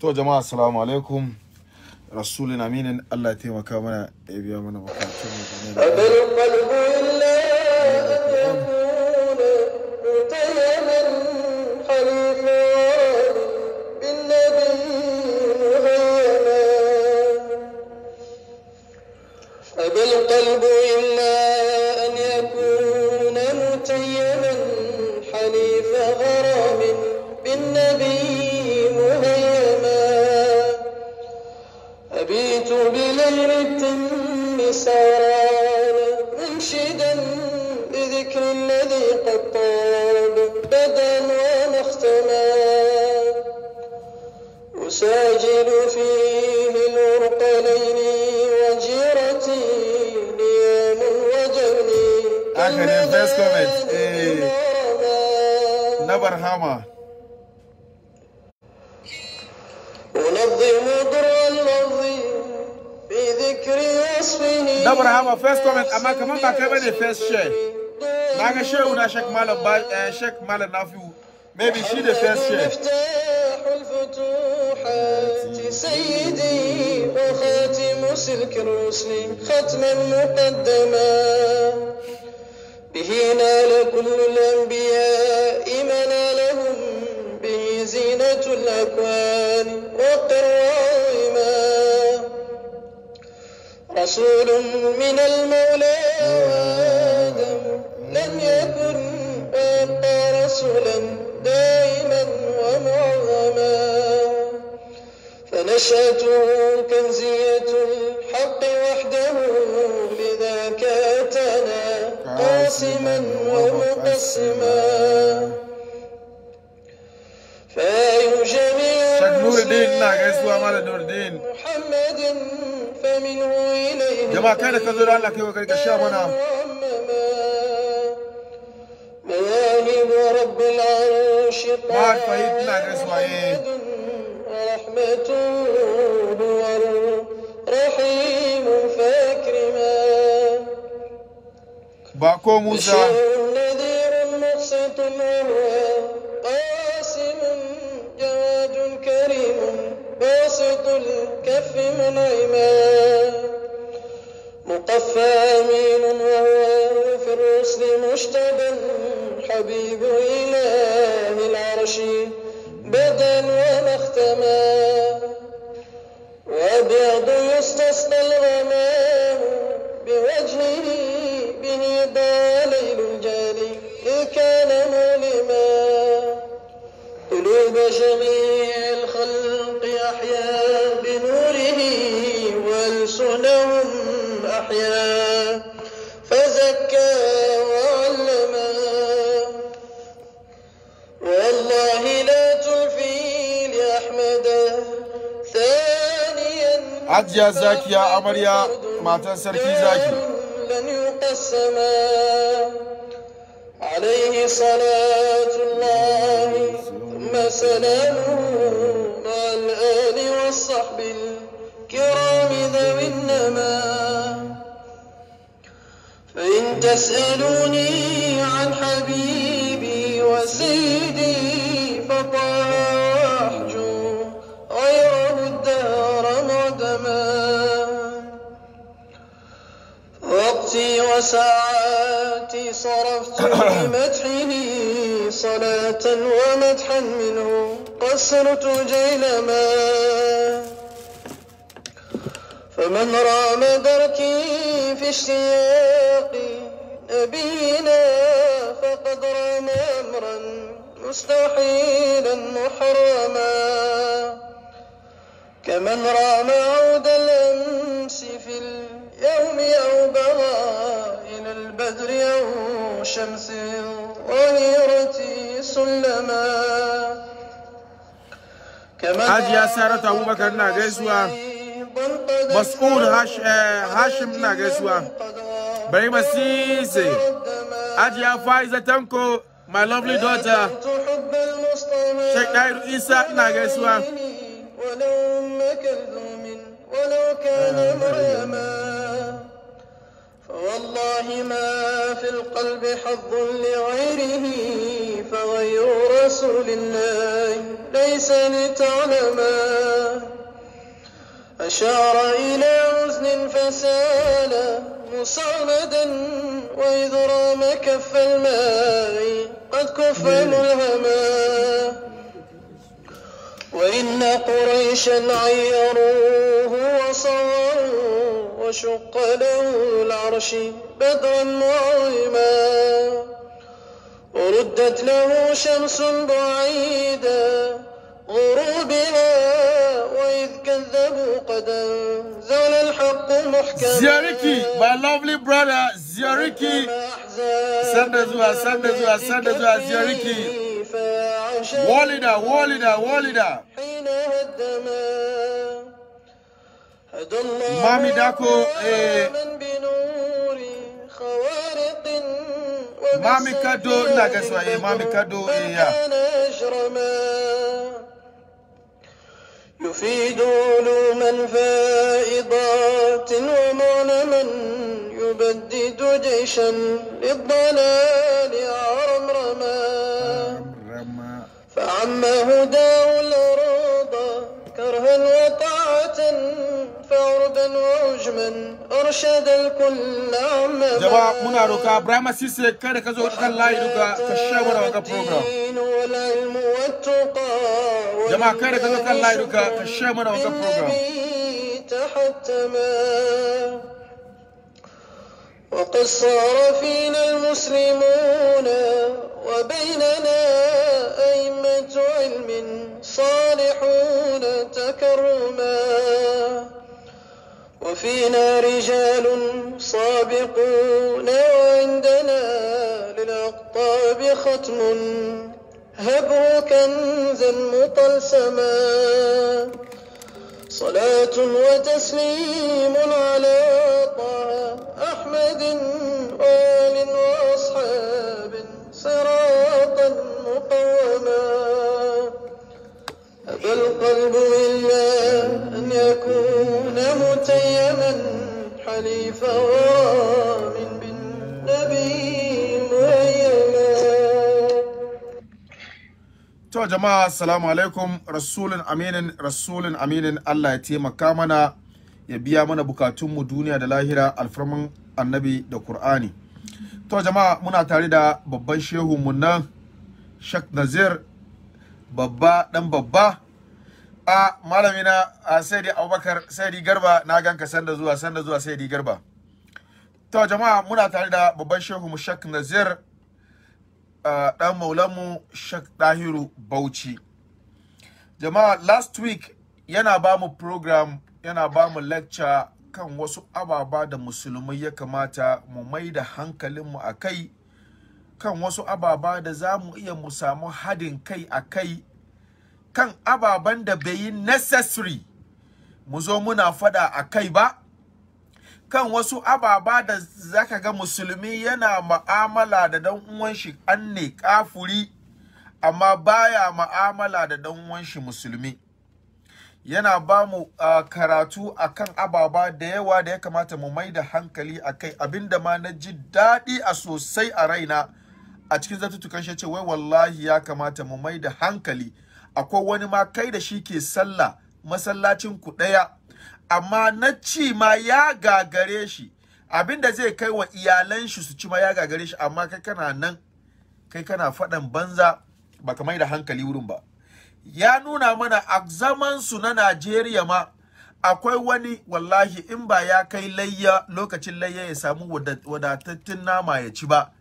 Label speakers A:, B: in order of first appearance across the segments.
A: to jama'a assalamu alaikum rasulun aminin Allah ya taimaka mana ya biya mana bukatun mu
B: أبى القلب الغرام منشدا بذكر الذي قد طال بدا ومختما أساجل فيه العرق ليلي وجيرتي نيام وجني آخر البيست كومنت نبر هاما Abraham, our
A: first comment I'm amma kamar back kai the first share I'm na ga shehu na shek malam Sheikh shek malam nafiu maybe she the first share
B: به نال كل الأنبياء ما به زينة الأكوان وقرار رسول من المولى لم يكن أبقى رسولا دائما ومعظما فنشأته كنزية الحق وحده لذاك أتانا قاسما ومقسما فأي جميع نور الدين محمد فمنه إليه جماعة كان كذل الله كيف كان كشام أنا مواهب رب العرش ما فهمنا إسماعيل ورحمته هو الرحيم فاكرما
A: باكو موسى نذير مقسط وهو قاسم جواد
B: كريم باسط الكف منعما مقفى أمين وهو في الرسل مشتبا حبيب إله العرش بدا ومختما وأبيض يستسقى الغمام بوجهه به ضاء ليل الجاري كان مؤلما قلوب جميع الخلق أحيا بنوره وألسنهم أحيا فزكى وعلما والله لا تلفي لأحمد ثانيا عجيا زاكي
A: يا أمريا ما
B: في زاكي لن يقسما عليه صلاة الله سلام مع الآل والصحب الكرام ذوي النما فإن تسألوني عن حبيبي وسيدي فطاحجو غيره الدار معدما وقتي وساعاتي صرفت في صلاة ومدحا منه قصرت جيلما فمن رام دركي في اشتياق نبينا فقد رام أمرا مستحيلا محرما كمن رام عود الأمس في الأمس يوم يوبا إلى البدر يوم شمس ظهيرة سلما
A: كما يا سارة أبو بكر ناقزوا
B: مسؤول هاش
A: آه، هاشم ناقزوا بريم السيسي حاج يا فايزة تنكو my lovely daughter شيخ نايرو إيسا ناقزوا
B: ولو أمك الأم ولو كان آه، مريما فوالله ما في القلب حظ لغيره فغير رسول الله ليس لتعلما أشار إلى حزن فسال مصعدا وإذ رام كف الماء قد كف ملهما وإن قريشا عيروه وصغروا وشق له العرش بدرا وعظما وردت له شمس بعيدا غروبها وإذ كذبوا قد أنزل الحق محكما
A: زياركي my lovely brother, زياركي Send us, send us, send us, زياركي
B: فعشا والدة والدة والدة حين هدما هدى الله مامي داكو إيه. من بنور خوارق مامي كادو ناكسوا إيه مامي
A: كادو إيه
B: يفيد علوما فائضات ومعلما يبدد جيشا للضلال رمان فعم هداه الأراضى كرها وطاعة فعربا وعجما أرشد الكل عما جواب
A: منا روكا إبراهيم سيسي كارك زو كان لاي روكا كشاورا وكا
B: والعلم والتقى
A: جماعة كارك زو كان لاي روكا كشاورا وكا
B: وقد صار فينا المسلمون وبيننا أئمة علم صالحون تكرما وفينا رجال سابقون وعندنا للأقطاب ختم هبوا كنزا مطلسما صلاة وتسليم على طه أحمد وآل وأصحاب صراطا مقوما أبى القلب إلا أن يكون متيما حليفا ورام بالنبي مهيما
A: To jama'a assalamu alaikum rasulun aminin rasulun aminin Allah ya taimaka mana ya biya mana bukatunmu duniya da lahira alfarman annabi da Kur'ani. To jama'a muna tare da babban shehunmu nan Sheikh Nazir babba dan babba a malamina a Saidi Abubakar Saidi Garba na ganka sanda zuwa sanda zuwa Saidi Garba. To jama'a muna tare da babban shehunmu Sheikh Nazir Ɗan dan maulamu Sheikh Dahiru Bauchi jama'a last week yana ba mu program yana ba mu lecture kan wasu ababa da musulmai ya kamata mu mai da hankalinmu a kai kan wasu ababa da za mu iya mu samu hadin kai a kai kan ababan da bai yi necessary mu zo muna fada a kai ba kan wasu ababa da zaka ga musulmi yana ma'amala da dan uwan shi an ne kafuri amma baya ma'amala da dan uwan shi musulmi yana ba mu uh, karatu akan ababa da yawa da ya kamata mu mai da hankali akai abinda ma na ji daɗi a sosai a raina a cikin zartutukan shi ce wai wallahi ya kamata mu mai da hankali akwai wani ma kai da shi ke sallah masallacin ku ɗaya amma na ci ma ya gagare shi abin da zai kai wa iyalan shi su ci ma ya gagare shi amma kai kana nan kai kana faɗan banza ba ka mai da hankali wurin ba ya nuna mana a zaman su na Najeriya ma akwai wani wallahi in ba ya kai layya lokacin layya ya samu wadatattun nama ya ci ba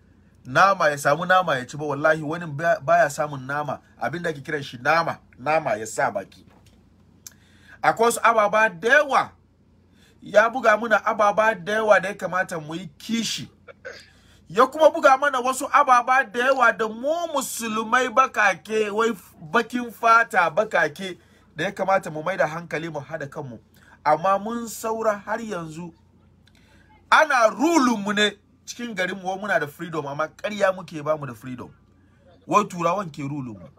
A: nama ya samu nama ya ci ba wallahi wani baya samun nama abinda ake kiran shi nama nama ya sa baki akwai wasu ababa da yawa ya buga muna ababa da yawa da ya kamata mu yi kishi ya kuma buga mana wasu ababa da yawa da mu musulmai bakake wai bakin fata bakake da ya kamata mu maida hankali mu hada kanmu amma mun saura har yanzu ana rulunmu ne cikin garinmu wa muna da freedom amma ƙarya muke ba mu da freedom wai turawan ke rulunmu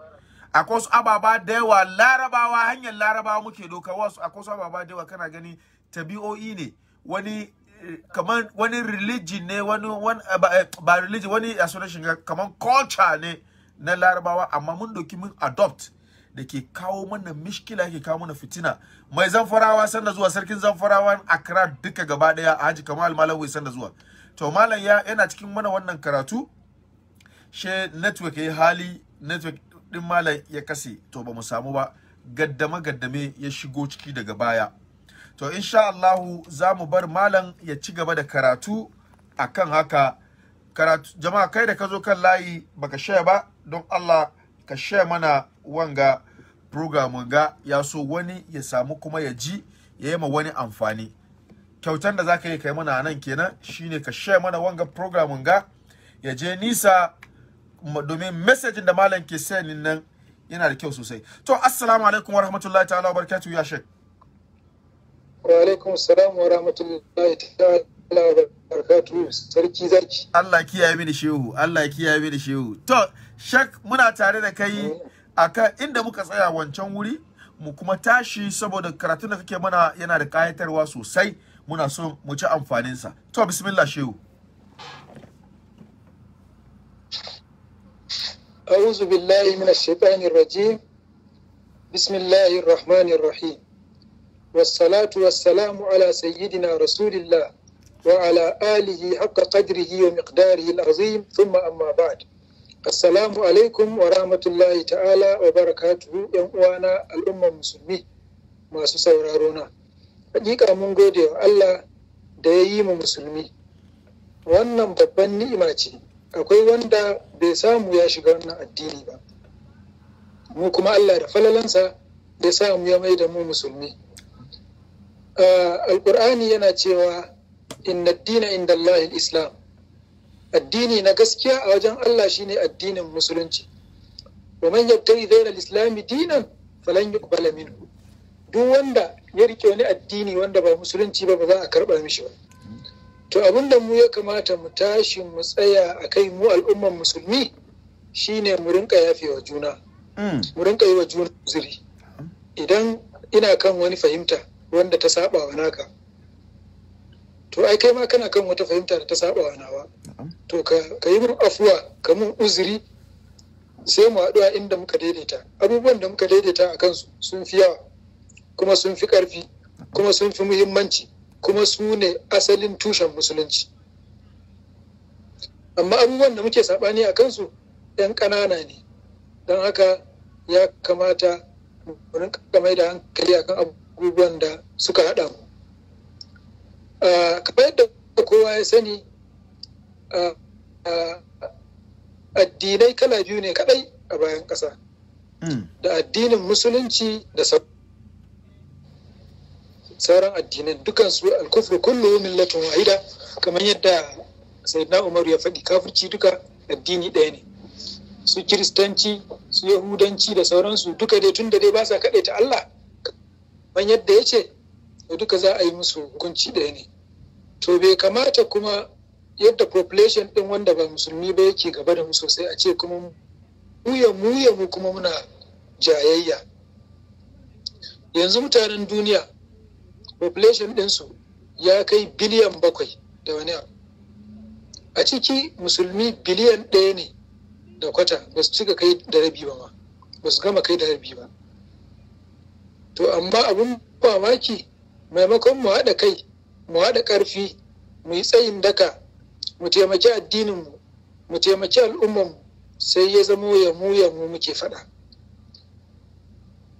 A: akwai wasu ababa da yawa larabawa hanyar larabawa muke doka wasu akwai wasu ababa da yawa kana gani tabi'o'i ne wani eh, kamar wani religion ne wani eh, eh, ba religion wani association kamar culture ne na larabawa amma mun doki mun adopt da ke kawo mana mishkila ke kawo mana fitina mai zamfarawa sanda zuwa sarkin zamfarawa akra duka gaba daya haji kamar malawi sanda zuwa to malam ya yana cikin mana wannan karatu she network ya hali network din malam ya kase to ba mu samu ba gaddame gaddame ya shigo ciki daga baya to insha Allahu za mu bar malam ya ci gaba da karatu akan haka karatu jama'a kai da kazo kan layi baka share ba don Allah ka share mana wanga program ga ya so wani ya samu kuma ya ji ya yi ma wani amfani kyautar da za ka yi kai mana nan kenan shine ka share mana wanga program ga ya je nisa domin messaging da malam ke sani nan yana da kyau sosai to assalamu alaikum wa rahmatullahi ta'ala wa barakatuhu ya shek
C: wa alaikum assalam wa rahmatullahi
A: ta'ala wa barakatuhu sarki zaki Allah kiyaye mini shehu Allah kiyaye mini shehu to shek muna tare da kai akan inda muka tsaya wancan wuri mu kuma tashi saboda karatun da kake mana yana da kayatarwa sosai muna so mu ci amfaninsa to bismillah shehu
C: أعوذ بالله من الشيطان الرجيم بسم الله الرحمن الرحيم والصلاة والسلام على سيدنا رسول الله وعلى آله حق قدره ومقداره العظيم ثم أما بعد Assalamu alaikum wa rahmatullahi ta'ala wa barakatu ‘yan uwana al'ummar musulmi masu sauraro na. Hakika mun gode wa Allah da ya yi mu musulmi. Wannan babban ni'ima ce, akwai wanda bai samu ya shiga wannan addini ba mu kuma Allah da falalansa sa samu ya mai da mu musulmi alkur'ani yana cewa inna dina inda Allah islam addini na gaskiya a wajen Allah shine addinin musulunci wa man yabtari ghayra al-islam dinan falan yuqbala minhu duk wanda ya rike wani addini wanda ba musulunci ba ba za a karɓa mishi ba to abinda mu ya kamata mu tashi mu tsaya a kai mu al'ummar musulmi shine mu rinka wa juna hmm. mu rinka yi wa juna uzuri idan ina kan wani fahimta wanda ta saba wa naka to ai kai ma kana kan wata fahimta da ta saba wa nawa to ka yi mun afuwa ka mun uzuri sai mu haɗuwa inda muka daidaita abubuwan da muka daidaita a kansu sun fi yawa kuma sun fi ƙarfi kuma sun fi muhimmanci kuma su ne asalin tushen musulunci amma abubuwan da muke saɓani a kansu 'yan ƙanana ne don haka ya kamata wani mai da hankali akan abubuwan da suka haɗa mu kamar yadda kowa ya sani addinai kala biyu ne kaɗai a bayan ƙasa hmm. da addinin musulunci da sauran sauran addinan dukansu alkufru kullu millatun wahida kamar yadda sayyidina umar ya faɗi kafirci duka addini ɗaya ne su kiristanci su yahudanci da sauransu duka dai tunda dai ba sa kaɗai ta Allah Kamar yadda ya ce duka za a yi musu hukunci ɗaya ne to bai kamata kuma yadda population ɗin wanda ba musulmi ba yake gaba da mu sosai a ce kuma muya muya mu kuma muna jayayya yanzu mutanen duniya population ɗinsu ya kai biliyan bakwai da wani abu a ciki musulmi biliyan ɗaya ne da kwata ba su cika kai da rabi ba ma ba su gama kai da rabi ba to amma abin mamaki maimakon mu haɗa kai mu haɗa ƙarfi mu yi tsayin daka mu taimaki addininmu mu taimaki al'ummanmu sai ya zamo ya mu ya mu muke faɗa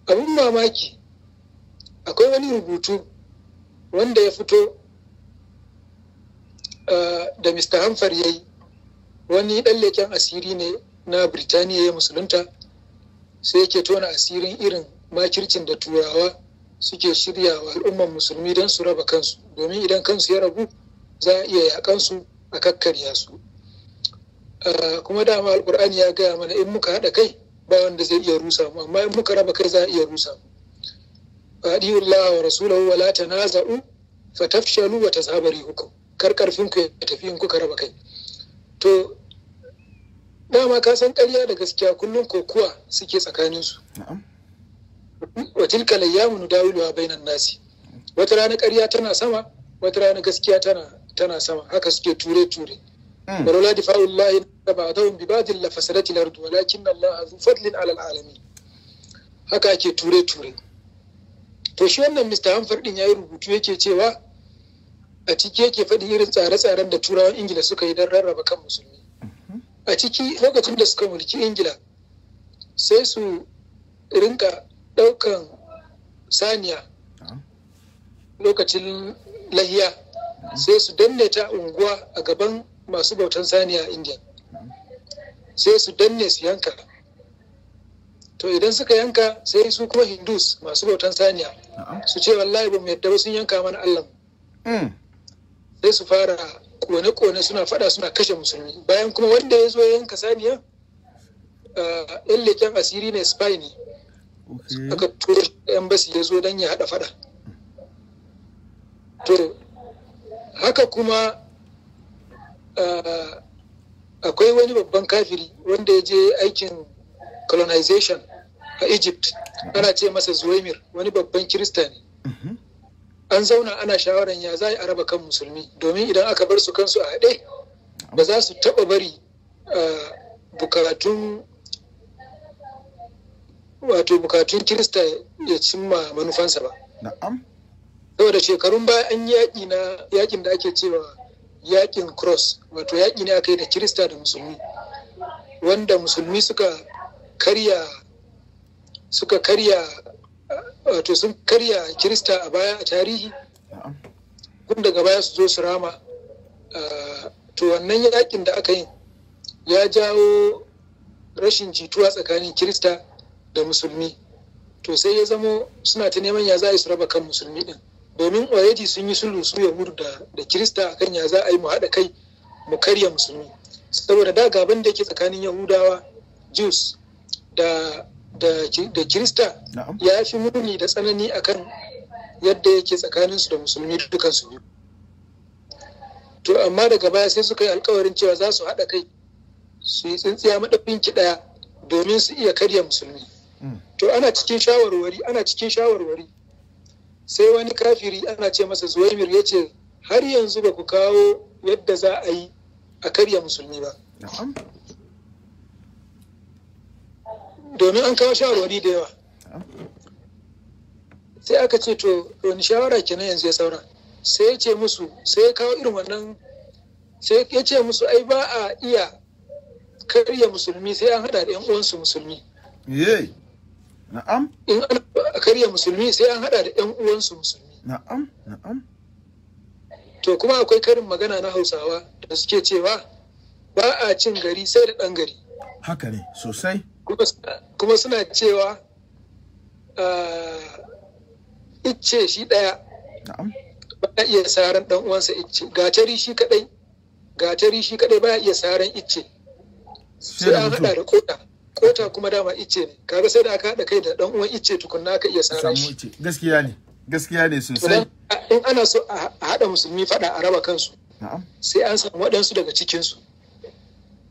C: abin mamaki akwai wani rubutu wanda ya fito eh, da mr hanfar ya yi wani ɗan leken asiri ne na birtaniya ya musulunta sai yake tona asirin irin makircin da turawa suke shirya wa al'ummar musulmi don su raba kansu domin idan kansu ya rabu za a iya yakansu a kakkarya su eh, kuma dama al'ur'ani ya gaya mana in muka haɗa kai ba wanda zai iya rusa mu amma in muka raba kai za a iya rusa mu adiyu Allah wa rasulahu wa na tanaza'u fa tafshalu wa zabari hukum kar ku ya tafi in kuka raba kai to dama ka san ƙarya da gaskiya kullum kokuwa suke tsakanin su wa tilka layyamu nudawiluha bainan nasi wata rana ƙarya tana sama wata rana gaskiya tana sama haka suke ture ture bi دفاع الله بعضهم ببعض لفسدت الارض ولكن الله ذو فضل alal alami. haka ake ture ture to shi wannan mr hanford din ya yi rubutu yake cewa a ciki yake faɗi irin tsare-tsaren da turawan ingila suka yi don rarraba kan musulmi a ciki lokacin da suka mulki ingila sai su rinka ɗaukan saniya lokacin lahiya sai su danne ta unguwa a gaban masu bautan saniya a indiya sai su danne su yanka to idan suka yanka sai su kuma hindus masu bautan saniya su ce wallahi ba mu yadda ba sun yanka mana allah hmm. sai su fara kone-kone suna fada suna kashe musulmi bayan kuma wanda ya zo yanka saniya eh, yan leken asiri ne spy ne aka turo yan basi ya zo don ya hada fada to haka kuma eh, akwai wani babban kafiri wanda ya je aikin colonization a egypt ana ce masa zuwaimir wani babban kirista ne mhm. an zauna ana shawarar ya za a raba kan musulmi domin idan aka bar su kansu a haɗe ba za su taɓa bari bukatun bukatun kirista ya cimma manufansa ba saboda shekarun baya an yaƙi na yaƙin da ake cewa yaƙin cross wato yaƙi ne aka yi da kirista da musulmi wanda musulmi suka karya suka karya wato sun karya kirista a baya a tarihi kun daga baya su zo su rama to wannan yakin da aka yi ya jawo rashin jituwa tsakanin kirista da musulmi to sai ya zamo suna ta neman ya za a yi su raba kan musulmi din domin already sun yi sulhu su ya da da kirista akan ya za a yi mu haɗa kai mu karya musulmi saboda da gaban da yake tsakanin yahudawa jews da da kirista ya fi muni da tsanani akan yadda yake tsakaninsu da musulmi dukansu biyu to amma daga baya sai suka yi alkawarin cewa za su haɗa kai su yi tsintsiya maɗafin kiɗa domin su iya karya musulmi mm. to ana cikin shawarwari ana cikin shawarwari sai wani kafiri ana ce masa zuwaimir ya ce har yanzu ba ku kawo yadda za a yi a karya musulmi ba domin an kawo shawarwari da yawa sai aka ce to wani shawara kenan yanzu ya saura sai ya ce musu sai ya kawo irin wannan sai ya ce musu ai ba a iya karya musulmi sai an hada da yan uwansu musulmi na'am in an karya musulmi sai an hada da yan uwansu musulmi na'am na'am to kuma akwai karin magana na Hausawa da suke cewa ba a cin gari sai da ɗan gari
A: haka ne sosai
C: kuma suna cewa eh, icce shi ɗaya baya iya saran ɗan uwansa icce gatari shi kaɗai gatari shi kaɗai baya iya saran icce sai an haɗa da kota kota kuma dama icce ne kaga sai da aka haɗa kai da ɗan uwan icce tukunna ka iya saran shi
A: gaskiya ne gaskiya ne sosai
C: in ana so a haɗa musulmi faɗa a raba kansu sai an samu waɗansu daga cikinsu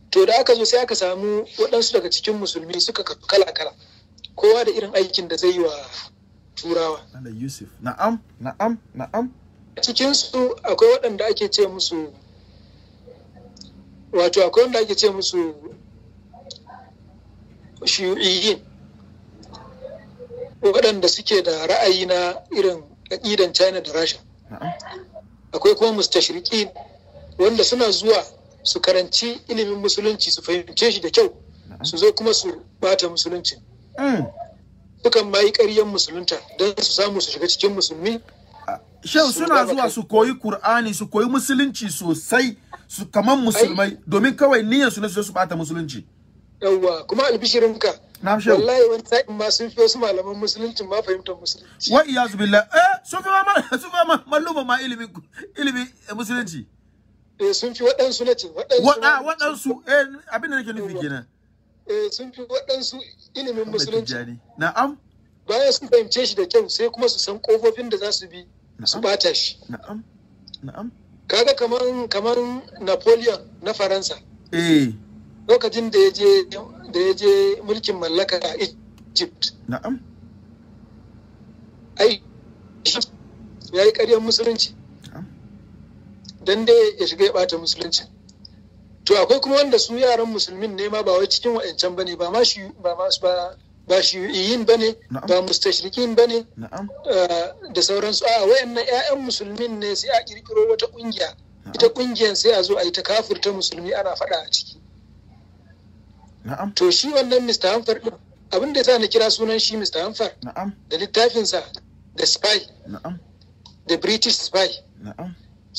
C: to da aka zo sai aka samu waɗansu daga cikin musulmi suka kafa kala-kala kowa da irin aikin da zai yi wa turawa
D: yusuf na'am na'am na'am
C: a cikinsu akwai waɗanda ake ce musu wato akwai wanda ake ce musu shiyu'iyin waɗanda suke da ra'ayi na irin aƙidan china da rasha akwai kuma mustashriqin wanda suna zuwa su karanci ilimin musulunci su fahimce shi da kyau su zo kuma su bata musulunci mm. sukan ma yi ƙaryan musulunta don su samu su shiga cikin musulmi ah, Shehu suna zuwa su koyi Kur'ani su
A: koyi musulunci sosai su kaman musulmai domin kawai niyyar su ne su bata musulunci.
C: Yawwa kuma albishirin ka. Na shehu. Wallahi wani sa'in ma sun fi wasu malaman musulunci ma fahimtar musulunci. Wa iyazu billah eh sun fi ma sun fi ma malluma ma ilimin ilimin eh, musulunci. sun fi waɗansu ilimin musulunci bayan sun fahimce shi da kyau sai kuma su san kofofin da za su bi su bata shi na'am na'am kaga kamar kamar Napoleon na Faransa eh lokacin da ya je da mulkin mallaka a Egypt ya yi ƙaryar musulunci don dai ya shiga ya bata musulunci to akwai kuma wanda su yaran musulmin ne ma ba wai cikin wa'ancan bane ba ma shi ba ma ba ba yin bane ba mustashrikin bane eh, da sauransu a wayannan ƴaƴan musulmin ne sai a kirkiro wata kungiya ita kungiyan sai a zo a yi ta kafirta musulmi ana faɗa a ciki to shi wannan Mr. Hanfar din abin da sa na kira sunan shi Mr. Hanfar da littafinsa da spy da British spy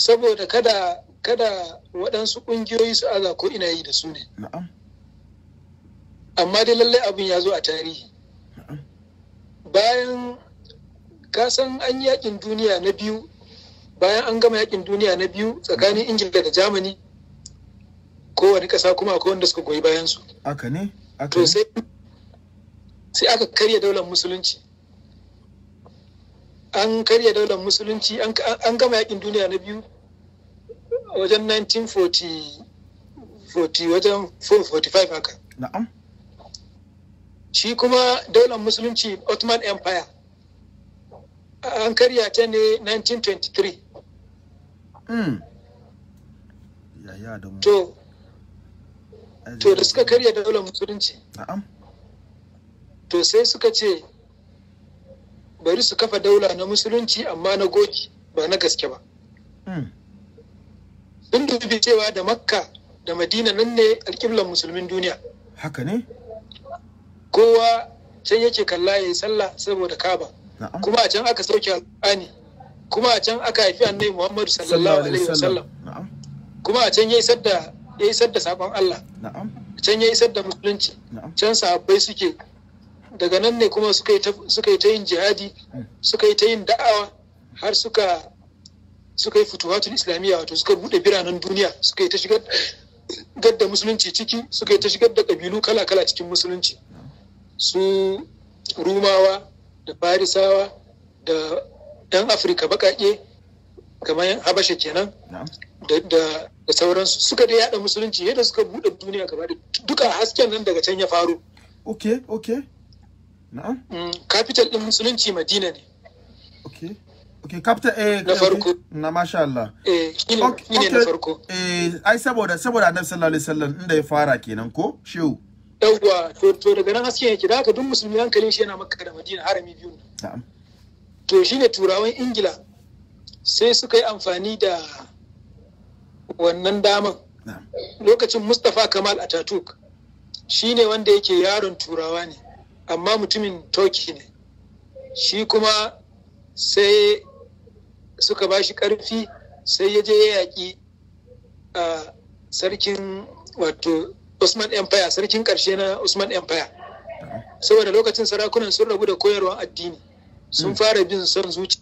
C: saboda kada kada waɗansu ƙungiyoyi su aza ko ina yi da su ne amma dai lallai abin ya zo a tarihi bayan kasan an yakin duniya na biyu bayan an gama yakin duniya na biyu tsakanin ingila da ko kowane ƙasa kuma akwai wanda suka goyi bayansu. Aka ne? Aka sai aka karya daular musulunci. an karya daular musulunci an gama yakin duniya na biyu wajen 1940 wajen 45 haka na'am shi kuma daular musulunci ottoman empire an karya ta ne 1923 hmm. to to da suka karya daular musulunci to sai suka ce bari su kafa daula na musulunci amma na goji ba na gaske ba hmm. sun dubi cewa da makka da madina nan ne alƙiblan musulmin duniya haka ne kowa can yake kalla ya yi sallah saboda kaba kuma a can aka sauke alƙani kuma a can aka haifi annabi muhammadu sallallahu alaihi wa sallam, kuma a can ya isar da saƙon sabon Allah can ya isar da musulunci can sahabbai suke daga nan ne kuma suka yi ta yin jihadi hmm. suka yi ta yin da'awa har suka suka yi fituwatul islamiyya wato suka bude biranen duniya suka yi ta shigar da musulunci ciki suka yi ta shigar da kabilu kala-kala cikin musulunci su rumawa da farisawa da 'yan afirka baƙaƙe kamar habasha kenan da sauransu suka da yada musulunci yadda suka bude duniya gaba duka hasken nan daga can ya faru. okay okay na'am mm, capital din musulunci
A: madina ne okay ok capital eh na farko na masha Allah
C: eh shine okay. na
A: farko eh ai saboda saboda annabi sallallahu alaihi wasallam inda ya fara kenan ko shehu
C: yawwa to to daga nan hasken yake da haka duk musulmi hankalin shi yana makka da madina harami biyu na'am to shine turawan ingila sai suka yi amfani da wannan daman lokacin mustapha kamal ataturk shine wanda yake yaron turawa ne amma mutumin toki ne shi kuma sai suka ba shi ƙarfi sai ya je ya yaƙi a sarkin wato Usman Empire sarkin ƙarshe na Usman Empire saboda lokacin sarakunan sun rabu da koyarwar addini sun hmm. fara bin son zuci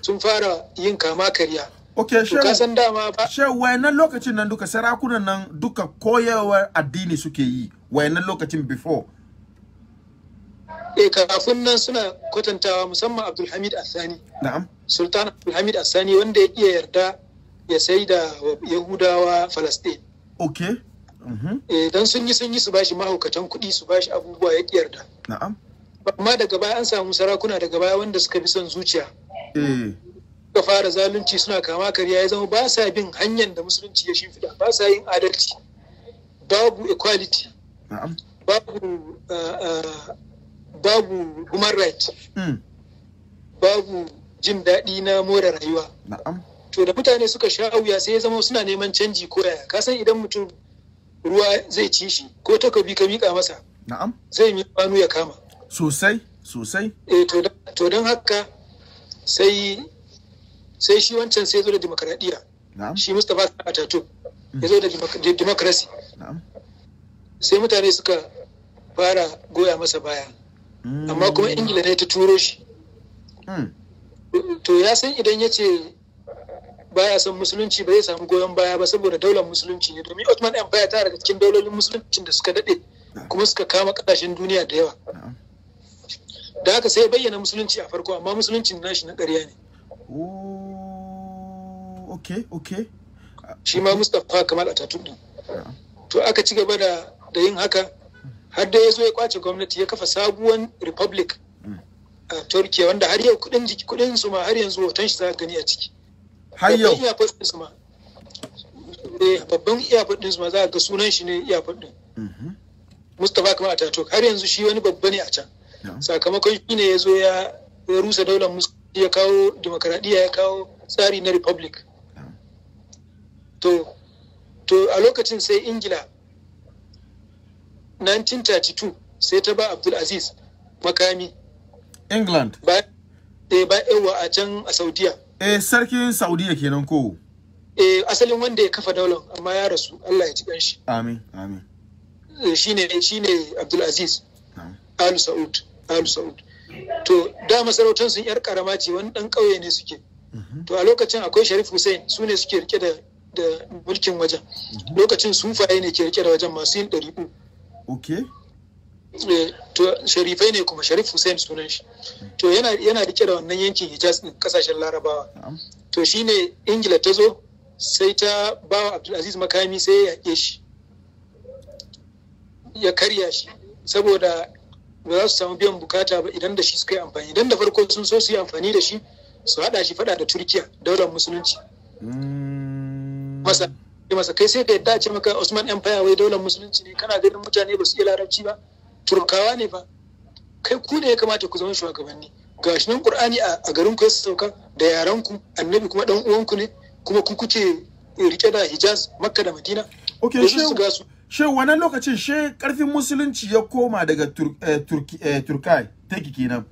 C: sun fara yin kama karya Ok, kasan
A: dama wayannan lokacin nan duka sarakunan nan duka koyarwar addini suke yi wayannan lokacin before
C: eh kafin nan suna kwatantawa musamman abdulhamid asani na'am sultan abdulhamid asani wanda ya iya yarda ya sai da yahudawa Palestine. okay e, dan sun yi sun yi su bashi mahaukatan kuɗi su bashi abubuwa ya ƙi yarda na'am amma daga baya an samu sarakuna daga baya wanda suka bi son zuciya eh ka fara zalunci suna kama karya ya zama ba sa bin hanyar da musulunci ya shimfiɗa ba sa yin adalci babu equality babu uh, uh, babu human right hmm. babu jin daɗi na more rayuwa to da mutane suka sha wuya sai ya zama suna neman canji ko yaya ka san idan mutum ruwa zai ci shi ko takobi ka miƙa masa zai mi kwano ya kama
A: sosai sosai
C: eh to don haka sai sai shi wancan sai zo da demokradiyya shi Mustapha Atatürk hmm. ya zo da demokrasi sai mutane suka fara goya masa baya amma kuma ingila ne ta turo shi hmm. to ya san idan ya ce baya son musulunci ba zai samu goyon baya ba saboda daular musulunci ne domin Ottoman Empire ta daga cikin daulolin musulunci da suka daɗe kuma suka kama ƙasashen duniya da yawa da haka sai bayyana musulunci a farko amma musuluncin nashi na ƙarya ne okay okay shi ma Mustapha Kamal ɗin. to aka ci gaba da yin haka har da ya zo ya kwace gwamnati ya kafa sabuwan republic hmm. a turkiya wanda har yau kudin jiki kudin su ma har yanzu hoton shi za ka gani a ciki har yau eh, babban iyafot din su ma za ka ga sunan shi ne iyafot din mm-hmm. mustapha kamar ataturk har yanzu shi wani babba ne a can sakamakon shi ne ya zo ya rusa daular musulunci ya kawo demokaradiyya ya kawo tsari na republic to a lokacin sai ingila 1932 sai ta ba Abdulaziz makami. England. Ba eh, ba yawa a can a Saudiya.
A: Eh sarkin Saudiya kenan ko.
C: Eh asalin wanda ya kafa daular amma ya rasu Allah ya ci
D: shi. Amin amin.
C: Eh, shine shine Abdulaziz. Al Saud Al Saud. To da masarautar sun yar karama ce wani dan kauye ne suke. Mhm. To a lokacin akwai Sharif Hussein su ne suke rike da mulkin wajen. Mhm. Lokacin faye ne ke rike da wajen masu yin ɗari'u. ok eh, to sharifai ne kuma sharif hussein sunan shi to yana yana rike da wannan yankin hijaz din kasashen larabawa to shine ingila ta zo sai ta ba wa abdulaziz makami sai ya shi ya karya shi saboda ba za su samu biyan bukata ba idan da shi suka yi amfani idan da farko sun so su yi amfani da shi su haɗa shi faɗa da turkiya daular musulunci
E: mm.
C: masa masa kai sai ka yadda ce maka usman Empire wai daular musulunci ne kana ganin mutane ba su iya larabci ba turkawa ne fa kai ku ne ya kamata ku zama shugabanni gashi nan Qur'ani a garin ku ya sauka da yaran ku annabi kuma dan uwanku ne kuma ku kuke rike da Hijaz Makka da Madina okay gasu she wannan lokacin she karfin
A: musulunci ya koma daga eh, eh, Turkai take kenan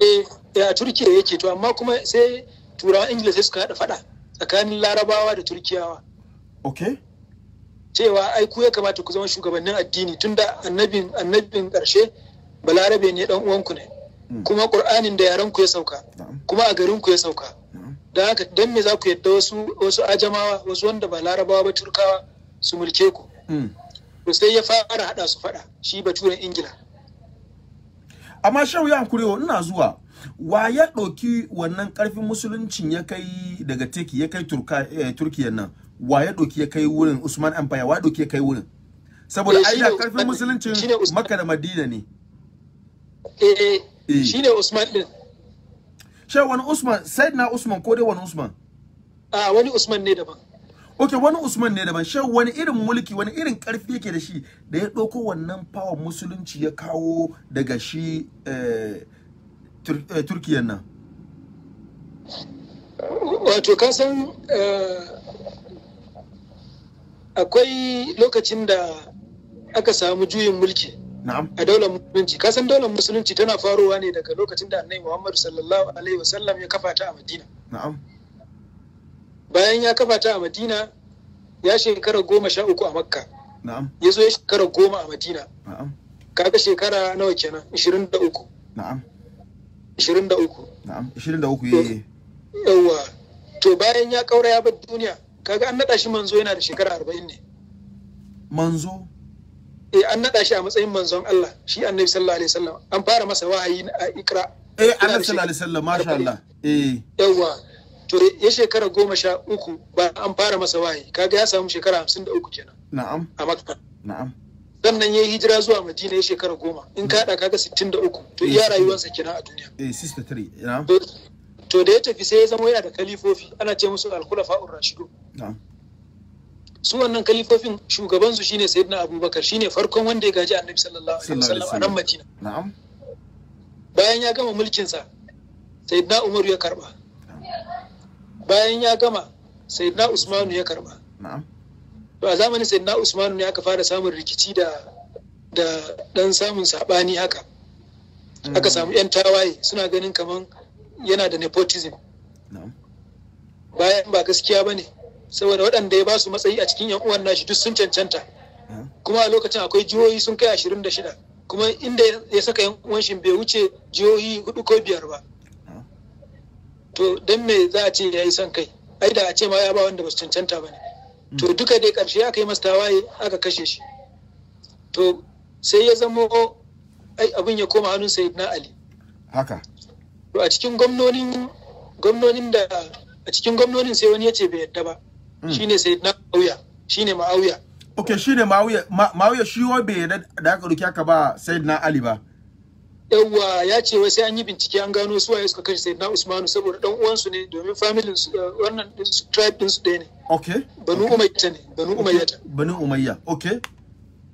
C: eh ya eh, Turkiya yake to amma kuma sai turawan Ingila sai suka hada fada tsakanin Larabawa da Turkiyawa cewa ai ku ya kamata ku zama shugabannin addini tunda annabin annabin karshe balarabe ne dan uwanku ne hmm. kuma qur'anin da yaran ku ya sauka kuma a garin ku ya sauka da haka dan me za ku yadda wasu ajamawa wasu wanda ba larabawa ba turkawa su mulke ku hmm. to sai ya fara hada su fada shi baturen ingila
A: amma shehu ya kurewa ina zuwa wa ya ɗauki wannan karfin musuluncin ya kai daga teki ya kai turkiya eh, nan wa ya doki ya kai wurin Usman Empire wa ya doki ya kai wurin saboda eh, ai karfin musuluncin Makka da Madina ne eh, eh. shine Usman din Shai wani Usman, Said na Usman ko dai wani Usman? ah wani Usman ne daban. Ok, wani Usman ne daban. Shai wani irin mulki, wani irin karfi yake da shi da ya ɗauko wannan power musulunci ya kawo daga shi eh, Turkiyan
C: nan. Wato, ka san akwai lokacin da aka samu juyin mulki a daular musulunci kasan daular musulunci tana farowa ne daga lokacin da annabi muhammadu sallallahu alaihi wasallam ya kafa ta a madina bayan ya kafa ta a madina ya shekara goma sha uku a makka ya zo ya shekara goma a madina kaga shekara nawa kenan ishirin da uku ishirin da uku
A: ishirin da uku eh.
C: yawa to bayan ya kaura ya bar duniya kaga an naɗa shi manzo yana da shekara arba'in ne manzo eh an naɗa shi a matsayin manzon Allah shi annabi sallallahu alaihi wasallam an fara masa wahayi a ikra eh annabi sallallahu alaihi wasallam masha Allah eh yawa to ya shekara goma sha uku ba an fara masa wahayi kaga ya samu shekara hamsin da uku kenan na'am a makka na'am sannan ya yi hijira zuwa madina ya shekara goma in ka mm. haɗa kaga sittin da uku to eh, iya rayuwarsa kenan a duniya
A: eh 63
C: na'am to da ya tafi sai ya zama yana da kalifofi ana ce musu alkhulafa'ur rashidu su wannan kalifofin shugaban su shine sayyidina abubakar shine farkon wanda ya gaji annabi sallallahu alaihi wasallam a nan madina na'am bayan ya gama mulkin sa sayyidina umar ya karba bayan ya gama sayyidina usmanu ya karba na'am to a zamanin sayyidina usmanu ne aka fara samun rikici da da dan samun sabani haka aka mm. samu yan tawaye suna ganin kaman yana da nepotism bayan ba gaskiya ba ne saboda waɗanda ya ba su matsayi a cikin yan uwan nashi duk sun cancanta kuma a lokacin akwai jihohi sun kai ashirin da shida kuma inda ya saka yan uwan shi bai wuce jihohi hudu ko biyar ba to don me za a ce ya yi son kai ai da a ce ma ya ba wanda ba su cancanta ba ne to mm. duka dai karshe aka yi masa tawaye aka kashe shi to sai ya zamo abin ya koma hannun sayyidina ali to a cikin gwamnonin gwamnonin da a cikin gwamnonin sai wani ya ce bai yadda ba mm. shine
A: sai na Shi shine ma'auya okay shine ma'auya ma'auya shi wai bai yadda da aka ruki aka ba sayyidina ali ba
C: yawwa ya ce wai sai an yi bincike an gano su waye suka kashe sayyidina usmanu saboda dan uwansu ne domin family su eh, wannan tribe din su ɗaya ne okay banu umayya ne banu umayya
A: banu umayya
C: okay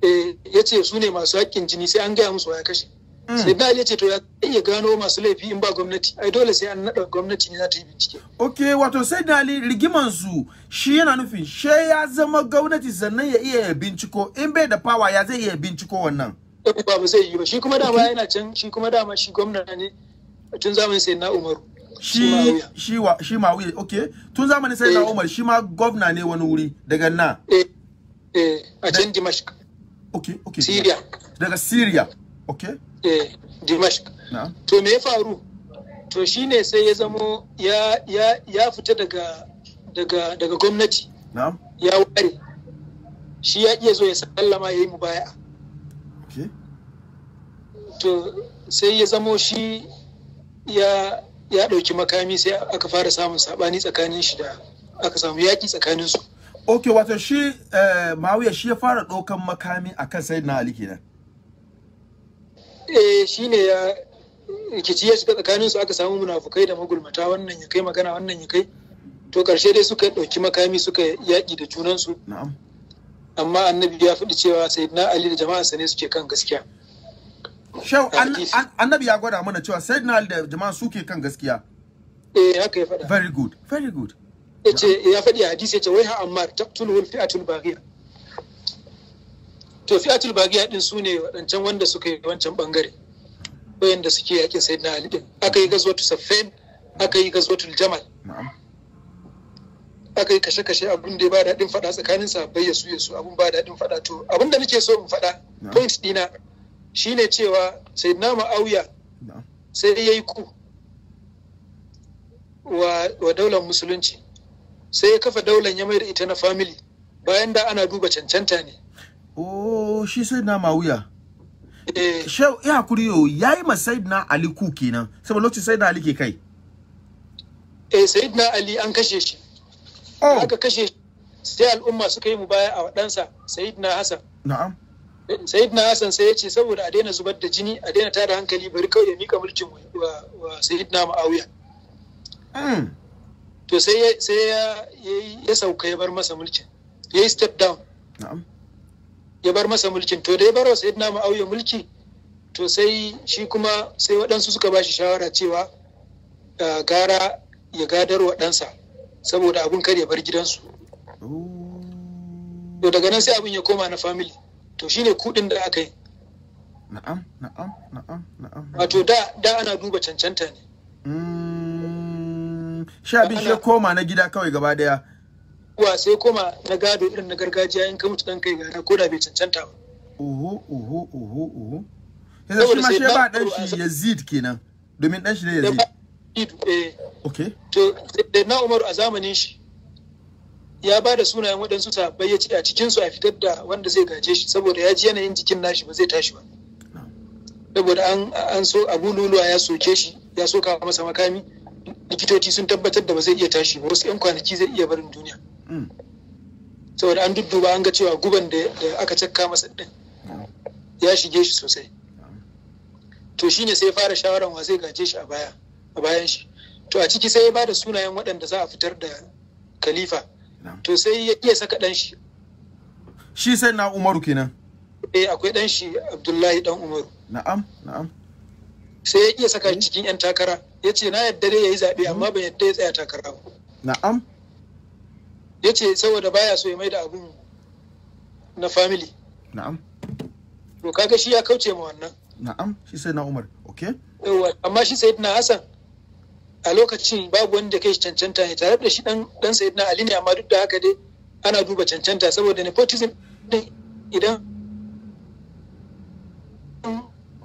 C: eh yace su ne masu haƙƙin jini sai an gaya musu waye kashe Mm. sai da ya ce to ya iya gano masu laifi in ba gwamnati ai dole sai an naɗa gwamnati ne za ta yi bincike ok wato sai da ali rigiman su shi yana nufin
A: she ya zama gwamnati sannan ya iya binciko in bai da fawa ya zai iya binciko wannan
C: eh, ba ba zai yi ba shi kuma dama yana can shi kuma dama shi gwamna ne tun zamanin sai na umaru
A: shi shi wa shi ma wuya ok tun zamanin sai na eh. umar shi ma gwamna ne wani wuri daga na eh, eh a can dimashq ok ok syria daga syria ok
C: Eh, dimashq to me ya faru to shine sai ya zamo ya fita daga gwamnati ya ware shi ya iya zo ya sallama ya yi mu baya to sai ya zamo shi ya ya ɗauki makami sai aka fara samun saɓani tsakanin shi da aka samu yaƙi tsakanin su.
A: Ok, wato shi eh, Mawuyar shi ya fara ɗaukan makami a kan sai na Ali
C: eh ne ya rikici ya shiga tsakanin su aka samu munafukai da magulmata wannan ya kai magana wannan ya kai to karshe dai suka ɗauki makami suka yaƙi da junansu amma annabi ya faɗi cewa na ali da jama'a ne suke kan gaskiya
A: shau annabi ya gwada mana cewa na ali da jama'a suke kan
C: gaskiya eh haka ya faɗa very good very good yace ya faɗi hadisi yace wai ha ammar taqtuluhu al-fi'atul baghiya to fi'atul bagiya din su ne waɗancan wanda suka yi wancan bangare wayanda suke yakin na ali din aka yi gazwatu saffin aka yi gazwatul jamal aka yi kashe-kashe abin da ba daɗin faɗa tsakanin sahabbai ya su ya su abin ba daɗin faɗa to abin da nake so in faɗa point dina shine cewa na ma'auya sai yayi ku wa daular musulunci sai ya kafa daular ya mai da ita na family bayan da ana duba cancanta ne
A: oh shi sai na mawuya eh shau ya hakuri yo yayi ma na ali ku kenan saboda lokacin sayyidina ali ke kai
C: eh na ali an kashe shi oh aka kashe sai al'umma suka yi mu baya a wadansa na hasan na'am eh, sayyidina hasan sai ya ce saboda a daina zubar da jini a daina tada hankali bari kawai ya mika mulkin wa, wa sayyidina ma'awiya hmm. to sai ya, ya sauka ya bar masa mulkin ya yi step down na'am ya bar masa mulkin to da ya bar wa sayyidina muawiya mulki to sai shi kuma sai waɗansu suka ba shi shawara cewa ah, gara ya gadar wa ɗansa saboda abin kar ya bar gidansu to daga nan sai abin ya koma na family to shine kuɗin da aka yi
D: na'am na'am na'am na'am wato
C: da da ana duba cancanta ne
A: mm. sha biyu ya koma na gida kawai gaba daya
C: Wa sai koma na gado irin na gargajiya in ka mutu dan kai gara ko da bai cancanta ba uhu uhu uhu uhu yanzu shi ma shi ba dan shi
A: Yazid kenan domin dan shi ne Yazid eh okay
C: to da na Umar a zamanin shi ya ba da sunayen waɗansu sahabbai ya ce a cikin su a fitar da wanda zai gaje shi saboda ya ji yanayin jikin nashi ba zai tashi ba saboda an an so Abu lulu ya soke shi ya soka masa makami likitoci sun tabbatar da ba zai iya tashi ba wasu 'yan kwanaki zai iya barin duniya saboda an dudduba an ga cewa guban da aka cakka masa din ya shige shi sosai to shine sai fara shawaran wa zai gaje shi a baya a bayan shi to a ciki sai ya bada sunayen waɗanda za a fitar da khalifa to sai ya iya saka ɗan shi shi sai na umaru kenan eh akwai ɗan shi abdullahi ɗan umaru na'am na'am sai ya iya saka cikin yan takara ya ce na yadda dai ya yi zaɓe amma hmm. ban yadda ya tsaya takara ba na'am ya ce saboda baya so ya mai da abun na family na'am to kaga shi ya kauce ma wannan
A: na'am shi sai na umar
C: yawa amma shi sai na hassan a lokacin babu wanda kai cancanta ne tare da shi dan dan na ali ne amma duk da haka dai ana duba cancanta saboda nepotism din idan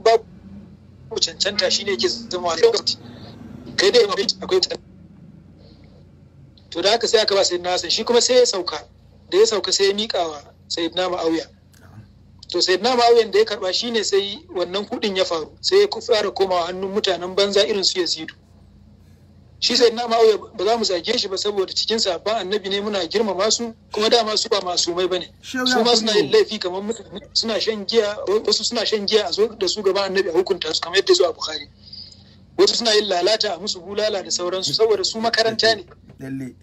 C: babu cancanta shine ke zama lokaci kai dai akwai cancanta to da aka sai aka ba sayyidina Hassan shi kuma sai ya sauka da ya sauka sai ya miƙa wa sayyidina ma'auya to sayyidina ma'auyan da ya karba ne sai wannan kuɗin ya faru sai ya fara komawa hannun mutanen banza irin su Yazidu shi sayyidina ma'auya ba za mu zage shi ba saboda cikin sabon annabi ne muna girmama su kuma dama su ba mai bane su ma suna yin laifi kamar mutane suna shan giya wasu suna shan giya a zo da su gaba annabi a hukunta su kamar yadda zuwa Bukhari wasu suna yin lalata a musu bulala da sauransu saboda su makaranta ne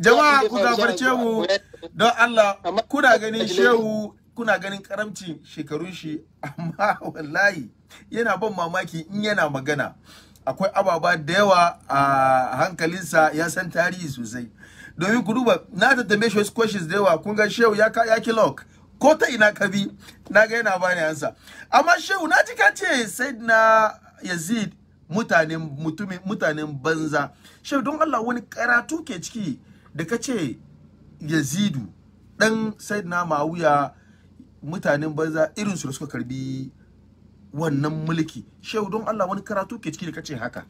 C: jama'a ku gafarce mu don
A: Allah kuna ganin shehu kuna ganin karamcin shekarun shi amma wallahi yana ban mamaki in yana magana akwai ababa da yawa a hankalinsa ya san tarihi sosai domin ku duba na tambaye shi wasu questions da yawa kun ga shehu ya ya kilok ko ta ina ka bi na ga yana bani ansa amma shehu na ji ka ce sai na yazid mutanen mutumin mutanen banza shi don Allah wani karatu ke ciki da kace yazidu dan sayyidina mawuya mutanen banza irin su da suka karbi wannan mulki shi don Allah wani karatu ke ciki da kace haka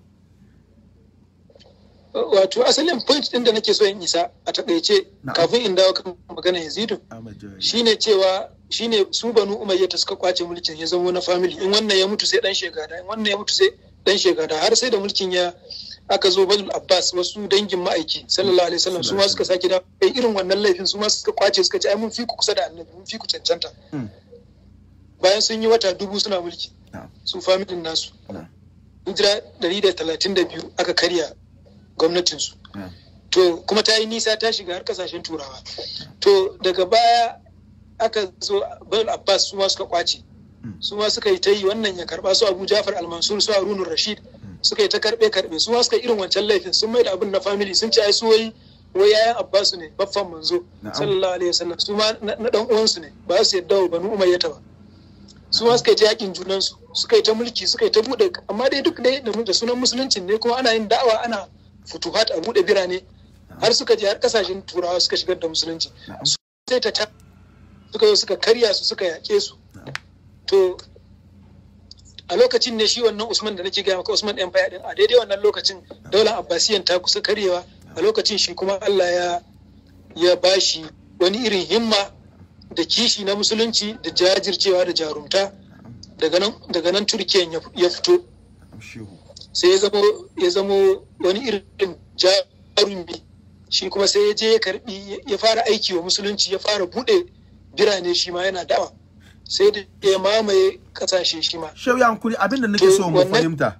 C: wato asalin point din da nake so in isa a takaice kafin in dawo kan magana yazidu shine cewa shine su banu umayya ta suka kwace mulkin ya zama na family in wannan ya mutu sai dan shekara in wannan ya mutu sai dan shekara har sai da mulkin ya aka zo bazul abbas wasu dangin ma'aiki sallallahu alaihi wasallam su ma suka saki da irin wannan laifin su ma suka kwace suka ce ai mun fi ku kusa da annabi mun fi ku cancanta hmm. bayan sun yi wata dubu suna mulki su family nasu hijira 132 aka karya gwamnatinsu to kuma ta yi nisa ta shiga har kasashen turawa to daga baya aka zo bayan abbas su ma suka kwace mm. su ma suka yi ta yi wannan ya karba su abu jafar almansur su harunun rashid mm. suka yi ta karbe karbe su ma suka irin wancan laifin sun mai da abin na family sun ce ai su wai wai yayan Abbas ne baffan manzo sallallahu alaihi wasallam su ma na dan uwansu ne ba su yadda wa banu umayyata ba su ma suka yi ta yakin junansu suka yi ta mulki suka yi ta bude amma dai duk dai da sunan musuluncin ne kuma ana yin da'awa ana futuhat a buɗe birane har suka je har kasashen turawa suka shigar da musulunci sai ta ta suka zo suka karya su suka yaƙe su to a lokacin ne shi wannan usman da nake gaya maka usman empire din a daidai wannan lokacin daular abbasiyan ta kusa karyewa a lokacin shi kuma allah ya ya bashi wani irin himma da kishi na musulunci da jajircewa da jarumta daga nan turkiyan ya fito sai ya zamo wani irin jarumi shi kuma sai ya je ya karbi ya fara aiki wa musulunci ya fara bude birane shi ma yana dawa sai da ya mamaye kasashe shi ma shau ya hankuri abin da nake so mu fahimta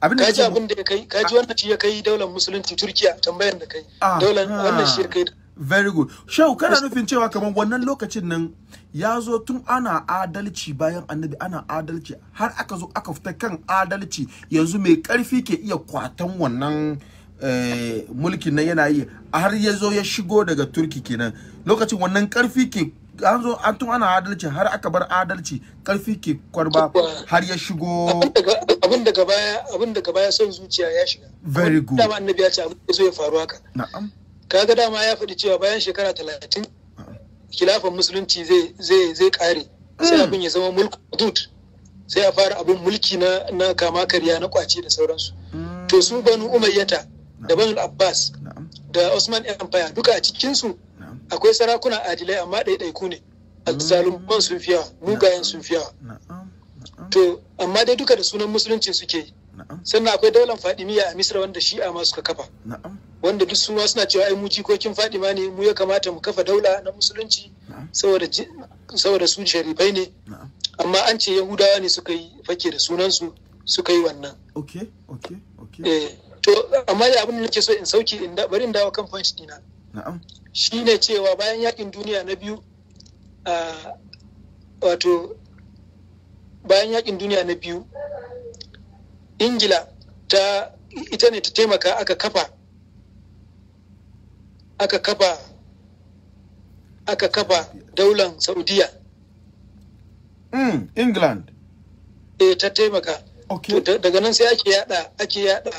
C: abin da kaji kai kaji wannan shi ya kai daular musulunci turkiya tambayar da kai ah, daular wannan ah. shi ya kai very good
A: shau kana nufin cewa kamar wannan lokacin nan ya zo tun ana adalci bayan annabi ana adalci har aka zo aka fita kan adalci yanzu mai karfi ke iya kwatan wannan eh, mulkin nan yana yi har ya zo ya shigo daga turki kenan lokacin wannan karfi ke an zo an tun ana adalci har aka bar adalci karfi
C: ke kwarba har ya shigo abin daga baya abin daga baya son zuciya ya shiga very good dama annabi ya ce abin da zo ya faru haka na'am kaga dama ya faɗi cewa bayan shekara talatin kilafin musulunci zai zai kare sai hmm. abin ya zama mulk hudud sai a fara abin mulki na na kama karya na kwace da sauransu hmm. to su banu umayyata da banu abbas da osman empire duka a cikinsu akwai sarakuna adilai amma ɗaiɗaiku ne azzaluman hmm. sun fiya mugayen sun fiya to amma dai duka da sunan musulunci suke sannan akwai daular fadimiya a misra wanda shi'a ma suka kafa wanda duk su suna cewa ai mu jikokin Fadima ne mu ya kamata mu kafa daula na musulunci saboda su sharifai ne amma an ce Yahudawa ne suka yi fake da sunansu suka yi wannan eh, to amma ya abin da nake so in sauki in da bari in dawo kan point dina na'am shine cewa bayan yakin duniya na biyu a wato bayan yakin duniya na biyu Ingila ta ita ne ta taimaka aka kafa aka kafa aka kafa daular saudiya mm, england eh ta taimaka okay. daga nan sai ake yada ake yada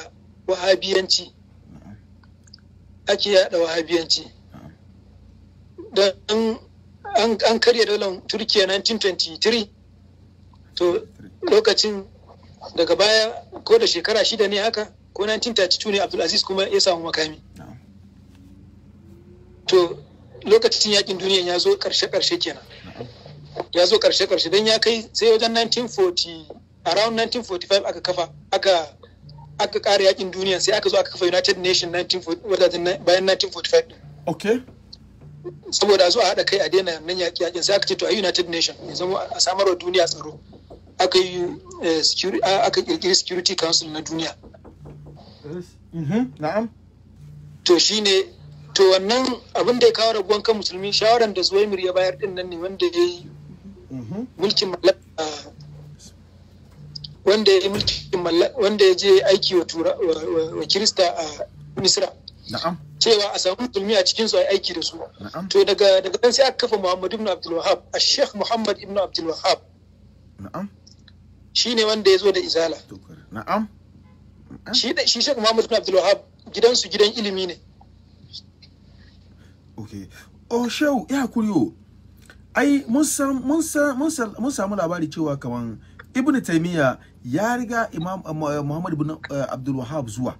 C: wahabiyanci ake yada wahabiyanci don an, an karya daular turkiya 1923 to lokacin daga baya ko da shekara shida ne haka ko 1932 ne abdulaziz kuma ya samu makami to lokacin yakin duniya ya zo karshe-karshe kenan ya zo karshe-karshe don ya kai sai wajen 1940 around 1945 aka kafa aka aka kare yakin duniya sai aka zo aka kafa united nation 1940 bayan 1945 okay saboda zuwa haɗa kai a daina nan yaƙi yaƙin sai aka ce to a united nation ya zama a samar wa duniya tsaro aka yi eh, aka kirkiri security council na duniya mhm. na'am to shine to wannan abin da ya kawo rabuwan kan musulmi shawaran da zuwaimir ya bayar din nan ne wanda ya yi mhm. mulkin mallaka wanda ya yi mulkin mallaka wanda ya je aiki wa tura wa kirista a misra cewa a samu musulmi a cikin su a aiki da su to daga daga nan sai aka kafa muhammad ibn abdul wahab a sheikh muhammad ibn abdul wahab shi ne wanda ya zo da izala shi shi sheikh muhammad ibn abdul wahab gidansu gidan ilimi ne
A: okay oh shehu ya hakuri o ai mun san mun samu labari cewa kaman ibnu taymiya ya riga imam eh, eh, muhammad ibn eh, abdul wahab zuwa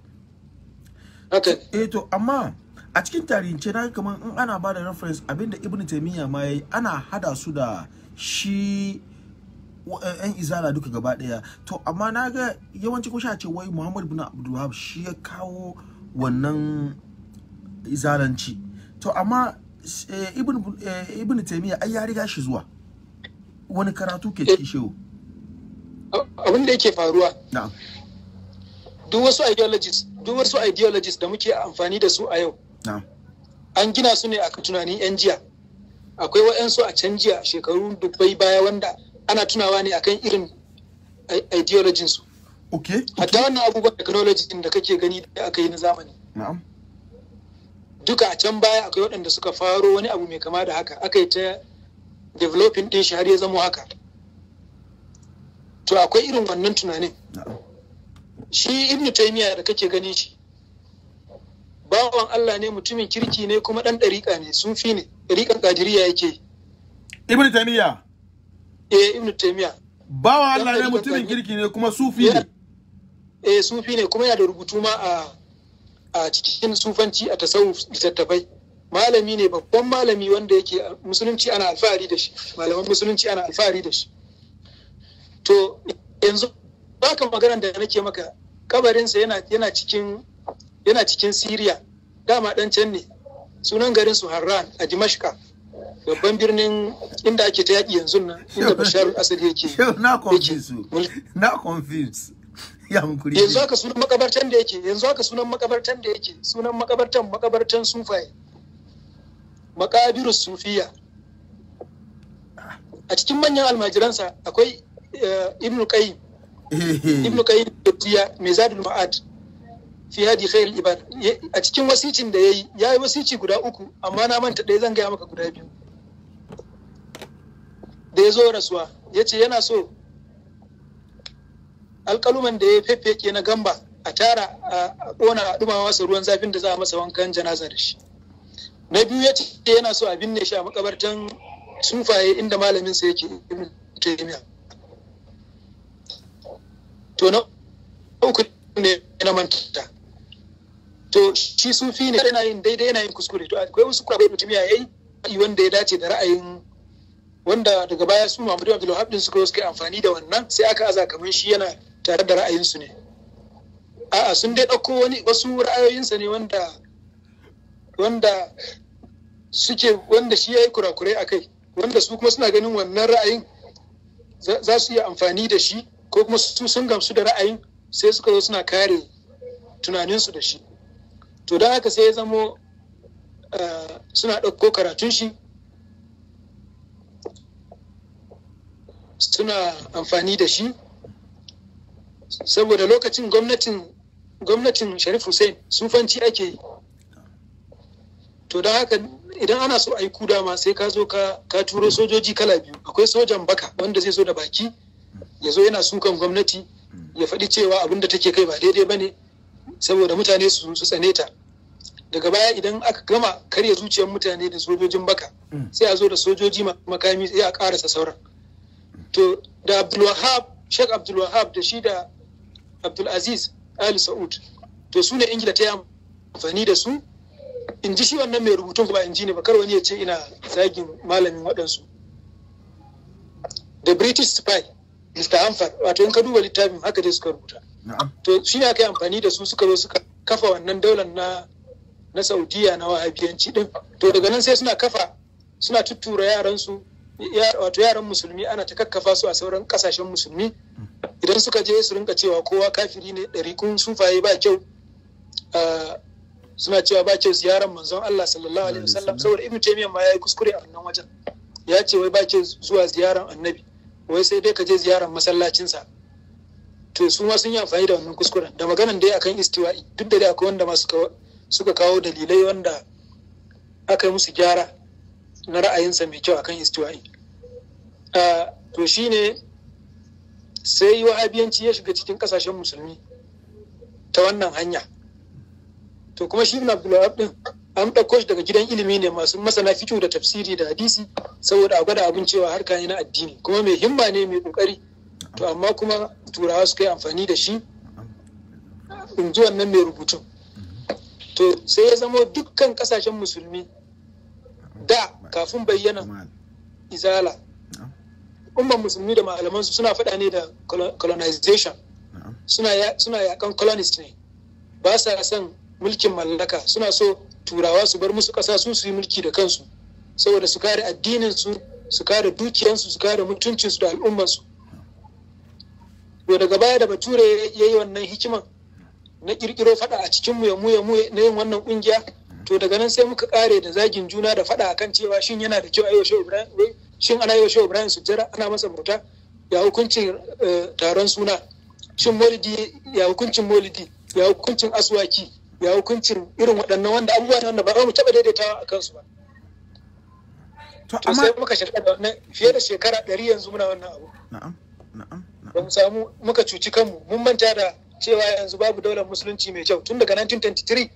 A: okay eh amma a cikin ce na kaman in ana ba da reference abinda ibnu taymiya ma yayi ana hada su da shi yan izala duka gaba daya to amma na ga yawanci kusha ce wai muhammad ibn abdul wahab shi ya kawo wannan izalanci to amma eh, ibn eh, ibn taymiya ai ya riga shi zuwa wani karatu ke cikin shehu
C: abin da yake faruwa na'am duk wasu ideologies duk wasu ideologies da muke amfani da su a yau an gina su ne a tunanin yan jiya akwai wa'ansu a can jiya shekaru dubbai baya wanda ana tunawa ne akan irin eh, ideologies. su okay hatta wannan abubuwan technology da kake gani da aka yi na zamani na'am duka a can baya akwai waɗanda suka faro wani abu mai kama da haka aka yi ta developing ɗin shi har ya zama haka to akwai irin wannan tunanin shi ibnu taimiyya da kake gani shi bawan Allah ne mutumin kirki ne kuma ɗan ɗariƙa ne sufi ne ɗariƙan ƙadiriya yake ibnu taimiyya eh ibnu taimiyya bawan Allah ne mutumin kirki ne kuma sufi ne eh sufi ne kuma yana da rubutu ma a a cikin sufanci a tasawuf littattafai malami ne babban malami wanda yake musulunci ana alfahari da shi malaman musulunci ana alfahari da shi to yanzu baka maganar da nake maka kabarinsa yana cikin yana cikin Siriya dama dan can ne sunan garin su Harran a Dimashka babban birnin inda ake ta yaƙi yanzu nan inda Bashar al-Assad yake na confuse na confuse ya hankuri yanzu haka sunan makabartan da yake yanzu haka sunan makabartan da yake sunan makabartan makabartan sufaye makabirus sufiya a cikin manyan almajiransa akwai ibn eh, kai ibn qayyim dabtiya eh. mai zadul ma'ad fi hadi khair ibad a cikin wasicin da yayi yayi wasici guda uku amma na manta ɗaya zan gaya maka guda biyu da ya zo rasuwa ya ce yana so alƙaluman da ya fefeke na gamba a tara a ɗona a ɗuma masa ruwan zafin da za a masa wankan janaza da shi na biyu ya ce yana so a binne shi a makabartan sufaye inda malamin sa yake ibn taymiya to na uku ne na manta to shi sufi ne yana yin daidai yana yin kuskure to akwai wasu kwabai mutum ya yi wanda ya dace da ra'ayin wanda daga baya su Muhammadu Abdul Wahab din suka yi amfani da wannan sai aka aza kamar shi yana tare da ra'ayinsu ne a'a sun dai ɗauko wani wasu ra'ayoyinsa ne wanda wanda suke wanda shi ya yi kurakurai a kai wanda su kuma suna ganin wannan ra'ayin za su yi amfani da shi ko kuma su sun gamsu da ra'ayin sai suka zo suna kare tunaninsu da shi to don haka sai ya zamo eh, suna ɗauko karatun shi suna amfani da shi saboda lokacin gwamnatin sharif hussein sufanci ake yi to don haka idan ana so a yi kuda ma sai ka zo ka turo sojoji kala biyu akwai sojan baka wanda zai zo da baki ya zo yana sukan gwamnati ya faɗi cewa abin da take kai ba daidai ba ne saboda mutane su tsane ta daga baya idan aka gama karya zuciyar mutane da sojojin baka sai a zo da sojoji makami sai a karasa sauran to da abdulwahab sheikh abdulwahab da shi da abdulaziz Ali sa'ud to su ne ingila ta yi amfani da su in ji shi wannan mai rubutun ba in ji ne ba kar wani ya ce ina zagin malamin waɗansu the british spy mr amfan wato in ka duba littafin haka dai suka rubuta to shi ne aka yi amfani da su suka zo suka kafa wannan daular na na saudiya na wahabiyanci din to daga nan sai suna kafa suna tuttura su wato yaran musulmi ana ta kakkafa su a sauran kasashen musulmi idan suka je su rinka cewa kowa kafiri ne ɗari kun sufaye ba kyau suna cewa ba kyau ziyarar manzon Allah sallallahu alaihi wasallam saboda ibnu taymiyyah ma yayi kuskure a wannan wajen ya ce wai ba kyau zuwa ziyarar annabi wai sai dai ka je ziyarar masallacinsa to su ma sun yi amfani da wannan kuskuren da maganan dai akan istiwa'i duk da dai akwai wanda ma suka kawo dalilai wanda aka yi musu gyara na ra'ayinsa mai kyau akan istiwa'i to shine sai yi wahabiyanci ya shiga cikin kasashen musulmi ta wannan hanya to kuma shi na din an ɗauko shi daga gidan ilimi ne masu masana fito da tafsiri da hadisi saboda a gwada abin cewa harka ne na addini kuma mai himma ne mai kokari to amma kuma turawa suka yi amfani da shi in ji wannan mai rubutun to sai ya zamo dukkan kasashen musulmi da kafin bayyana izala umman musulmi da malamansu suna faɗa ne da colonization suna yakan colonist ne ba sa son mulkin mallaka suna so turawa su bar musu ƙasa su su yi mulki da kansu saboda su kare addininsu su kare dukiyansu su kare mutuncinsu da al'ummansu to daga baya da bature ya yi wannan hikiman na kirkiro fada a cikin mu ya mu ya mu na yin wannan ƙungiya to daga nan sai muka kare da zagin juna da fada akan cewa shin yana da kyau ayyau shehu ibrahim shin ana yau shehu ibrahim sujjara ana masa bauta ya hukuncin eh, taron suna shin molidi ya hukuncin molidi ya hukuncin aswaki ya hukuncin irin waɗannan wanda abubuwa ne wanda ba mu taɓa daidaitawa a kansu ba to sai muka shirya da wannan fiye da shekara ɗari yanzu muna wannan abu ba mu samu muka cuci kanmu mun manta da cewa yanzu babu daular musulunci mai kyau tun daga 1923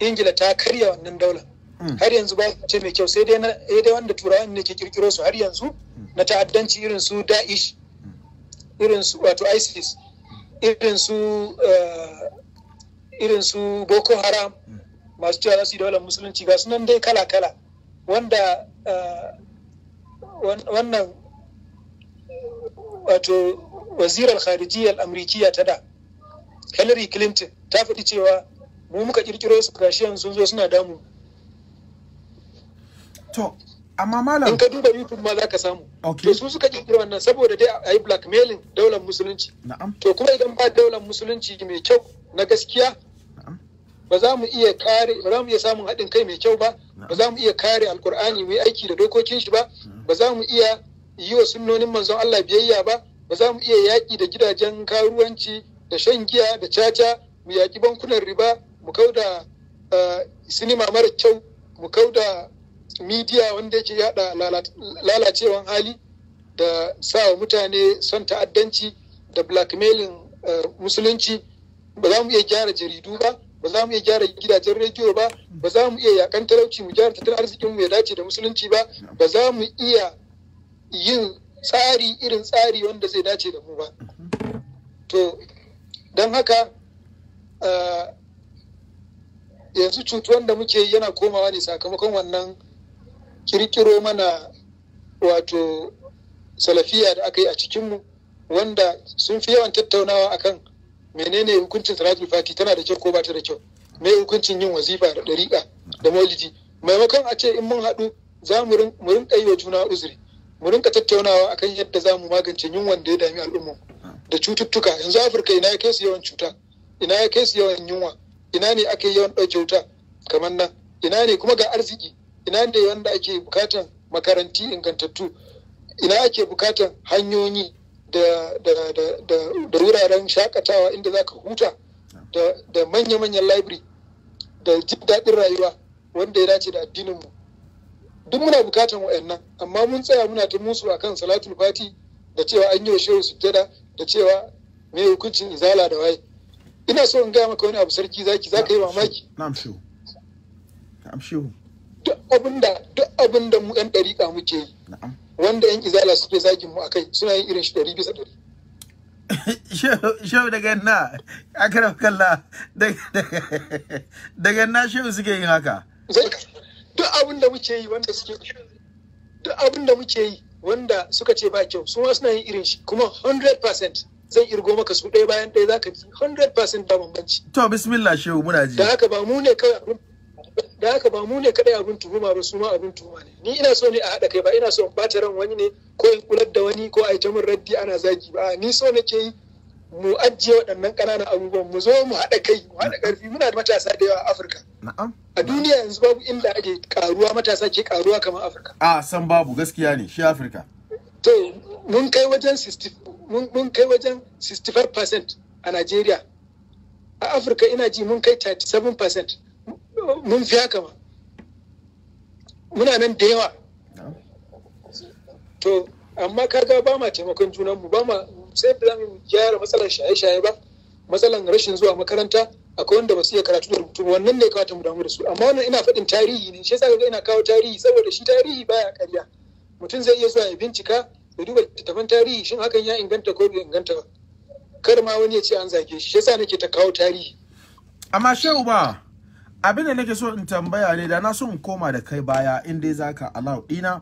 C: ingila ta karya wannan daular Mm. har yanzu ba ce mai kyau sai eh, dai wanda turawan ne ke kirkiro su har yanzu mm. na ta'addanci irin su da'ish mm. irin su wato isis irin su eh, irin su boko haram masu cewa za su yi daular musulunci ga sunan dai kala-kala wanda eh, wannan wato wazirar harijiyar amrikiya ta da hillary clinton ta faɗi cewa mu muka kirkiro su kashi yanzu zo suna damu To, amma malam in ka duba YouTube ma za ka samu to su suka kirkira wannan saboda dai ayi yi blackmailing daular musulunci to kuma idan ba daular musulunci mai kyau na gaskiya ba za mu iya kare ba za mu iya samun haɗin kai mai kyau ba ba za mu iya kare alkur'ani mai aiki da dokokin shi ba hmm. ba za mu iya yi wa sunnonin manzon Allah biyayya ba ba za mu iya yaƙi da gidajen karuwanci da shan giya da caca mu yaƙi bankunan riba mu kauda eh, sinima mara kyau mu kauda midiya wanda yake yada lalacewan hali da sawa mutane son ta'addanci da blackmailing eh, musulunci ba za mu iya gyara jaridu ba ba za mu iya gyara gidajen rediyo ba ba za mu iya yakan talauci mu gyara tattalin arzikinmu ya dace da musulunci ba ba za mu iya yin tsari irin tsari wanda zai dace da mu ba to don haka eh, yanzu cutuwan da muke yana komawa ne sakamakon wannan kirkiro mana wato salafiya da aka yi a cikinmu wanda sun fi yawan tattaunawa akan menene hukuncin salatul fati tana da kyau ko ba ta da kyau me hukuncin yin wazifa da dariƙa da maulidi maimakon a ce in mun haɗu za mu rinka yi wa juna uzuri mu rinka tattaunawa akan yadda za mu magance yunwan da ya dami al'umma da cututtuka yanzu afirka ina ya kai su yawan cuta ina ya kai su yawan yunwa ina ne ake yawan ɗauke wuta kamar nan ina ne kuma ga arziki ina ne wanda ake bukatan makaranti ingantattu ina ake bukatan hanyoyi da wuraren shakatawa inda za ka huta da manya-manyan library da jin daɗin rayuwa wanda ya dace da addininmu duk muna bukatan wa'annan amma mun tsaya muna ta musu akan salatul fati da cewa an yi wa shehu da cewa mai hukuncin izala da waye ina so in gaya maka wani abu sarki zaki za ka yi mamaki na'am shehu na'am shehu duk abin da duk abin da mu yan dariƙa muke yi wanda yan izala suke zagin mu akai suna yin irin shi ɗari bisa ɗari
A: shehu daga na akarar kalla
C: daga na shehu suke yin haka duk abin da muke yi wanda suke duk abin da muke yi wanda suka ce ba kyau su suna yin irin shi kuma 100% zan irgo maka su ɗaya bayan ɗaya ka ji 100% ba bambanci
A: to bismillah shehu muna ji da
C: haka ba mu ne kawai da haka ba mu ne kadai abin tuhuma ba su ma abin tuhuma ne ni ina so ne a haɗa kai ba ina so in ɓata ran wani ne ko in kular da wani ko a yi ta min raddi ana zagi ba ni so ke yi mu ajiye waɗannan ƙananan abubuwan mu zo mu haɗa kai mu haɗa ƙarfi muna da matasa da yawa a Afirka a duniya yanzu babu inda ake karuwa matasa ke karuwa kamar Afirka a san babu gaskiya ne shi Afirka to mun kai wajen mun kai wajen 65% a Najeriya a Afirka ina ji mun kai 37% mun fi haka ba muna nan da yawa to amma kaga ba ma taimakon junanmu ba ma sai da gyara matsalar shaye-shaye ba matsalar rashin zuwa makaranta akwai wanda ba su iya karatu da rubutu wannan ne kawata mu damu da su amma wannan ina faɗin tarihi ne shi yasa ina kawo tarihi saboda shi tarihi baya ƙarya mutum zai iya zuwa ya bincika ya duba littattafan tarihi shin hakan ya inganta ko bai inganta ba kar ma wani ya ce an zage shi shi yasa nake ta kawo tarihi
D: amma
A: shehu ba abin da nake so in tambaya ne da na so in koma da kai baya in dai zaka allow dina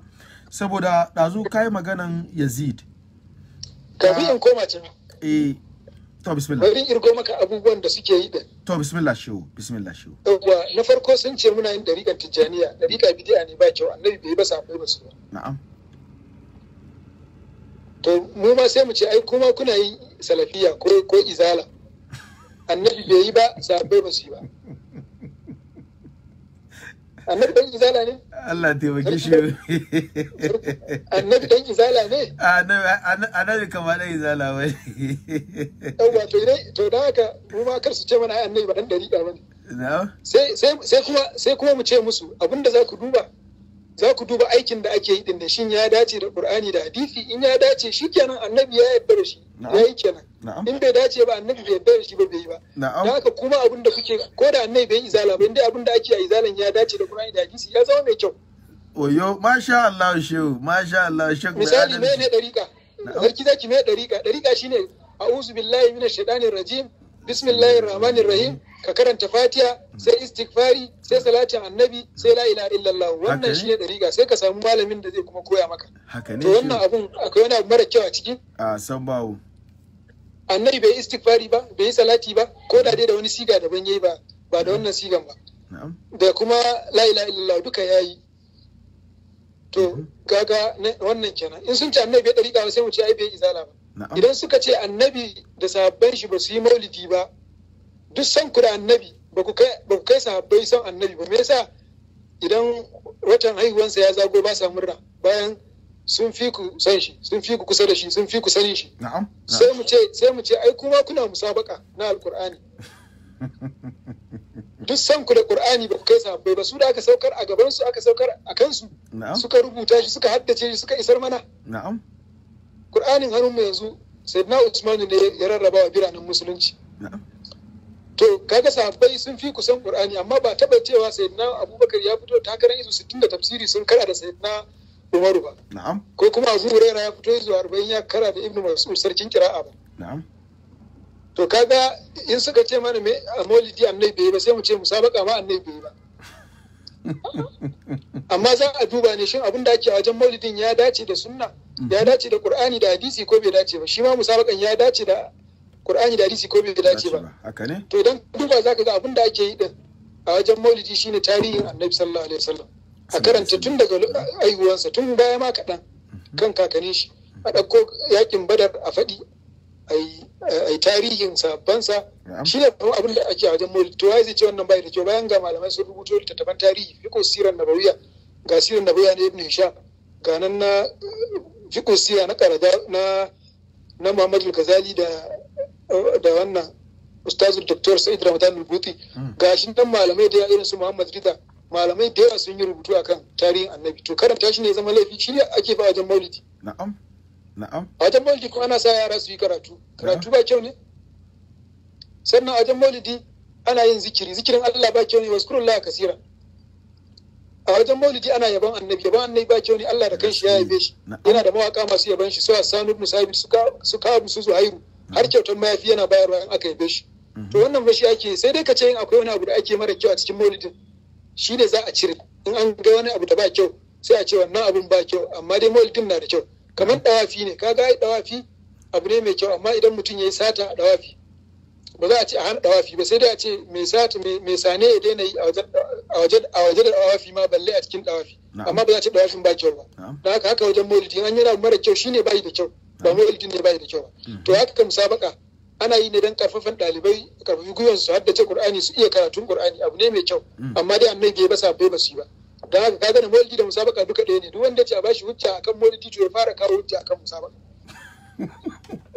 A: saboda dazu kai maganan Yazid ka bi
C: in koma can eh to bismillah bari irgo maka abubuwan da suke yi da
A: to bismillah shehu
D: bismillah shehu
C: yawa na farko sun ce muna yin dariƙar tijaniya dariƙa bid'a ne ba kyau annabi bai ba sabai ba su na'am to mu ma sai mu ce ai kuma kuna yin salafiya ko ko izala annabi bai yi ba sabai ba su yi ba annabi dan izala ne
A: Allah taimake shi annabi dan izala ne annabi kama dan izala
C: Yau ba to dai to da haka mu ma kar su ce mana annabi ba dan dariƙa bane ba sai kuma sai kuma mu ce musu abinda za ku duba za ku duba aikin da ake yi din da shin ya dace da Qur'ani da hadisi in ya dace shikenan annabi ya yarda da shi yi kenan in bai dace ba annabi bai bayar shi ba bai yi ba da haka kuma abin da kuke ko da annabi bai izala ba inda abin da ake yi izalan ya dace da Qur'ani da hadisi ya zama mai kyau oyo
A: masha Allah shehu masha Allah shehu misali me ne
C: dariƙa sarki zaki me dariƙa dariƙa shine a'udhu billahi minash shaitanir rajim bismillahir rahmanir rahim ka karanta fatiha sai istighfari sai salatin annabi sai la ilaha illallah wannan shine dariƙa sai ka samu malamin da zai kuma koya maka to wannan abun akwai wani abu mara kyau a ciki
D: a san bawo
C: annabi bai istighfari ba bai yi salati ba ko da dai da wani siga daban yi ba ba da wannan sigan ba da kuma la ilaha illallah duka yayi to gaga mhm. wannan kenan in sun ce annabi bai dariƙa sai mu ce ai bai izala ba idan suka ce annabi da sahabban shi ba su yi maulidi ba duk san ku da annabi ba ku kai sahabbai san annabi ba me yasa idan watan haihuwansa ya zago ba sa murna bayan sun fi ku san shi sun fi ku kusa da shi sun fi ku sanin shi sai mu ce sai mu ce ai kuma kuna musabaka na alkur'ani duk san ku da qur'ani ba ku kai sabai ba su da aka saukar a gaban su aka saukar a kansu suka rubuta shi suka haddace shi suka isar mana na'am qur'anin hannun mu yanzu sayyidina Usman ne ya rarraba wa biranen musulunci to kaga sahabbai sun fi kusan qur'ani amma ba taba cewa sayyidina abubakar ya fito takarar izu 60 da tafsiri sun kara da sayyidina Umaru ba. Na'am. Ko kuma zuwa Huraira ya fito zuwa arba'in ya kara da Ibn Mas'ud sarkin kira'a ba. Na'am. To kaga in suka ce mana me Maulidi annabi bai ba sai mu ce sabaka ma annabi bai ba. Amma za a duba ne shin abin da ake a wajen Maulidin ya dace da sunna, mhm. ya dace da Qur'ani da hadisi ko bai dace ba. Shi ma musabakan ya dace da Qur'ani da hadisi ko bai dace ba. Haka ne. To idan duba zaka ga abin da ake yi din a wajen Maulidi shine tarihin Annabi sallallahu alaihi wasallam. a karanta tun daga aiwuwansa tun baya ma kaɗan mm-hmm. kan kakanin shi a ɗauko yakin badar a faɗi a yi tarihin sabansa shi ne abin da ake a wajen mulki to ya ce wannan bai da kyau bayan ga malamai sun rubuto littattafan tarihi fiko siran nabawiya ga siran nabawiya na ibn hisham ga nan na fiko sira na karada na na muhammadu gazali da da wannan ustazul doktor sa'id ramadan al-buti mm. ga shi dan malamai da irin su muhammad rida malamai da yawa sun yi rubutu akan tarihin annabi to karanta shi ne zama laifi shi ne ake a wajen maulidi na'am na'am a wajen maulidi kuma ana sa yara su yi karatu karatu ba kyau ne sannan a wajen maulidi ana yin zikiri zikirin Allah ba kyau ne waskurullah kasira a wajen maulidi ana yaban annabi yaban annabi ba kyau ne Allah da kanshi ya yabe shi yana da mawaka masu yaban shi su Hassanu ibn Sabit su Kabu su Zuhairu har kyautar mayafi yana bayarwa in aka yabe shi mhm. to wannan ba shi ake sai dai ka ce yin akwai wani abu da ake mara kyau a cikin maulidin shi ne za a cire in an ga wani abu da ba kyau sai a ce wannan abun ba kyau amma dai maulidin na da kyau kamar dawafi ne kaga ai dawafi abu ne mai kyau amma idan mutum ya yi sata a dawafi ba za a ce a hana dawafi ba sai dai a ce mai sata mai sane ya daina yi a waje da dawafi ma balle a cikin dawafi amma ba za a ce dawafin ba kyau ba da haka haka wajen maulidi an yana mara kyau shine bai da kyau ba maulidin ne bai da kyau hmm. to haka kan musabaka ana yi ne don karfafan ɗalibai karfafi gwiwan su haddace qur'ani su iya karatun qur'ani abu ne mai kyau mm. amma dai annabi bai basa bai basu ba da haka kaga da maulidi da musabaka duka ɗaya ne duk wanda ce a bashi hujja akan maulidi to ya fara kawo hujja akan musabaka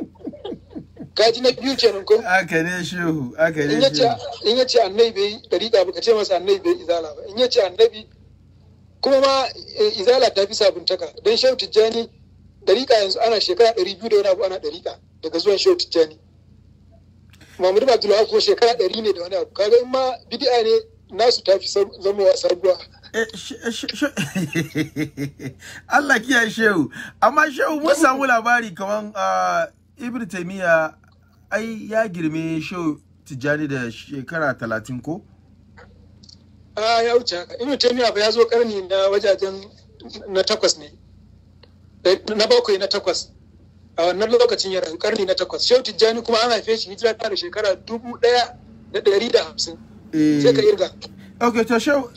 C: kaji na biyu kenan ko aka ne shehu aka ne shehu in yace annabi bai dariƙa ba ka ce masa annabi bai izala ba in yace annabi kuma ma eh, izala ta fi sabuntaka don shehu tijjani dariƙa yanzu ana shekara ɗari biyu da wani abu ana dariƙa daga zuwan shehu tijjani Mahmud Abdullahi ko shekara ɗari ne da wani abu kaga in ma bid'a ne nasu ta fi zama sabuwa. Eh,
A: Allah kiyaye shehu amma shehu mun samu labari kaman ah, Ibn Taymiya ai ya girme shehu Tijjani da shekara talatin ko?
C: A ah, ya wuce haka Ibn Taymiya ba ya zo karni na wajajen na takwas ne eh, na bakwai na takwas a wannan lokacin yana da karni na takwas shehu tijjani kuma an haife shi hijira ta da shekara dubu ɗaya da ɗari da hamsin eh. sai ka irga
A: ok to shehu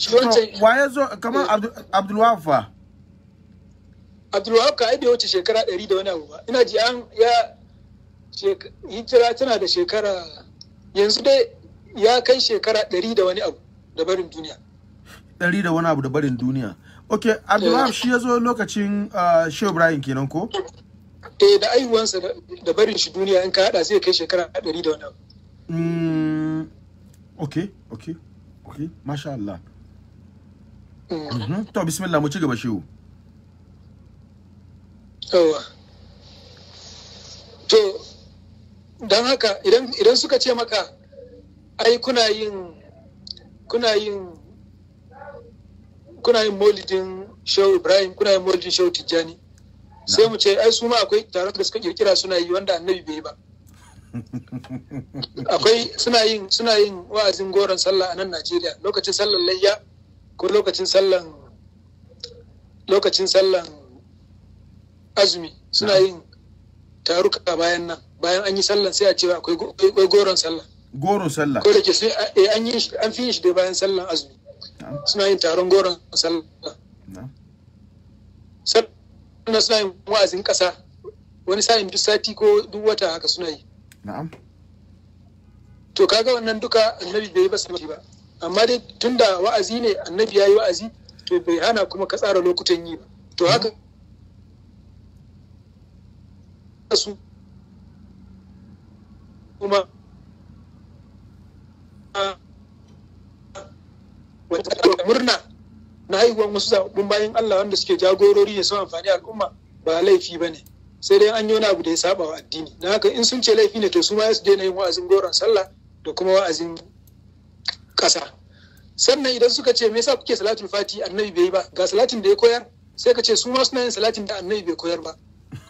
A: waye zo kamar eh. abdulwahab fa
C: abdulwahab ka ai bai wuce shekara ɗari da wani abu ba ina ji an ya hijira tana da shekara yanzu dai ya kai shekara ɗari da wani abu da barin duniya
A: ɗari da wani abu da barin duniya ok abdulwahab eh. shi ya zo lokacin ah, shehu ibrahim kenan ko
C: eh da aihuwansa da barin shi duniya in ka hada sai kai shekara ɗari da wani
A: mm, ok ok ok masha Allah mm. mm-hmm. to bismillah mu ci gaba shehu
E: yawa to
C: don haka idan suka ce maka ai kuna yin kuna yin kuna yin molidin show ibrahim kuna yin molidin show tijjani sai mu ce ai su ma akwai taron da suka kira suna yi wanda annabi bai ba akwai suna yin suna yin wa'azin goron sallah a nan Najeriya lokacin sallan layya ko lokacin sallan lokacin sallan azumi suna yin taruka bayan nan bayan an yi sallan sai a ce akwai goron sallah
A: goron sallah ko da
C: ke sai eh, an yi an fi shi da bayan sallan azumi suna yin taron goron sallah suna suna yin wa'azin ƙasa wani sa'in duk sati ko duk wata haka suna yi na'am to kaga wannan duka annabi bai ba sabbi ba amma dai tunda wa'azi ne annabi ya yi wa'azi to bai hana kuma ka tsara lokutan yi ba to mm-hmm. haka su kuma murna na haihuwan wasu zaɓaɓɓun bayan Allah wanda suke jagorori ne sun amfani al'umma ba laifi ba ne sai dai an yi wani abu da ya saba wa addini na haka in sun ce laifi ne to su ma su daina yin wa'azin goron sallah da kuma wa'azin ƙasa sannan idan suka ce me yasa kuke salatul fati annabi bai yi ba ga salatin da ya koyar sai ka ce su ma suna yin salatin da annabi bai koyar ba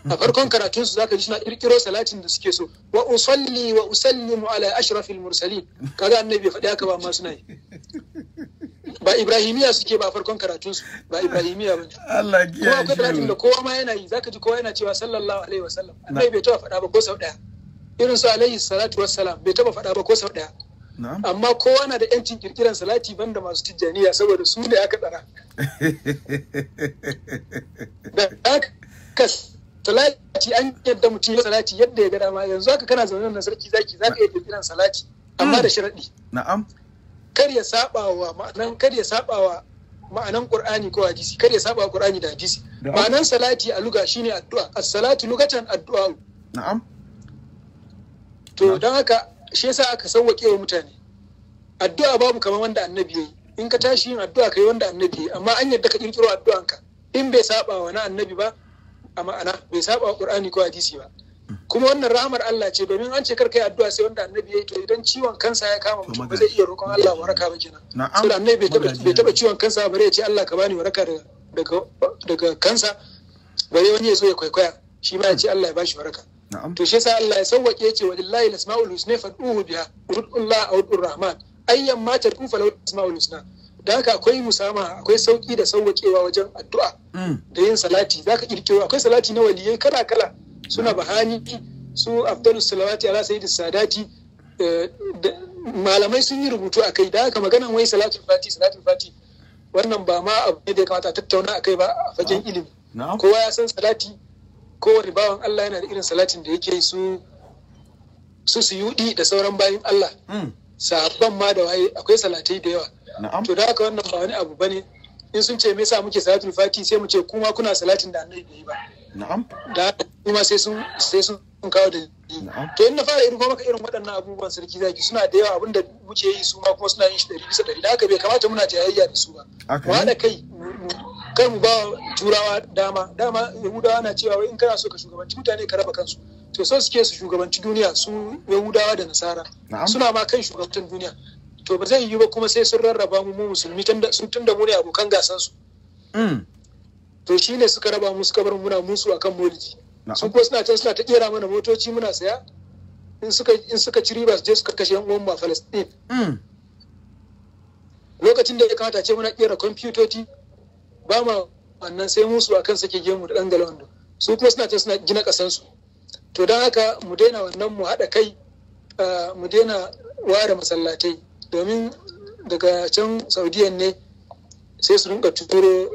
C: a farkon karatun su zaka ji suna kirkiro salatin da suke so wa usalli wa usallimu ala ashrafil mursalin kaga annabi ya faɗi haka ba ma suna yi ba ibrahimiya suke ba farkon karatun su ba ibrahimiya ba Allah ya ji akwai karatun da kowa ma yana yi zaka ji kowa yana cewa sallallahu alaihi wasallam annabi bai taba faɗa ba ko sau daya irin su alaihi salatu wassalam bai taba faɗa ba ko sau daya amma kowa na da yancin kirkiran salati banda masu tijjaniya saboda su ne aka tsara da aka salati an yadda mutum ya salati yadda ya ga dama yanzu haka kana zaune na sarki zaki zaka yi kirkiran salati amma hmm. da sharaɗi na'am kar ya saba wa ma'anan kar ya saba wa ma'anan qur'ani ko hadisi kar ya saba wa qur'ani da hadisi ma'anan salati a luga shine addu'a as-salatu lugatan addu'a na'am to don haka shi yasa aka sauwake wa mutane addu'a babu kamar wanda annabi yayi in ka tashi yin addu'a kai wanda annabi yayi amma an yadda ka kirkiro addu'anka in bai saba wa na annabi ba a ma'ana bai saba wa qur'ani ko hadisi ba kuma wannan ramar Allah ce domin an ce kar kai addu'a sai wanda annabi ya yi to idan ciwon kansa ya kama mutum ba zai iya roƙon Allah waraka ba kenan saboda annabi bai taba ciwon kansa ba ya ce Allah ka bani waraka daga daga kansa bare wani ya zo ya kwaikwaya shi ma ya ce Allah ya bashi waraka to shi yasa Allah ya sauwake ya ce walillahi lasmaul husna fad'uhu biha udullah aw udur rahman ayyan ma tad'u falahu lasmaul husna da haka akwai musama akwai sauki da sauwakewa wajen addu'a mm. da yin salati zaka kirkiro akwai salati na waliyai kala kala suna bahani su abdul salawati ala sayyidi sadati eh, malamai sun yi rubutu a kai da aka maganan wai salatul fati salatul fati wannan ba ma abu ne da ya kamata a tattauna a kai ba a fagen ilimi kowa ya san salati kowane bawan Allah yana da irin salatin da yake su su suyudi da sauran bayin Allah hmm. sahabban ma da waye akwai salatai da yawa to da haka wannan ba wani abu bane in sun ce me yasa muke salatul fati sai mu ce kuma kuna salatin da annabi bai ba na'am da kuma sai sun sai sun kawo da to in na fara irin maka irin waɗannan abubuwan sarki zaki suna da yawa da muke yi su kuma suna yin shi ɗari bisa ɗari da haka bai kamata muna jayayya da su ba mu haɗa kai kai mu ba turawa dama dama yahudawa na cewa wai in kana so ka shugabanci mutane ka raba kansu to so suke su shugabanci duniya su yahudawa da nasara suna ma kan shugabantan duniya to ba zai yiwu ba kuma sai sun rarraba mu mu musulmi tun da mu ne abokan gasan su mm. to shi ne suka raba mu suka bar muna musu akan molidi su kuma suna can suna ta kera mana motoci muna saya in suka ci riba su je suka kashe yan ma falastin hmm. lokacin da ya kamata ce muna kera kwamfutoci ba ma wannan sai musu akan sake gemu da dan galawando su kuma suna can suna gina kasansu to don haka mu daina wannan mu haɗa kai ah, mu daina ware masallatai domin daga can saudiyan ne sai su rinka turo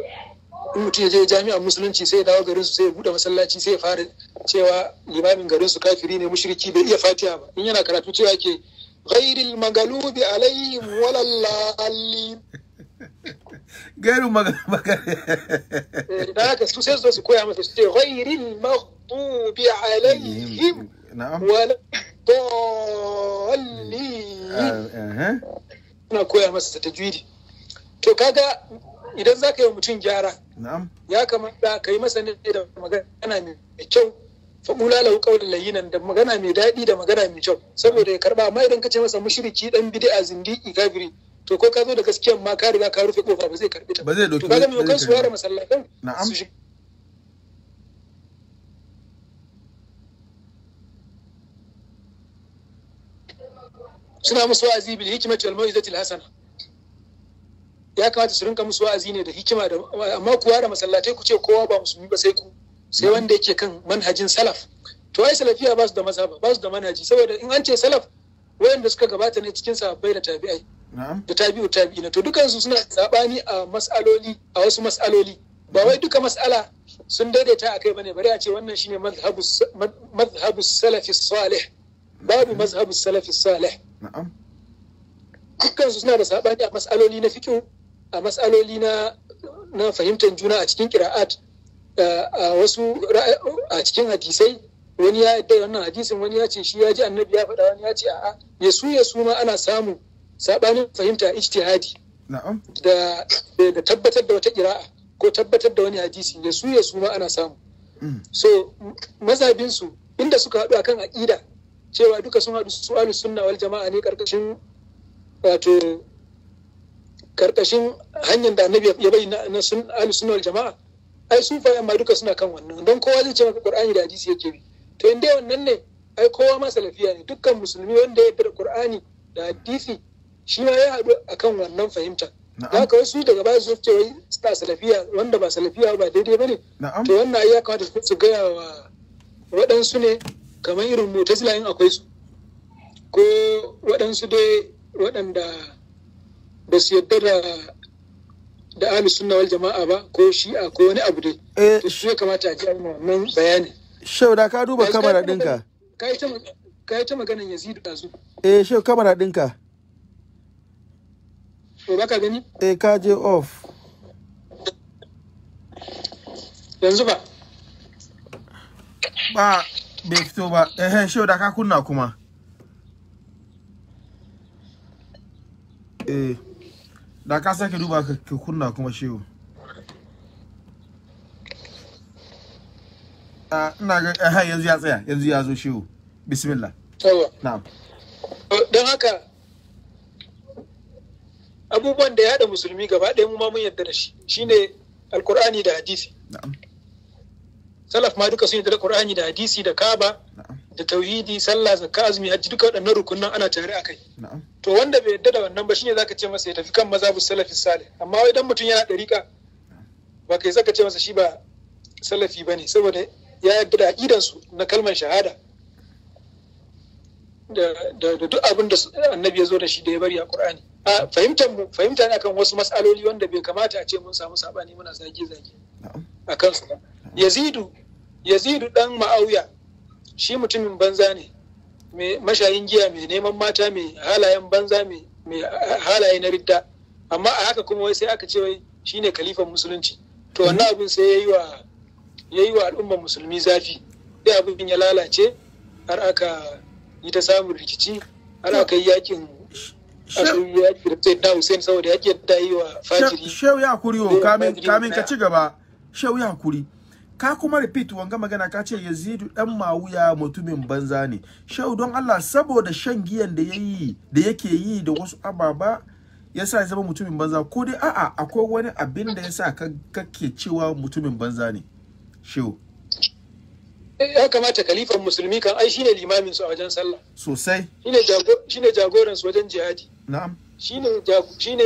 C: in mutum ya je jami'an musulunci sai ya dawo garin su sai ya bude masallaci sai ya fara cewa limamin garin su kafiri ne mushriki bai iya fatiha ba in yana karatu cewa ke ghairil magalubi alaihim walallallin gairu magalubi eh, da haka su sai su koya masa su ce ghairil maghdubi alaihim walallallin ah, eh, eh. na koya masa tajwidi to kaga idan za ka yi mutum gyara ya kamata ka yi masa ne da magana mai kyau faɓula lahu ƙaunin layinan da magana mai daɗi da magana mai kyau saboda ya karɓa amma idan ka ce masa mushriki dan bid'a zindi kafiri to ko ka zo da gaskiyan ma ka riga ka rufe kofa ba zai karɓi ta ba zai dauki to kaga mai su ware masallatan na'am suna musu wa'azi bil hikmati wal mau'izati al hasana ya kamata su rinka musu wa'azi ne da hikima da amma kuwa da masallatai ku ce kowa ba musulmi ba sai ku sai mm. wanda yake kan manhajin salaf to ai salafiya ba su da mazhaba ba su da manhaji saboda in an ce salaf wayanda suka gabata ne cikin sahabbai da tabi'ai da tabi'u tabi'ina to dukansu suna sabani a mas'aloli a wasu mas'aloli ba wai duka mas'ala sun daidaita a kai bane bari a ce wannan shine mazhabu salafi salih babu mm. mazhabu salafi salih dukkan su suna da sabani a mas'aloli na fiqh a matsaloli na na fahimtar juna a cikin kira'at a wasu a cikin hadisai wani ya yadda wannan hadisin wani ya ce shi ya ji annabi ya faɗa wani ya ce a'a ya su ya su ma ana samu saɓanin fahimta ijtihadi da da tabbatar da wata kira'a ko tabbatar da wani hadisi ya su ya su ma ana samu mm. so mazabinsu inda suka haɗu akan aƙida cewa duka sun haɗu su ahlus sunna wal jama'a ne karkashin wato karkashin hanyar da annabi ya bayyana na sun ahli sunna wal jama'a ai sun fayan ma duka suna kan wannan don kowa zai ce maka qur'ani da hadisi yake bi to yadda wannan ne ai kowa ma salafiya ne dukkan musulmi wanda ya da qur'ani da hadisi shi ma ya haɗu akan wannan fahimta haka wasu daga baya su ce wai suna salafiya wanda ba salafiya ba daidai ba ne to wannan ai ya kamata su gaya wa waɗansu ne kamar irin mutazila in akwai su ko waɗansu dai waɗanda ba su yadda da da ahli sunna wal jama'a ba ko shi'a ko wani abu dai eh, to su ya kamata a ji wannan bayani shau da ka duba kamera dinka kai ta kai ta maganan Yazid dazu
A: eh shau kamera dinka to baka gani eh ka je off yanzu ba ba bai fito ba eh shau da ka kunna kuma eh da ka sake duba ka kunna kuma shehu ah, ina ga eh yanzu ya tsaya yanzu ya zo shehu bismillah na'am
C: don haka abubuwan da ya haɗa musulmi gaba ɗaya mu ma mun yarda da shi shine alqur'ani da hadisi salaf ma duka sun yarda da qur'ani da hadisi da na'am da tauhidi sallah zakka azumi hajji duka waɗannan rukunan ana tare akai. to wanda bai yadda da wannan ba shine zaka ce masa ya tafi kan mazhabu salafi salih amma idan mutum yana ɗariƙa ba kai zaka ce masa shi ba salafi ne saboda ya yadda da aqidan su na kalmar shahada da duk abin da annabi ya zo da shi da ya bari a qur'ani a fahimtar mu fahimta ne akan wasu masaloli wanda bai kamata a ce mun samu sabani muna zage zage akan su yazidu yazidu dan ma'auya shi mutumin banza ne mai mashayin giya mai neman mata mai halayen banza mai halaye na ridda amma a haka kuma wai sai aka ce wai shine kalifan musulunci to wannan abin sai ya yi wa wa al'ummar musulmi zafi sai abin ya lalace har aka yi ta samun rikici har aka yi yakin aka da Hussein saboda yi wa fajiri
A: shehu ya kuri kamin kamin ka ci gaba shehu ya kuri ka kuma repeat wanga magana ka ce yazidu dan mawuya mutumin banza ne shehu don Allah saboda shan giyan da yayi da yake yi da wasu ababa yasa ya zama mutumin banza ko dai a'a akwai wani abin da yasa ka kake cewa mutumin banza ne shehu
C: ya kamata kalifan musulmi kan ai shine limamin su a wajen sallah sosai shine jagoran su wajen jihadi na'am shine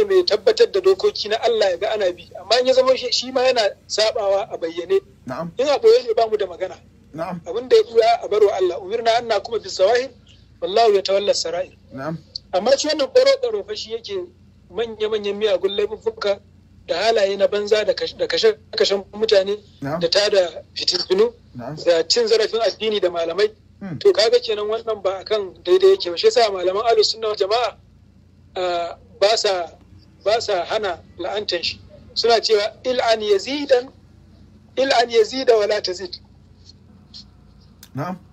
C: mai tabbatar da dokoki na Allah ya ga ana bi amma in ya zama shi ma yana sabawa a bayyane in a boye ne ba mu da magana abin da ya buya a barwa Allah umirna anna kuma bi sawahir wallahu ya tawalla sara'i amma shi wannan ɓaro tsaro fa shi yake manya manyan miyagun laifuffuka da halaye na banza da kashe kashen mutane da tada fitintunu da cin zarafin addini da malamai hmm. to kaga kenan wannan ba akan daidai yake ba shi sa malaman ahlus jama'a ba sa hana la'antar shi suna cewa il'an yazidan il'an yazida wala ta zid?"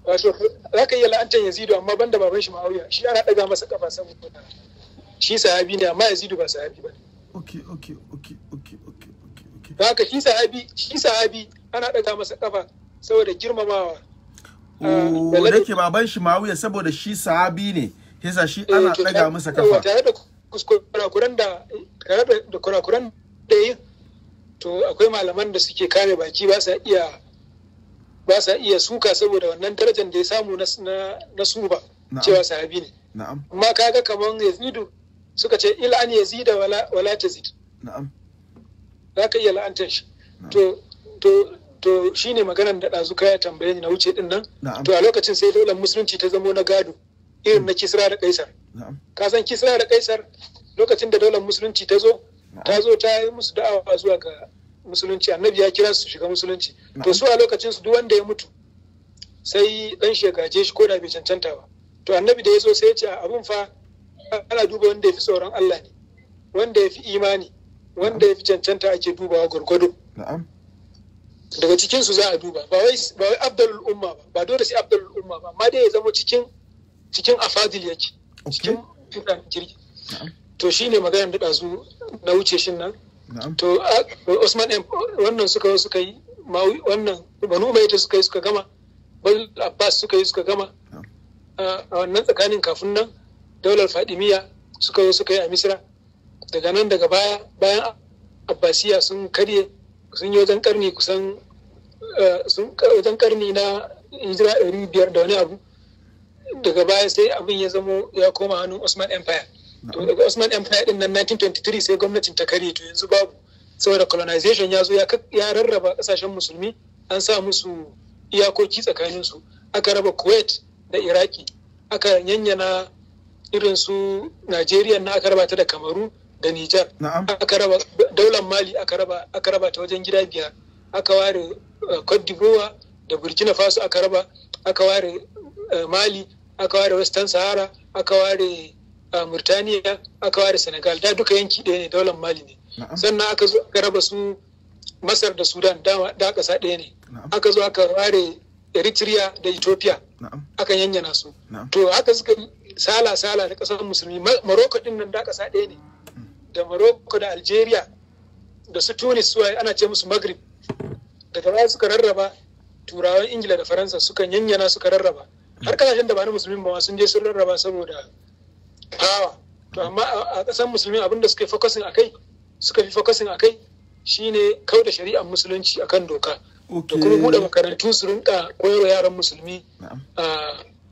C: wato zaka iya la'antar yazidu amma banda baban shi ma'auya shi ana daga masa kafa saboda shi sahabi ne amma yazidu ba sahabi ba
A: okay okay okay okay okay
C: okay haka shi sahabi shi sahabi ana ɗaga masa ƙafa saboda girmamawa ah, da ke
A: baban shi ma'auya saboda shi sahabi ne yasa shi eh, ana ɗaga masa kafa tare
C: da kurakuran da tare da kurakuran da yi to akwai malaman da suke kare baki ba sa iya ba sa iya suka saboda wannan darajar da ya samu na na ba cewa sahabi ne na'am amma kaga kaman yazidu suka ce il an yazida wala wala tazid na'am ka iya la'antar shi to to to shine maganar da ɗazu ya tambaye ni na wuce din nan to a lokacin sai daular musulunci ta zamo na gado irin mm. na kisra da kaisar ka san kisra da kaisar lokacin da daular musulunci ta zo ta zo ta yi musu da'awa zuwa ga musulunci annabi ya kira su shiga musulunci to su a lokacin su duk wanda ya mutu sai dan shekaje shi ko da bai cancanta ba to annabi da ya zo sai ya ce abun fa ana duba wanda ya fi tsoron Allah ne wanda ya fi imani wanda ya fi cancanta ake dubawa gwargwado daga cikin su za a duba ba wai abdul umma ba ba dole sai abdul umma ba amma dai ya zama cikin cikin afadil yake cikin fitan jirgi to shine maganin da ɗazu na wuce shi nan to Usman M wannan suka yi suka yi wannan Banu ta suka yi suka gama Bal Abbas suka yi suka gama a wannan tsakanin kafin nan daular Fadimiyya suka yi suka yi a misira daga nan daga baya bayan Abbasiya sun karye sun yi wajen karni kusan sun wajen karni na Hijira 500 da wani abu daga baya sai abin ya zamo ya koma hannun Osman Empire to daga Osman Empire din nan 1923 sai gwamnatin ta kare to yanzu babu saboda colonization ya zo ya rarraba kasashen musulmi an sa musu iyakoki tsakanin su aka raba Kuwait da Iraki aka yanyana irin su Najeriya na aka raba ta da Kamaru da Nijar aka raba daular Mali aka raba aka raba ta wajen gida biyar aka ware eh, Cote d'Ivoire da Burkina Faso aka raba aka ware Eh, mali aka ware western sahara aka ware eh, murtaniya aka ware senegal da duka yanki ɗaya ne daular mali ne sannan aka zo aka raba su masar da sudan da ƙasa ɗaya ne aka zo aka ware eritrea da ethiopia aka yanyana su to haka suka sala sala da ƙasar musulmi maroko ɗin nan da ƙasa ɗaya ne mm. da maroko da algeria da su tunis suwa ana ce musu maghrib daga baya suka rarraba turawan ingila da faransa suka yanyana suka rarraba har kasashen da ba na musulmi ba sun je sun rarraba saboda kawa to amma a ƙasar musulmi abin da suka fi akai suka fi shi akai shine kau da shari'ar musulunci kan doka
E: da kuma buɗe
C: makarantu su rinka koyarwa yaran musulmi a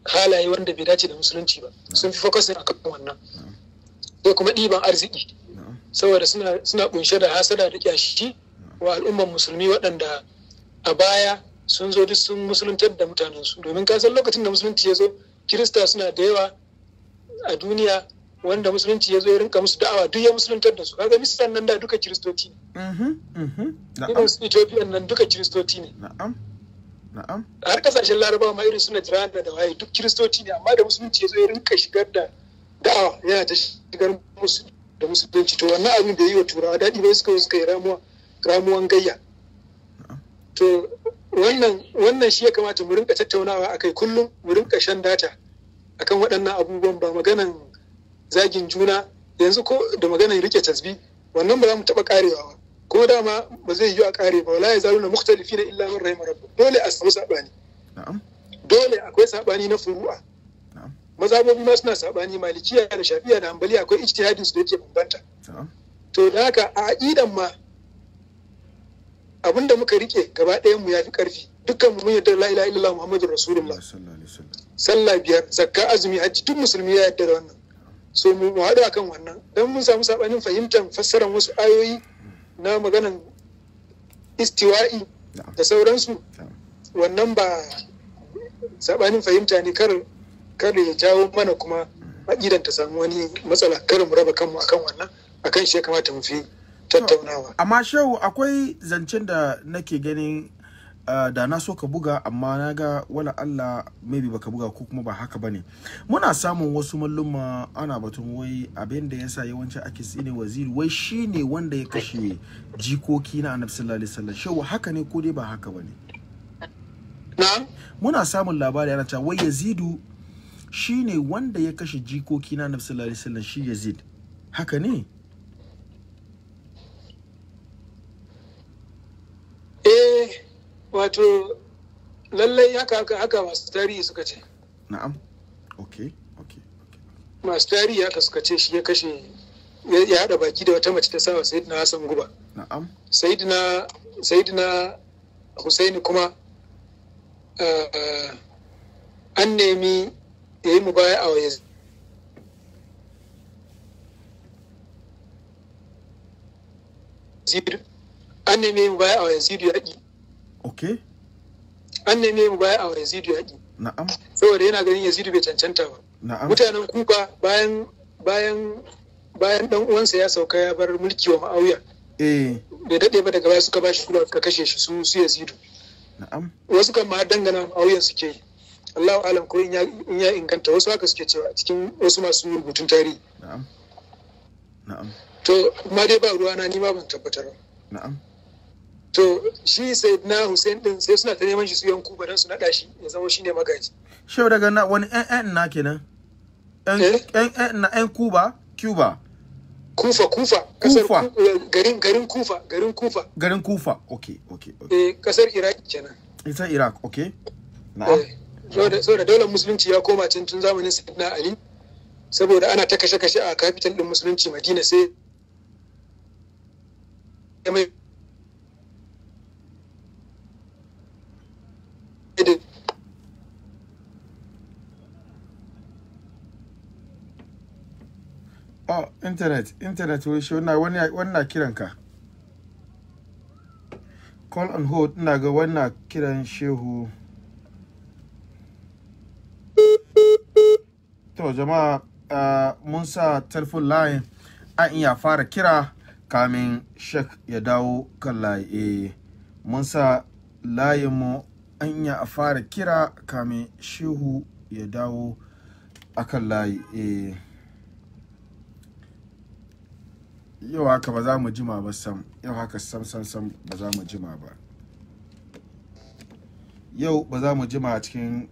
C: halaye wanda bai dace da musulunci ba sun fi a kan wannan sai kuma ɗiban arziki saboda suna kunshe da hasada da kyashi wa al'umman musulmi waɗanda a baya sun zo duk sun musuluntar da mutanensu domin san lokacin da musulunci ya zo kirista suna da yawa a duniya wanda musulunci ya zo ya rinka musu da'awa duk ya musuluntar da su kaga misalan nan da duka kiristoci
E: ne mhm, mhm. irin su
C: ethiopian nan duka kiristoci ne har kasashen larabawa ma irin suna jiranda da waye duk kiristoci ne amma da musulunci ya zo ya rinka shigar da da'awa yana ta shigar musu da musulunci to wannan abin da yi wa turawa daɗi bai suka suka yi ramuwan gayya to wannan wannan shi ya kamata mu rinka tattaunawa a kai kullum mu rinka shan data kan waɗannan abubuwan ba maganan zagin juna yanzu ko da maganan rike tasbi wannan ba za mu taɓa karewa ba ko dama ba zai yiwu a kare ba wala ya na mukhtalifi na illa min rahimar rabbu dole a samu sabani dole akwai saɓani na furu'a mazabobi ma suna sabani malikiya da shafiya da hanbali akwai ijtihadin su da yake bambanta to da haka a aqidan ma abin da muka rike gaba ɗaya mu ya fi ƙarfi dukkan mu yadda la ilaha illallah muhammadu rasulullah sallah biyar zakka azumi hajji duk musulmi ya yadda da wannan so mu haɗu akan wannan dan mun samu sabanin fahimtar fassarar wasu ayoyi na maganan istiwa'i da sauransu wannan ba sabanin fahimta ne kar kar ya jawo mana kuma mm. aƙidan ta samu wani matsala kar mu raba kanmu akan wannan akan shi ya kamata mu fi tattaunawa
A: amma shehu akwai zancen da nake ganin da na so ka buga amma na ga wala Allah maybe baka buga ko kuma ba haka bane muna samun wasu malluma ana batun wai abin da yasa yawanci ake tsine waziri wai shine wanda ya kashe jikoki na Annabi sallallahu alaihi wasallam shehu haka ne ko dai ba haka bane ne muna samun labari ana cewa wai Yazidu shine wanda ya kashe jikoki na Annabi sallallahu alaihi wasallam shi Yazid haka ne
C: wato lallai haka haka haka masu tarihi suka ce
D: na'am ok ok
C: masu tarihi haka suka ce shi ya kashe ya haɗa baki da wata mace ta sawa sayidina hassan guba na'am sayidina sayidina husaini kuma eh, eh, an nemi ya yi mu baya a waye an nemi baya a ya ɗi okay an neme mu baya a yazidu yaƙi na'am saboda yana ganin yazidu bai cancanta ba na'am mutanen kufa bayan bayan bayan dan uwansa ya sauka ya bar mulki wa ma'auya eh bai dade ba daga baya suka bashi kula ka kashe shi su su yazidu na'am wasu kan ma dangana ma'auyan suke Allahu alam ko in ya inganta wasu haka suke cewa cikin wasu masu rubutun tarihi na'am na'am to kuma dai ba ruwana ni ma ban tabbatar na'am to shi sai na hussein din sai suna ta neman shi su yanku ba don su nada shi ya zama shi ne magaji
A: shi daga na wani ƴan na kenan ƴan eh? na ƴan kuba cuba kufa
C: kufa kasar eh, garin garin kufa garin kufa
A: garin kufa okay okay
C: eh kasar iraq kenan
A: ita iraq okay
C: na eh, so da daular musulunci ya koma can tun zamanin sayyidina ali saboda ana ta kashe-kashe a kafitan din musulunci madina sai
A: oh internet internet when I, wannan wannan kiran ka call on hold ina ga wannan kiran shehu to jama'a uh, mun sa telephone line an iya fara kira kamin shek ya dawo kan layi e, mun sa layinmu an iya fara kira kamin shehu ya dawo akan layi eh. yau haka ba za mu jima ba sam yau haka sam sam sam ba za mu jima ba yau ba za mu jima a cikin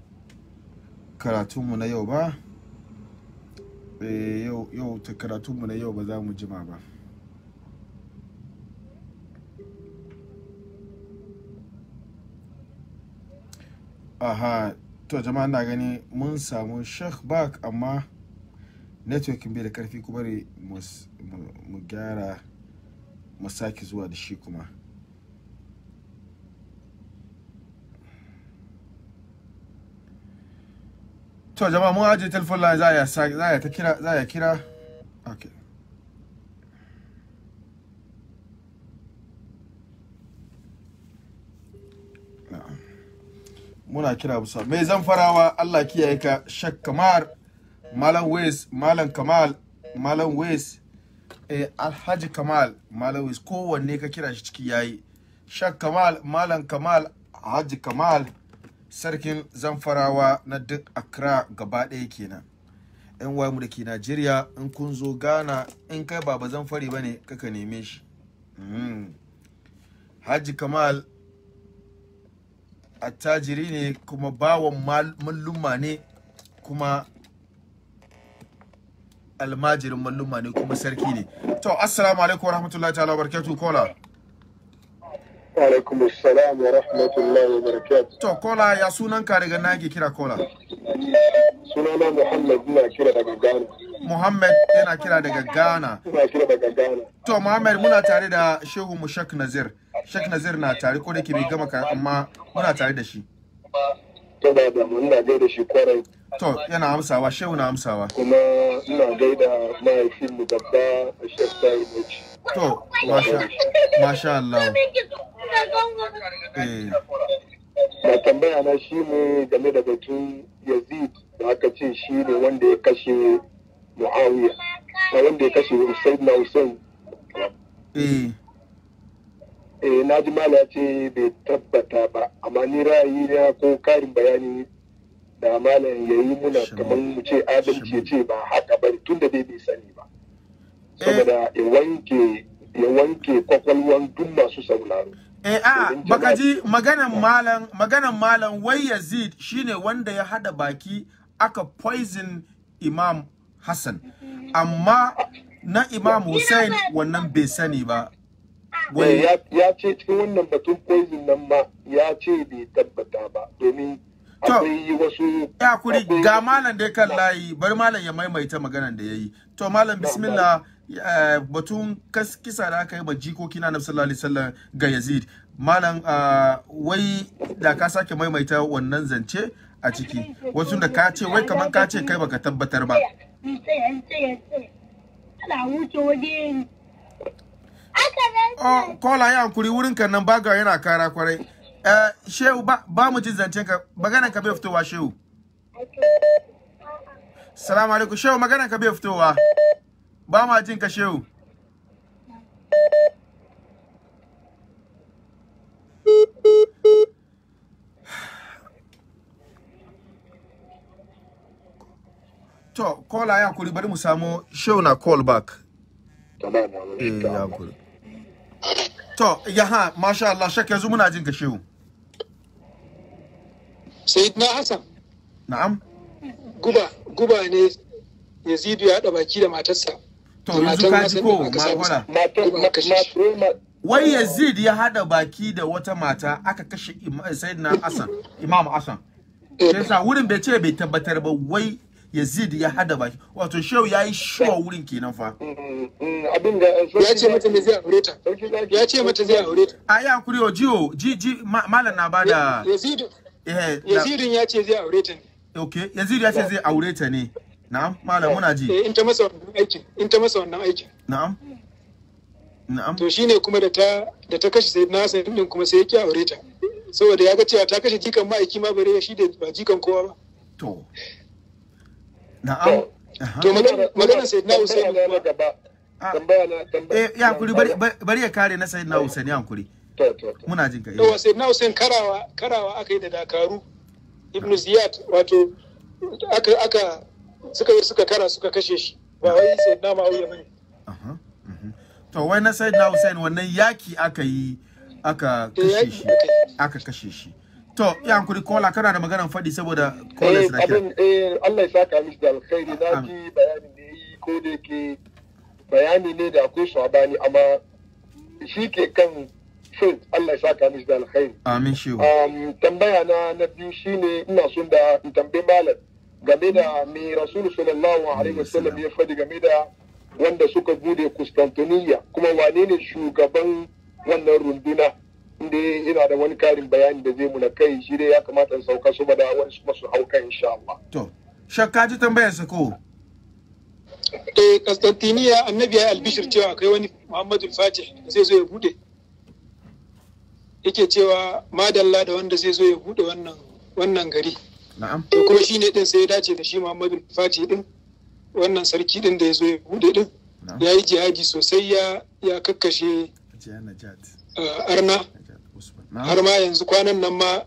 A: karatunmu na yau ba eh, yau karatunmu na yau ba za mu jima ba aha to jama'a na gani mun samu shek bak amma networking bai da karfi kuma ne mu gyara mu sake zuwa da shi kuma to jama'a mun ajiye telephone line za a za a ta kira za a kira okay muna kira busa mai zan farawa Allah kiyaye ka shak kamar malam wes malam kamal malam wes eh, alhaji kamal malam wes kowanne ka kira shi ciki yayi shak kamal malam kamal haji kamal sarkin zamfarawa na duk accra gaba ɗaya kenan yan waye mu da ke najeriya in kun zo ghana in kai baba zamfari ba ne kaka neme shi hmm. haji kamal attajiri ne kuma bawan malluma ne kuma almajirin malluma ne kuma sarki ne to assalamu alaikum wa rahmatullahi ta'ala wa barakatuh kola wa alaikum assalam wa rahmatullahi wa barakatuh to kola ya sunan ka daga na kira kola sunana muhammad ina kira daga ghana muhammad yana kira daga ghana ina kira daga ghana to muhammad muna tare da shehu mushak nazir shek nazir na tare ko da ke bai gama ka amma muna tare da shi to da da mun na da shi kwarai To yana amsawa shehu na amsawa. Kuma ina gaida mahaifinmu babba a shekta
E: Imechi. To
F: masha Allah. Na eh. tambaya na shi ne game da batun Yazid da aka ce shi ne wanda ya kashe Muawiya. Na wanda ya kashe Usaid na Usaid. Eh. Eh na ji mala ce bai tabbata ba amma ni ra'ayi ya ko karin bayani da malam ya yi muna kamar mu ce adalci ya ce ba haka ba tun da bai sani ba eh. saboda ya
A: wanke ya wanke kwakwalwan duk masu sauraro eh ah, a baka ji maganan malam maganan malam wai Yazid shine wanda ya hada baki aka poison Imam Hassan amma na Imam Hussein wannan bai sani ba eh, ya ce cikin wannan batun poison nan ma ya ce bai tabbata ba domin akwai wasu ya kuri ga malam dai kan layi bari malam ya maimaita maganan da yayi to malam bismillah eh, batun kisa da aka yi ma jikoki na sallallahu alaihi wasallam ga Yazid malam ah, wai da ka sake maimaita wannan zance a ciki wasu da ka ce wai kaman ka ce kai baka tabbatar ba
E: ana wuce waje
D: oh,
A: kola ya hankuri wurin kan nan baga yana kara kwarai Eh, shehu ba mu jin zance ka maganan ka bai fitowa shehu salamu alaikum shehu maganan ka bai fitowa ba ma jin ka shehu to kola ya kuri bari mu samu shehu na call back eh, to ya kuri to masha Allah shakka yanzu muna jin ka shehu
C: sayyidina hassan na'am guba guba ne yazidu ya haɗa baki da matarsa to yanzu ka ji ko magana wai yazid
A: ya hada baki da wata mata aka kashe sayyidina hassan imam hassan eh. sai sa wurin bai ce bai tabbatar ba wai yazid ya hada baki wato shehu ya yi shuwa wurin kenan fa mm,
F: mm, mm, eh,
A: ya ce mata zai
C: aure ta ya ce mata zai aure
A: ta a yi hakuri oh, o ji ji malam na bada yazid Eh, Yazidin ya ce zai aure ta ne. Okay, Yazid ya ce zai aure
C: ta ne. Na'am, malam muna ji. Eh, in ta masa wannan aikin, in ta masa wannan aikin. Na'am. Na'am. To shine kuma da ta da ta kashe Sayyidina Hassan din kuma sai yake aure ta. Saboda ya ga cewa ta kashe jikan aiki ma bare shi da ba jikan kowa ba.
D: To. Na'am. To magana Sayyidina Hussein
C: kuma. Ah. Tambaya na
F: tambaya.
A: Eh, ya kuri bari ya kare na usai ne an kuri. muna jin ka yawa eh.
C: sai na usain karawa karawa aka yi da dakaru ibn ziyad wato aka aka suka yi suka kara suka kashe shi ba wai sai na ma'auya bane
A: mhm. to wai na sai na usain wannan yaki aka yi aka eh, kashe shi aka kashe shi To, yan kuri kola kana da maganar faɗi saboda kola eh, su da kira.
F: Eh, Allah ya saka mishi da alkhairi na ji bayanin da yi ko da ke bayani ne da akwai sabani amma shi ke kan shin Allah ya saka mishi da alkhairi amin shi um, tambaya na na biyu shine ina son da in tambaye malam game da me rasul sallallahu alaihi wasallam ya faɗi game da wanda suka bude Constantinople kuma wane ne shugaban wannan runduna inda ina da wani karin bayani da zai muna kai shi dai ya kamata in sauka su da wani su masu hauka insha Allah to
A: shakka
C: ji tambayar sa ko eh Constantinople annabi ya albishir cewa kai wani Muhammadu Fatih zai zo ya bude yake cewa madalla da wanda zai zo ya bude wannan gari na'am to kuma shi ne din sai ya dace da shi Muhammadu Fati din wannan sarki din da ya zo ya bude din ya yi jihadi sosai ya ya kakkashe eh, arna har ma yanzu kwanan nan ma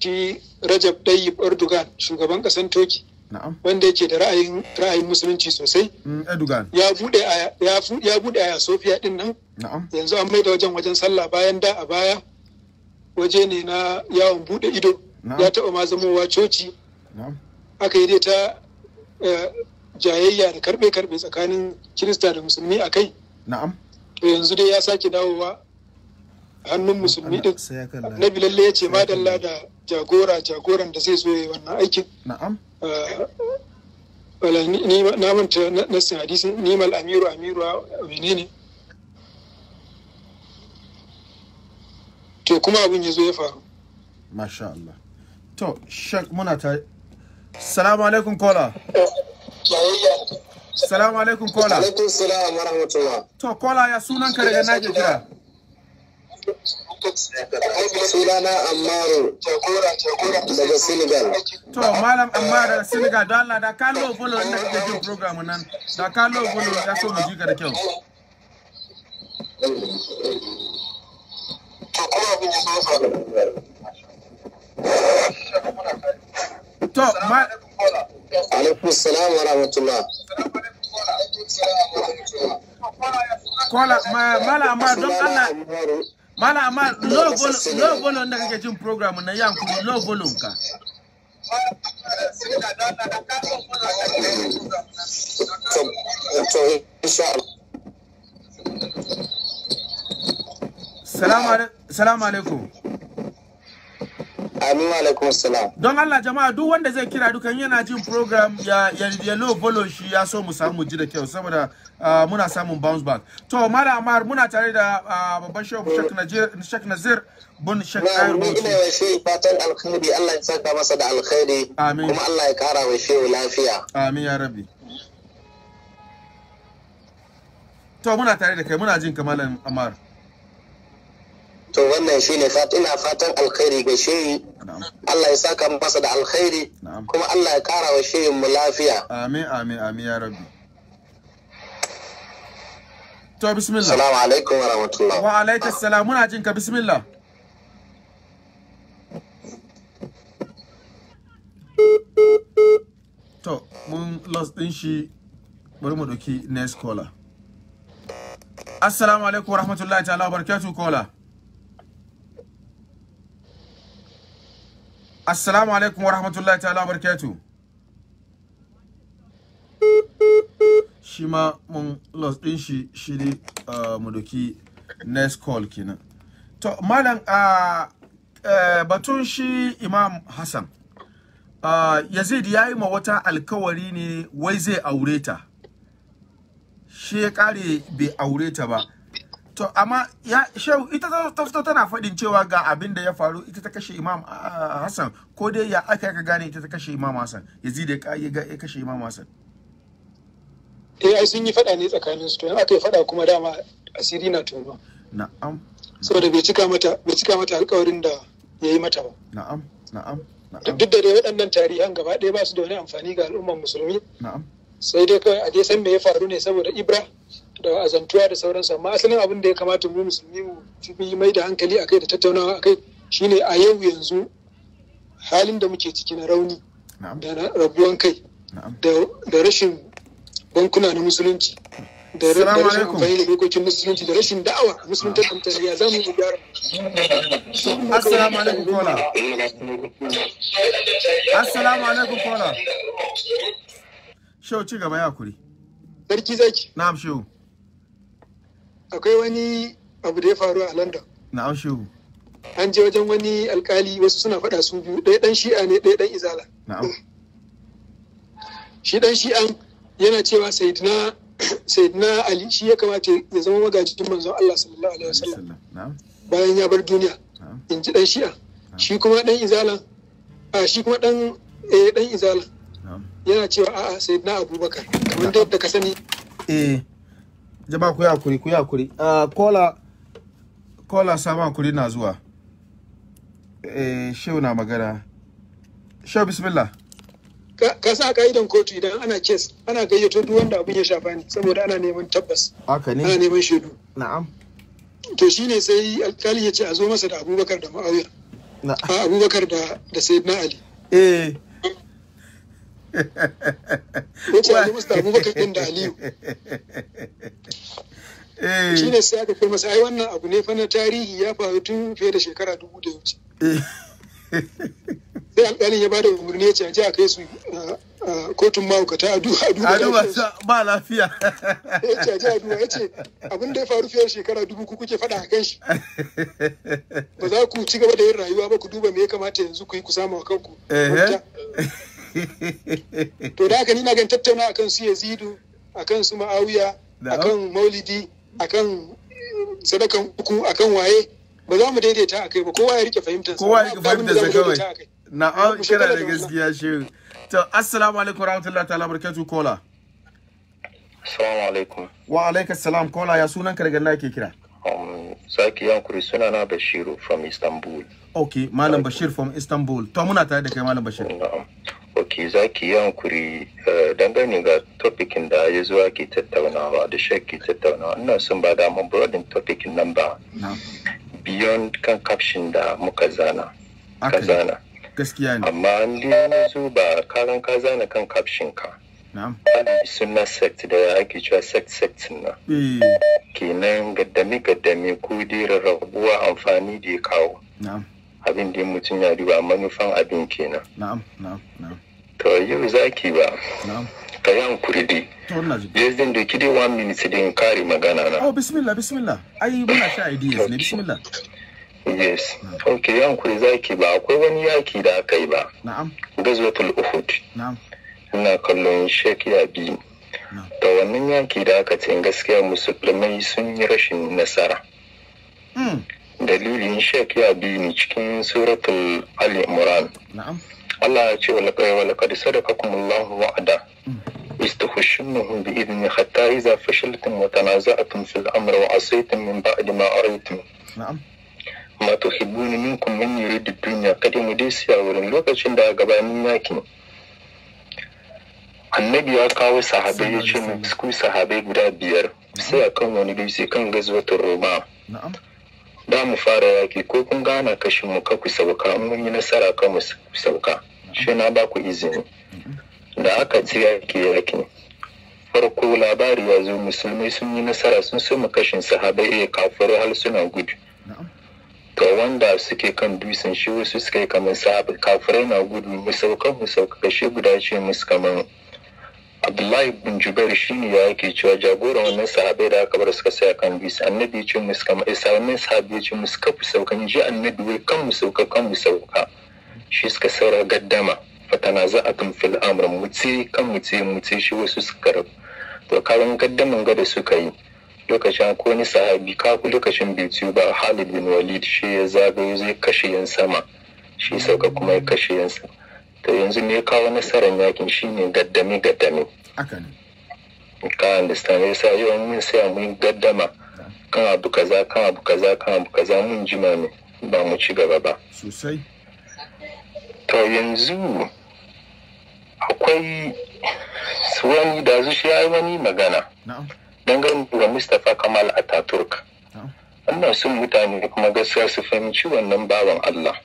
C: shi Rajab Tayyip Erdogan shugaban kasan Turki wanda yake da ra'ayin ra'ayin musulunci sosai mm, ya bude ya bude a Sofiya din nan yanzu an maida wajen wajen sallah bayan da a baya waje ne na yawon bude ido ya taba ma zamowa coci aka yi dai ta eh, jayayya da karbe karbe tsakanin Kirista da musulmi a kai to yanzu dai ya sake dawowa hannun musulmi din na lalle ya ce madalla da jagora jagoran da zai zo ya yi wannan aikin Eh, wala na manta nassin hadisin ni amiru amiru amiru menene to kuma abin ya zo ya faru
A: masha Allah to shek muna ta salamu alaikum kola salamu alaikum kola alaikum salam wa rahmatullah to kola ya sunan ka daga nake kira sunana Ammaru daga Senegal. To, Malam Ammaru daga Senegal, don Allah da ka bolo inda kake jin program nan, da ka bolo ya so mu ji ka da kyau.
F: To, ma... Alaikun salam wa rahmatullah.
A: Kola, ma, Ammaru don
E: Allah. mala amma low volume low
A: volume wanda kake jin program na yan kuma low volume ka Salamu alaikum. Amin alaikum salam. Don Allah jama'a duk wanda zai kira dukan yana jin program ya ya ya low volume shi ya so mu samu ji da kyau saboda ah, muna samun bounce back. To Mala Amar muna tare da ah, babban shehu Sheikh Najir Sheikh Nazir bun Sheikh Ayur Bauchi. Ina wa
F: shehu fatan alkhairi Allah ya saka masa da alkhairi. Kuma Allah ya kara wa shehu lafiya.
A: Amin ya rabbi. To muna tare da kai muna jin kamalan Amar. to wannan shine ina fatan
F: alkhairi ga shehi Allah ya saka masa da alkhairi kuma Allah ya kara wa shehin mu
A: lafiya amin amin amin ya rabbi to bismillah assalamu alaikum wa rahmatullah wa alaikum assalam muna jinka bismillah to mun lost din shi bari mu doki next caller assalamu alaikum wa rahmatullahi ta'ala wa barakatuh caller Assalamu alaikum wa rahmatullahi ta'ala barkatu. Shi ma mun los din shi shi ne uh, mu doki next call kenan. To malam a uh, uh, batun shi Imam Hassan. Yazid ya yi ma wata alkawari ne wai zai aure ta. Shi ya kare bai aure ta ba. to amma ya shehu ita ta fito tana faɗin cewa ga abin da ya faru ita ta kashe imam ah, ah, hassan ko dai ya aka ka gane ita ta kashe imam hassan yazid ya
C: kashe imam hassan eh ai sun yi faɗa ne tsakanin su to aka yi faɗa kuma dama asiri na tuma na'am saboda bai cika mata bai cika mata alƙawarin da ya yi mata ba
D: na'am na'am
C: duk da dai waɗannan tarihan gaba ɗaya ba su da wani amfani ga al'ummar musulmi na'am sai dai kawai a dai san me ya faru ne saboda ibra da azantuwa da sauransu amma asalin abin da ya kamata mu musulmi mu fi mai da hankali akai da tattaunawa akai shine a yau yanzu halin da muke ciki na rauni da rabuwan kai da rashin bankuna na musulunci
E: da rashin amfani da
C: dokokin musulunci da rashin da'awa a da mutane ya zamu mu gyara assalamu alaikum kola assalamu alaikum kola
A: shau ci gaba ya kuri sarki zaki na'am shehu
C: akwai wani abu da ya faru a london na shehu an je wajen wani alkali wasu suna faɗa su biyu ɗaya ɗan shi'a ne ɗaya ɗan izala shi ɗan shi'an yana cewa sayidina ali shi ya kamata ya zama magajin manzon allah sallallahu alaihi wasallam bayan ya bar duniya in ji ɗan shi'a shi kuma ɗan izala a shi kuma ɗan eh, ɗan izala yana cewa a'a sayidina abubakar kamar da ka sani
A: eh jama'a ku hakuri ku hakuri uh, kola kola sama hakuri na zuwa eh shehu na magana shehu bismillah
C: ka sa ka'idan kotu idan ana kes ana gayyato duk wanda abin ya shafa ni saboda ana neman tabbas
D: haka
A: ne ana neman
C: shaidu na'am to shine sai alkali ya ce a zo masa da abubakar da ma'awiyar abubakar da da sayyidina ali eh ya ce Ali Musta Abubakar da Aliyu. Eh. Shi ne sai aka kai masa ai wannan abu ne fa tarihi ya faru tun fiye da shekara dubu da wuce. Eh. Sai alƙalin ya bada umarni ya ce a je a kai su kotun mahaukata a duba. A duba ba lafiya. Ya ce a je a duba ya ce abin da ya faru fiye da shekara dubu ku kuke faɗa a kan shi. Ba za ku ci gaba da yin rayuwa ba ku duba me ya kamata yanzu ku yi ku samu a kanku. to da haka ni na gan tattauna akan su yazidu akan su ma'awiya akan maulidi akan sadakan uku akan waye ba za mu daidaita akai ba kowa ya rike fahimtar kowa
A: ya rike fahimtar kawai na an kana da gaskiya shi to assalamu alaikum warahmatullahi ta'ala barkatu kola assalamu alaikum wa alaikum salam kola ya sunan ka daga nake kira
G: saki um, kuri suna na bashiru from istanbul ok
A: malam bashir from istanbul to muna tare da kai malam bashir
G: ok za ki yi hankuri eh, dangane ga topikin da ya zuwa ke tattaunawa da shek ke tattaunawa ina sun ba da mun broadin topikin nan ba beyond kan caption da muka zana ka zana gaskiya ne amma an dai zo ba karan ka zana kan caption ka na'am sunna sect da ake cewa sect sect na eh. kenan gaddami gaddami ko dai rarrabuwa amfani da ya kawo na'am abin da mutum ya duba manufan abin kenan na'am na'am na'am to yau ki ba ka yi hankuri dai yes da doki dai one minute din kare magana na oh bismillah bismillah ai muna sha ideas ne bismillah yes ok za ki ba akwai wani yaki da aka yi ba na'am gazwatul uhud na'am ina kallon shek bi da wannan yaki da aka ce gaskiya musulmai sun yi rashin nasara hmm. dalilin sha biyu cikin suratul Ali Imran. Allah ya ce wa laqad wa laqad sadaqakum Allahu wa'ada. Istahushunnahum bi idni hatta idza fashaltum wa tanaza'tum fil amr wa asaytum min ba'di ma araytum. Na'am. Ma tuhibbun minkum man yuridu dunya qad yudisi ya wurin lokacin da gabanin yaki. Annabi ya kawo sahabai ya ce mu sahabai guda biyar sai a kan wani bisi kan gazwatar Roma. da mu fara yaƙi ko kun gana kashin mu ku sauka mun yi nasara kan mu sauka shi na ba ku izini da aka ci yaƙi yaƙi farko labari ya zo musulmai sun yi nasara sun so mu kashin sahabai iya eh, kafirai hal suna gudu ga wanda suke kan dusan shi wasu suka yi kamar sahabai kafirai na gudu mu sauka mu sauka kashe guda ce musu kamar abdullahi bin jubair ne ya yake cewa jagoran wannan sahabai da aka bar suka sai kan bisa annabi ce musu kama isa eh, wannan sahabi ya ce musu fi sauka ni ji annabi wai kan mu sauka kan mu sauka shi suka saura gaddama fatana za a kan fil amr mutse kan mutse mutse shi wasu suka rabu to karan gaddaman gada suka yi lokacin ko ni sahabi ka lokacin bai ba Khalid bin Walid shi ya zagayo zai kashe yan sama shi sauka kuma ya kashe yan sama to yanzu ne kawo nasarar yakin shine gaddame gaddame ka understand ya sa yawan mun sai mun gaddama kan abu kaza kan abu kaza kan abu kaza mun jima ne ba mu ci gaba ba sosai to yanzu akwai wani da zuci ya yi wani magana dangane da mustapha kamal ataturk wannan sun mutane kuma gaskiya su fahimci wannan bawan allah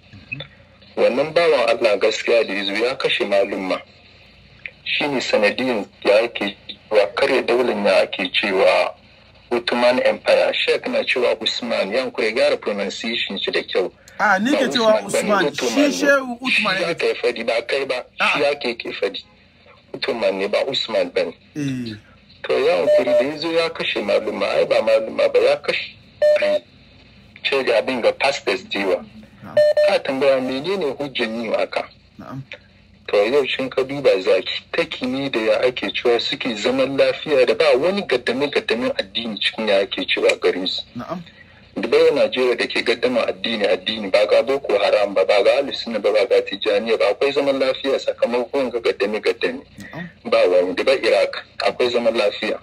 G: wannan bawan allah gaskiya da izu ya kashe malumma shi ne sanadiyin ya ake cewa karya daular ya ake cewa ottoman empire shek na cewa usman yanku ya gara pronunciation shi da kyau a ni ke cewa usman shi Shi Ottoman ya kai fadi ba kai ba shi ya ke ke fadi ottoman ne ba usman ba ne e. to yawan kuri da yazo ya kashe malumma ai ba malumma ba ya kashe ce ga abin ga pastors diwa ka tambaya menene hujjan yin haka to yau shin ka duba zaki ta kimi da ya ake cewa suke zaman lafiya da ba wani gaddame gaddamin addini cikin ya ake cewa garin su da yana najeriya da ke gaddama addini addini ba ga boko haram ba ba ga alisuna ba ba ga tijjaniya ba akwai zaman lafiya sakamakon ga gaddame gaddame ba wani da ba iraq akwai zaman lafiya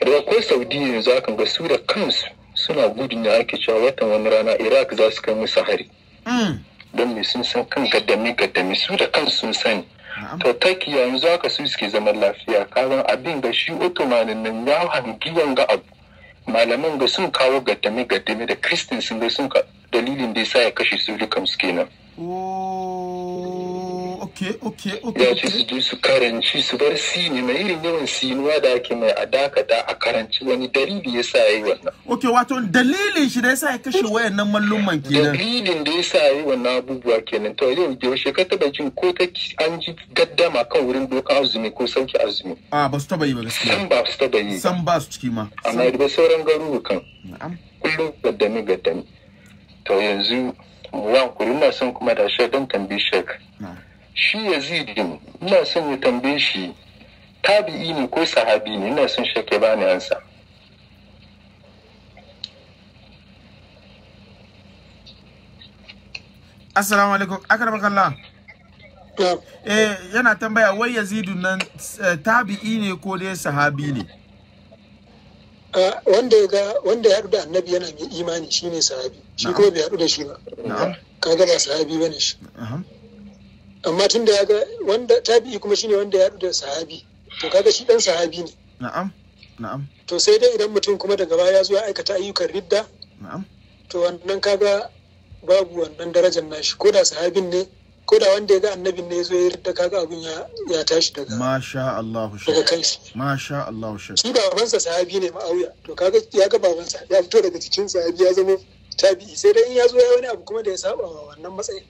G: da akwai saudiya yanzu akan ga su da kansu suna gudun da ake cewa watan wani rana iraq za su kai musu hari mm. don me sun san kan gaddami gaddami su da kan sun sani to taki yanzu haka su suke zaman lafiya karan abin ga shi otomanin nan ya hangi wanga abu malaman ga sun kawo gaddami gaddami da kristin sun ga sun dalilin da ya sa ya kashe su dukan su kenan ok ok ok ya ce su je su karanci su bar sini mai irin yawan sinuwa da ake mai a dakata a karanci wani dalili ya sa ya yi wannan ok wato dalilin shi da ya sa ya kashe wayannan ke kenan dalilin da ya sa ya yi wannan abubuwa kenan to yau da yaushe ka taba jin ko ta an ji gaddama kan wurin dokan azumi ko sauki azumi
A: a ba su taba yi ba gaskiya
G: san ba su taba yi san ba su ciki ma amma da sauran garurukan kullum gaddami gaddami to yanzu wan na son kuma da shaidan tambi shek shi yazidin ina son ya tambaye shi tabi'i ne ko sahabi ne ina son shi ke bani ansa
A: assalamu alaikum akarba kallah eh yana tambaya wai yazidun nan eh, tabi'i ne ko dai sahabi ne
C: wanda ya ga wanda ya haɗu da annabi yana mai imani shine sahabi shi ko bai haɗu da shi ba kaga ba sahabi bane shi amma tun da ya ga wanda tabi'i kuma shine wanda ya da sahabi to kaga shi dan sahabi ne
D: na'am na'am
C: to sai dai idan mutum kuma daga baya ya aikata ayyukan ridda na'am to wannan kaga babu wannan darajar nashi ko da sahabin ne ko da wanda ya ga annabin ne ya zo ya ridda kaga abin ya ya tashi daga masha Allah daga kanshi
A: masha Allah shi
C: shi babansa sahabi ne ma'auya to kaga ya ga babansa ya fito daga cikin sahabi ya zama tabi'i sai dai in ya zo ya wani abu kuma da ya saba wa wannan matsayin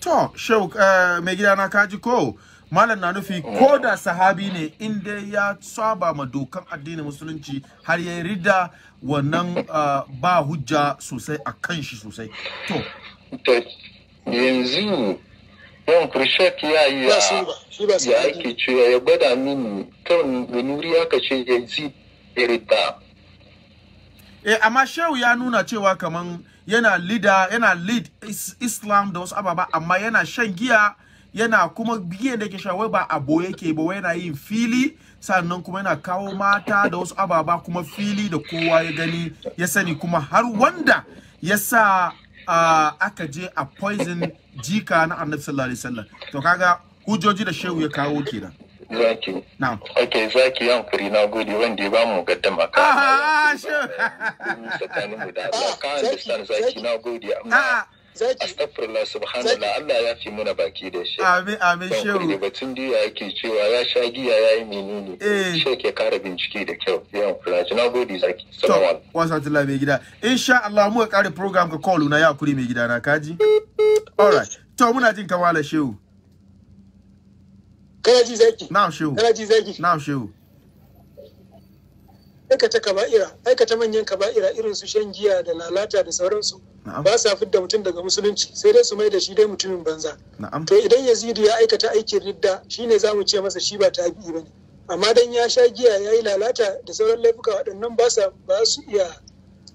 A: to shehu eh, mai gida na kaji ko malam na nufi ko da sahabi ne inda ya saba ma dokan addinin musulunci har ya rida wannan eh, ba hujja sosai a kan shi sosai to
G: yanzu yan kurshek ya yi ya ake cewa ya gwada mini kan ganuri aka ce ya zi ya rida
A: eh amma shehu ya nuna cewa kaman yana leader yana lead islam da wasu ababa amma yana shan giya yana kuma giyan da yake sha wai ba abo yake ba wai yana yin fili sannan kuma yana kawo mata da wasu ababa kuma fili da kowa ya gani ya sani kuma har wanda ya sa uh, aka je a poison jika na annabi sallallahu alaihi wasallam to kaga hujjoji da shehu ya kawo kenan
G: zaki okay zaki yan kuri na gode wanda ya ba mu gaddama ka ah shi mm, tsakanin mu da Allah ka understand zaki na gode amma zaki astaghfirullah subhanallah Allah ya fi muna baki da shi amin amin shehu da batun diya yake cewa ya sha giya ya yi menene eh. shi ke kara bincike da kyau yawan kula ji na gode zaki salamu
A: wa wasu mai gida insha Allah mu ka kare program ka call na ya kuri mai gida na kaji right to muna jin kawala shehu kana ji zaki na'am shehu kana ji zaki na shehu
C: aikata kaba'ira aikata manyan kaba'ira irin su shan giya da lalata da sauransu ba sa fidda mutum daga musulunci sai dai su mai da shi dai mutumin banza to idan yazidu ya aikata aikin ridda shine za mu ce masa shi ba ta ba ne amma dan ya sha giya ya yi lalata da sauran laifuka waɗannan ba sa ba su iya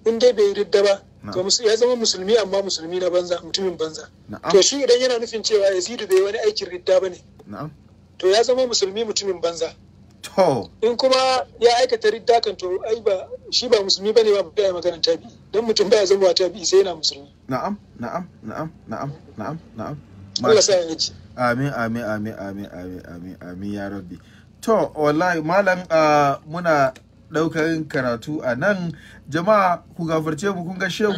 C: in dai bai ridda ba to ya zama musulmi amma musulmi na banza mutumin banza to shi idan yana nufin cewa yazidu bai wani aikin ridda ba ne to ya zama musulmi mutumin banza to in kuma ya aikata ridda kan to ai ba shi ba musulmi bane ba bai magana bi. dan mutum baya zama bi sai yana musulmi
D: na'am na'am na'am na'am na'am na'am Allah sa ya ji amin amin amin
A: amin amin amin amin ya rabbi to wallahi malam uh, muna ɗaukar karatu a nan jama'a ku gafarce mu kun ga shehu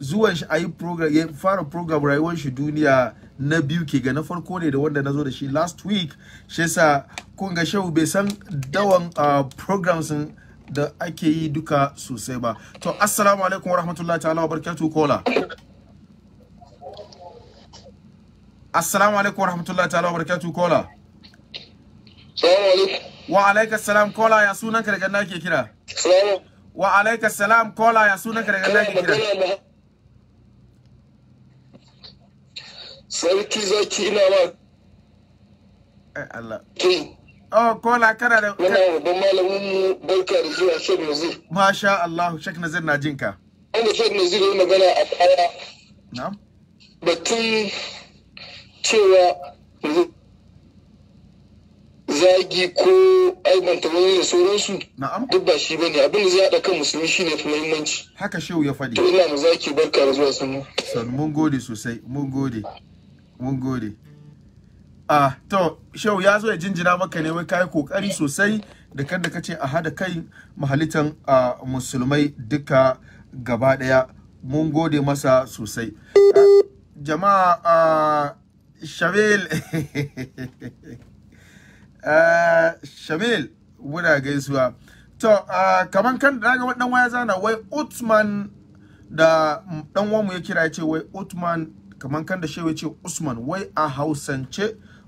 A: zuwan shi a yi program ya fara program rayuwar shi duniya na biyu ke ga na farko ne da wanda na zo da shi last week shi sa kun ga shehu bai san dawan ah, programs da ake yi duka sosai ba to assalamu alaikum wa rahmatullahi ta'ala wa barakatuhu kola assalamu alaikum wa rahmatullahi ta'ala wa barakatuhu kola assalamu alaikum wa alaikas salam kola ya sunan ka daga nake kira wa alaikas salam kola ya sunan ka daga nake kira sarki zaki ina ma Allah oh kola kana da
E: muna babban malamin mu
A: barka da zuwa Sheikh Nazir masha Allah Sheikh Nazir na jinka
E: inda Sheikh Nazir ya magana a kaya
D: Na. batun cewa zagi ko aibanta wani da sauransu duk ba shi
F: ne abin da zai haɗa kan musulmi ne fi muhimmanci
A: haka shehu ya faɗi to ina
F: mu zaki barka da zuwa sanu.
A: Sanu mun gode sosai mun gode mun gode ah to shau ya zo ya jinjina maka ne wai kai kokari sosai da kanda kace a hada kai mahalitan musulmai duka gaba daya mun gode masa sosai jama'a shamil shamil muna gaisuwa to kaman kan da ga wadan waya zana wai utman da dan wamu ya kira ya ce wai utman kamar kan da shewa ce usman wai a hausance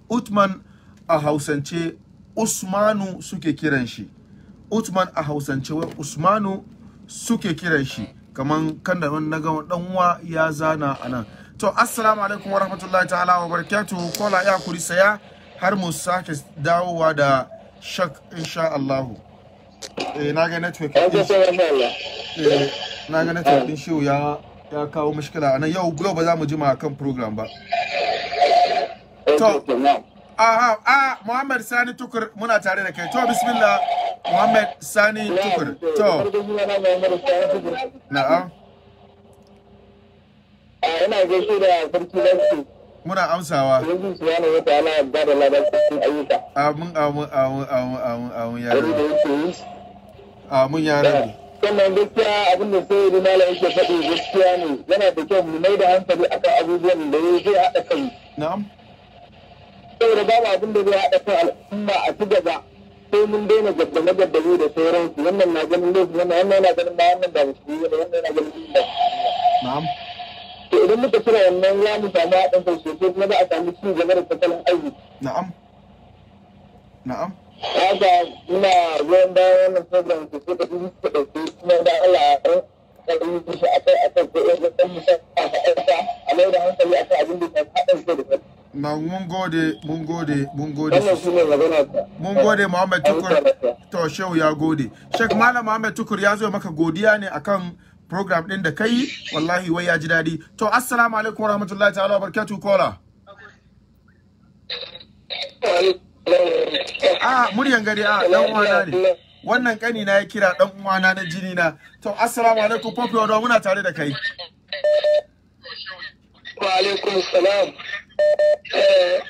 A: utman a hausance usmanu suke kiran shi utman a hausance wai usmanu suke kiran shi kamar kan da wani naga dan ya zana a nan to assalamu alaikum wa rahmatullahi ta'ala wa barakatuhu kola ya kuri saya har mu sake dawowa da shak insha allahu. eh na ga network eh, ya ya kawo mashkila a nan yau yau ba za mu jima kan program ba
D: eh, to aha
A: a Muhammad Sani Tukur muna tare da kai to bismillah Muhammad Sani Tukur to na'am ina gaishe da sarki Lansu muna amsawa yanzu su yana wata ana ba da labarin ayyuka amin amin amin amin amin ya amin yaran
F: sannan gaskiya abin da sai da malam yake faɗi gaskiya ne yana da kyau mu mai da hankali akan abubuwan da ya zai haɗa kai na'am saboda babu abin da zai haɗa kan al'umma a ci gaba sai mun daina gaddame gaddame da sauransu wannan na ganin laifi wannan wannan na ganin ba wannan ba shi ne wannan na ganin ba na'am to idan muka cire wannan ya mu samu haɗin kai sosai kuma za a samu ci gaba da tattalin arziki
D: na'am na'am
F: haka ina goyon bayan wannan program da suka fi suka ɗauki kuma da Allah a kan ƙarfi shi a kai a kai ko in ga ɗan musa
A: a ƙasa a mai da hankali a kan abin da ta haɗin kai da kai. Ma mun gode, mun gode, mun gode. Wannan shi ne magana ta. Mun gode Muhammad Tukur. To Shehu ya gode. Sheikh Malam Muhammad Tukur ya zo maka godiya ne akan program ɗin da kai wallahi wai ya ji daɗi. To assalamu alaikum warahmatullahi ta'ala wa barakatuh kola. a ah, muryan gari a ah, dan uwana ne wannan kani na ya kira dan uwana na jini na to assalamu alaikum popi odo muna tare da kai wa alaikum salam eh,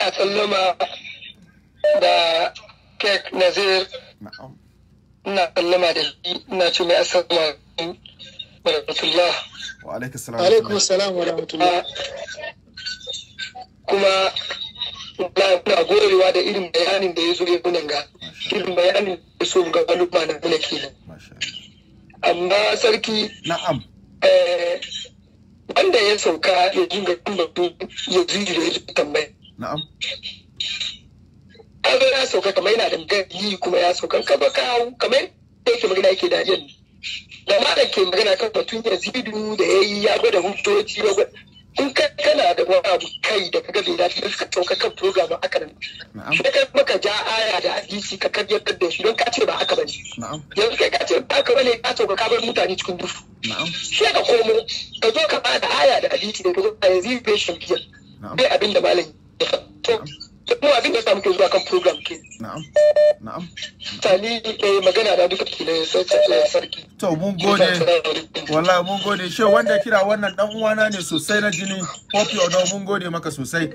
A: a asallama
G: da kek nazir na'am ina sallama da shi na ce mai assalamu alaikum wa rahmatullah
C: wa alaikum salam
G: wa rahmatullah kuma na gorewa da irin bayanin da ya zo ya kunan ga irin bayanin da so ga maluma na nuna kenan amma sarki na'am eh, wanda
C: ya sauka ya ji ga kumbatu ya ji da ya tambaya
D: na'am
G: kaga ya sauka kamar yana da gari kuma ya sauka kaba ka kamar da yake magana yake da yin da ma da ke magana kan batun yazidu da ya yi ya gwada hujjoji ya gwada in ka kana da wani kai da kaga bai dace ka ɗauka kan program a kan
C: shi kai maka ja aya da hadisi ka karyar da shi don ka ce ba haka bane yanzu kai ka ce ba haka bane ka tauka ka bar mutane cikin dufu shi ka komo ka zo ka bada aya da hadisi da ka zo ka yanzu bai shan biyar bai abin da malam ya mu abin da samu ke zuwa kan program ke na'am na'am sani ke magana da duka kile
E: sarki
A: to mun gode wallahi mun gode shi wanda kira wannan dan uwana ne sosai na jini popi odo mun gode maka sosai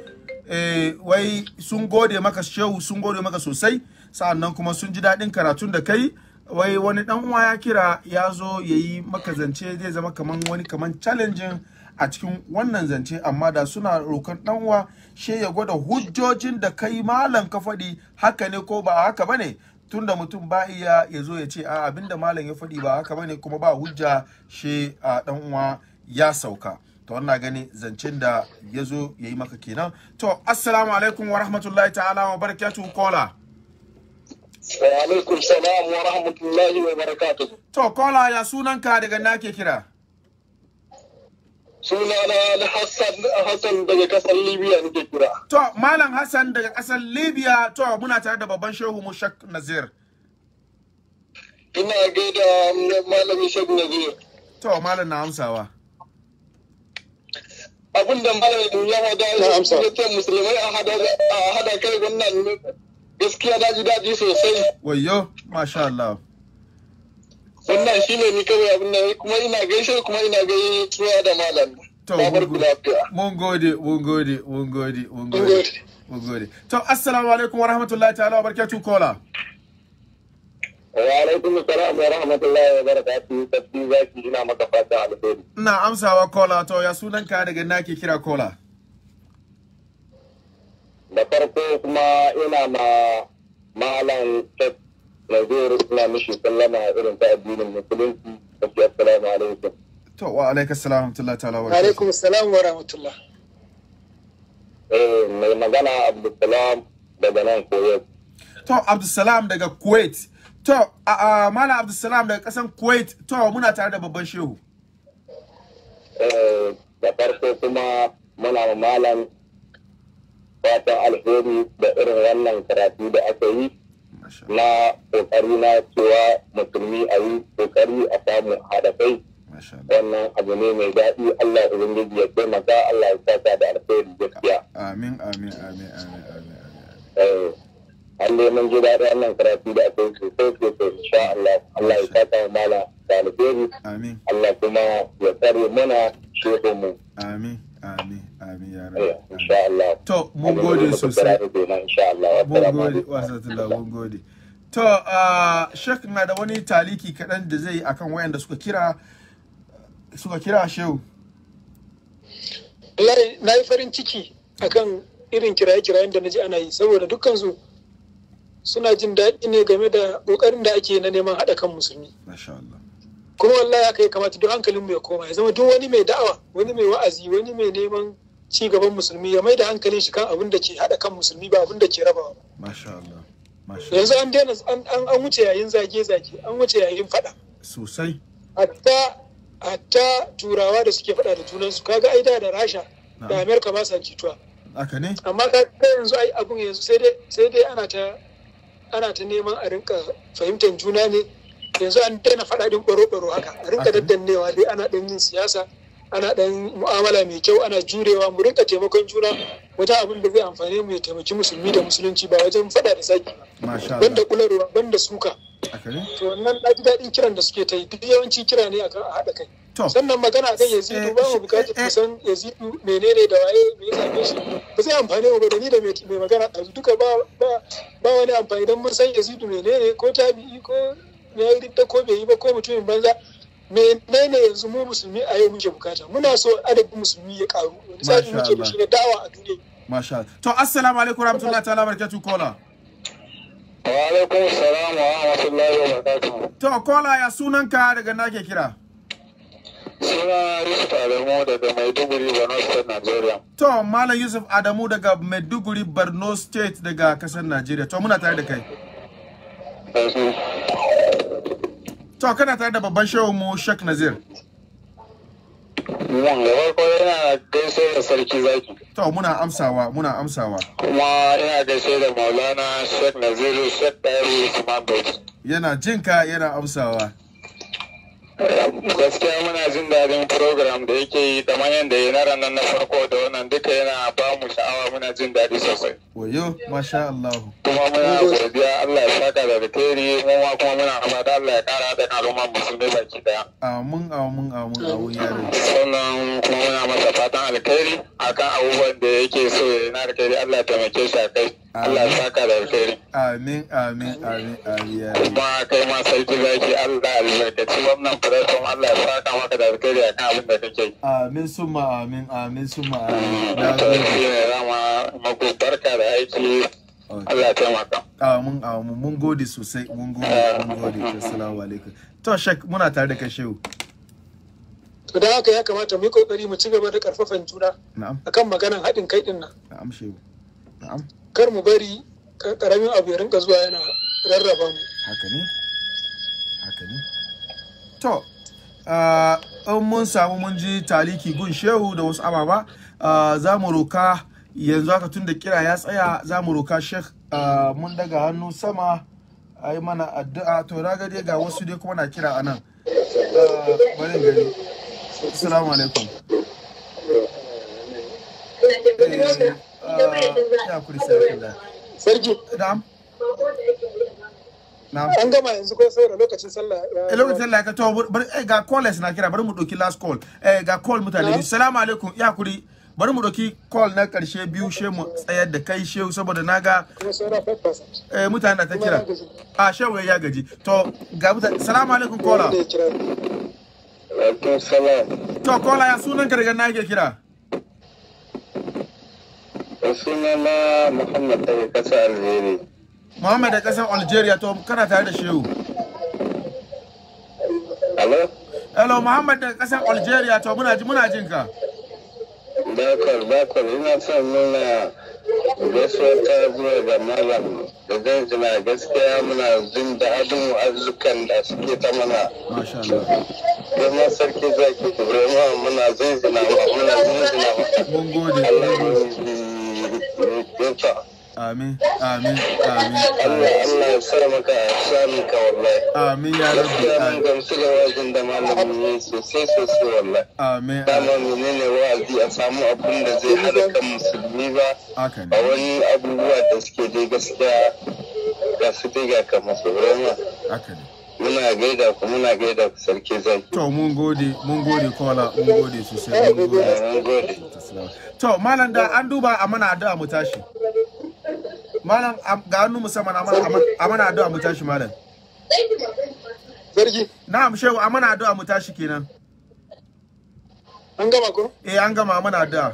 A: eh wai sun gode maka shehu sun gode maka sosai sa'annan kuma sun ji daɗin karatun da kai wai wani dan uwa ya kira ya zo yayi maka zance zai zama kaman wani kaman challenging a cikin wannan zance amma da suna rokan dan uwa she ya gwada hujjojin da kai malam ka faɗi haka ne ko ba haka bane tunda mutum ba iya ya zo ya ce a abinda malam ya faɗi ba haka bane kuma ba hujja she a dan uwa ya sauka to wannan gani zancen da ya zo ya yi maka kenan to assalamu alaikum wa rahmatullahi ta'ala wa barakatuhu kola wa alaikum salam wa rahmatullahi wa barakatuhu to kola ya sunanka daga na kira Sunana Hassan Hassan daga kasar Libya nake kira. To Malam Hassan daga kasar Libya to muna tare da babban shehu Mushak Nazir. Ina gaida Malam Mushak Nazir. To Malam na amsawa. Abin da
F: Malam ya hada ya ce musulmai a hada a hada kai wannan gaskiya daji daji sosai.
A: Wayyo masha Allah.
F: wannan shi ne ni kawai abin nan kuma ina gaishe kuma ina gaishe da malam
A: to mun gode mun gode mun gode mun gode mun gode to assalamu alaikum wa rahmatullahi ta'ala wa barakatuh kola wa alaikum assalam wa
F: rahmatullahi wa barakatuh tafi zaki ina maka fata alheri
A: ina amsawa kola to ya sunan ka daga ina ke kira kola
F: da farko kuma ina ma malam Najeriya suna mishi sallama a irin ta addinin musulunci da ke assalamu alaikum.
A: To wa alaikum salam rahmatullah ta'ala wa alaikum salam wa rahmatullah.
F: Eh mai magana Abdulsalam
A: daga nan Kuwait. To Abdulsalam daga Kuwait. To a Malam Abdulsalam daga kasan Kuwait. To muna tare da babban shehu.
F: Eh da farko kuma muna malam fatan alheri da irin wannan karatu da aka yi na kokari na cewa musulmi a yi kokari a samu haɗa kai wannan abu ne mai daɗi Allah ubangiji ya taimaka Allah ya saka da alkhairi gaskiya
D: amin amin amin amin amin
F: eh Allah mun ji daɗi wannan karatu da aka yi sosai sosai insha Allah Allah ya saka wa mala da alkhairi amin Allah kuma ya tsare mana shehu mu amin
A: amin amin ya eh, to mun gode sosai mun gode wasatullah mun gode to uh, shek na da wani taliki kaɗan da zai akan wayanda suka kira suka kira shehu
C: na yi farin ciki akan irin kiraye-kirayen da na ji ana yi saboda dukkansu suna jin daɗi ne game da ƙoƙarin da ake na neman haɗa kan musulmi kuma wallahi haka ya kamata duk hankalinmu ya koma ya zama duk wani mai da'awa wani mai wa'azi wani mai neman ci gaban musulmi ya mai da hankalin shi kan abin da ke haɗa kan musulmi ba abin da ke raba ba. Yanzu an daina an wuce yayin zage-zage an wuce yayin faɗa. Sosai. Hatta hatta turawa da suke faɗa da junansu kaga ai da Rasha da Amerika ba sa jituwa. Haka ne. Amma ka yanzu ai abun yanzu sai dai sai dai ana ta ana ta neman a rinka fahimtar juna ne yanzu an daina faɗa din baro-baro haka a rinka daddannewa dai ana ɗan yin siyasa. ana ɗan mu'amala mai kyau ana jurewa mu rinka taimakon juna wajen abin da zai amfani mu ya taimaki musulmi da musulunci ba wajen faɗa da saki banda kularwa banda suka to wannan ɗaki daɗin kiran da suke ta yi duk yawanci kira ne akan a haɗa kai sannan magana kan eh, yazidu ba mu eh, bukatar mu eh. san yazidu menene da waye me ya same shi ba zai amfani mu ba da ni da mai magana ɗazu duka ba wani amfani don mun san yazidu menene ko tabi'i ko ya yi ko bai yi ba ko mutumin banza menene yanzu mu musulmi a yau muke bukata muna so adadin musulmi ya karu wani tsari muke da shi na dawa a duniya masha to assalamu alaikum rahmatullahi ta'ala barakatuh
A: kola wa alaikum salam wa rahmatullahi wa barakatuh to kola ya sunanka daga nake kira
F: suna Yusuf Adamu daga Maiduguri Borno State Nigeria
A: to malam Yusuf Adamu daga Maiduguri Borno State daga kasar Nigeria to muna tare da kai To kana tare da babban shehu mu Sheikh Nazir. Yan da farko yana gaishe da sarki zaki. To muna amsawa muna amsawa. Kuma ina gaishe da
F: Maulana Sheikh Nazir Sheikh Dairo Usman Bauchi.
A: Yana jinka yana amsawa. gaskiya muna
F: jin daɗin program da yake yi da manyan da na ranar na farko da wannan duka yana ba mu sha'awa muna jin daɗi sosai.
A: Wayo, masha Allah.
F: Kuma muna godiya Allah ya saka da alheri mu ma kuma muna fata Allah ya kara da al'umma musulmi baki daya.
D: Amin amin amin
F: amin ya ne. Sannan kuma muna masa fatan alheri akan abubuwan da yake so ya yi na alheri Allah ya taimake shi a kai. Allah ya saka da alheri. Amin, amin, amin, amin. Kuma kai ma sarki zaki Allah albarkaci wannan platform Allah ya saka maka da alheri kan abin da kake
A: yi. Amin summa amin, amin summa amin. Na gode. Rama mako barka da aiki.
C: Allah ya taimaka.
A: Amin, amin. Mun gode sosai, mun gode, mun gode. Assalamu alaikum. To Shek, muna tare da kai Shehu.
C: To da haka ya kamata mu yi kokari mu ci gaba da karfafan juna. Na'am. Akan maganar haɗin kai din nan. Na'am Shehu. Na'am. kar mu bari karamin abu ya rinka zuwa yana rarraba mu
D: haka ne haka ne
A: to ah, in mun samu mun ji taliki gun shehu da wasu ababa ah, za mu roka yanzu haka tun da kira ya tsaya za mu roka shek ah, mun daga hannu sama a yi mana addu'a to na ga wasu dai kuma na kira
D: a nan bari gari
C: ya kuri an gama yanzu ko saboda lokacin sallah eh, eh, lokacin
A: sallah ka to eh, ga callers na kira bari mu doki last call eh ga call mutane assalamu alaikum ya kuri bari mu doki call na karshe biyu she mu tsayar da kai shehu saboda naga eh mutane na ta kira a ah, shehu ya gaji to ga mutane assalamu alaikum caller To ya sunan ka daga kira? sunana muhammad daga ƙasar algeria muhammad da ƙasar algeria to kana tare da shehu hello hello muhammad daga ƙasar algeria to muna ji muna jin ka
G: bakar bakar ina son nuna gaisuwar ta zuwa ga malam da zai jina gaskiya muna jin da adin arzikan da suke ta mana kuma sarki zaki ibrahim muna zin jina muna zin jina mun gode
D: amin amin amin Allah ya sa maka ka wallahi amin ya amin
G: gamsu da da malamin sosai sosai wallahi amin menene wa'azi a samu abun da zai hada kan musulmi ba a wani abubuwa da suke dai gaskiya ga muna gaida ku muna gaida ku sarki zai
A: to mun gode mun gode kola mun gode sosai mun gode mun gode to malam da an duba a mana addu'a mu tashi malam ga hannu musamman a mana addu'a mu tashi malam sarki na'am shehu a mana addu'a mu tashi kenan an gama ko eh an gama mana addu'a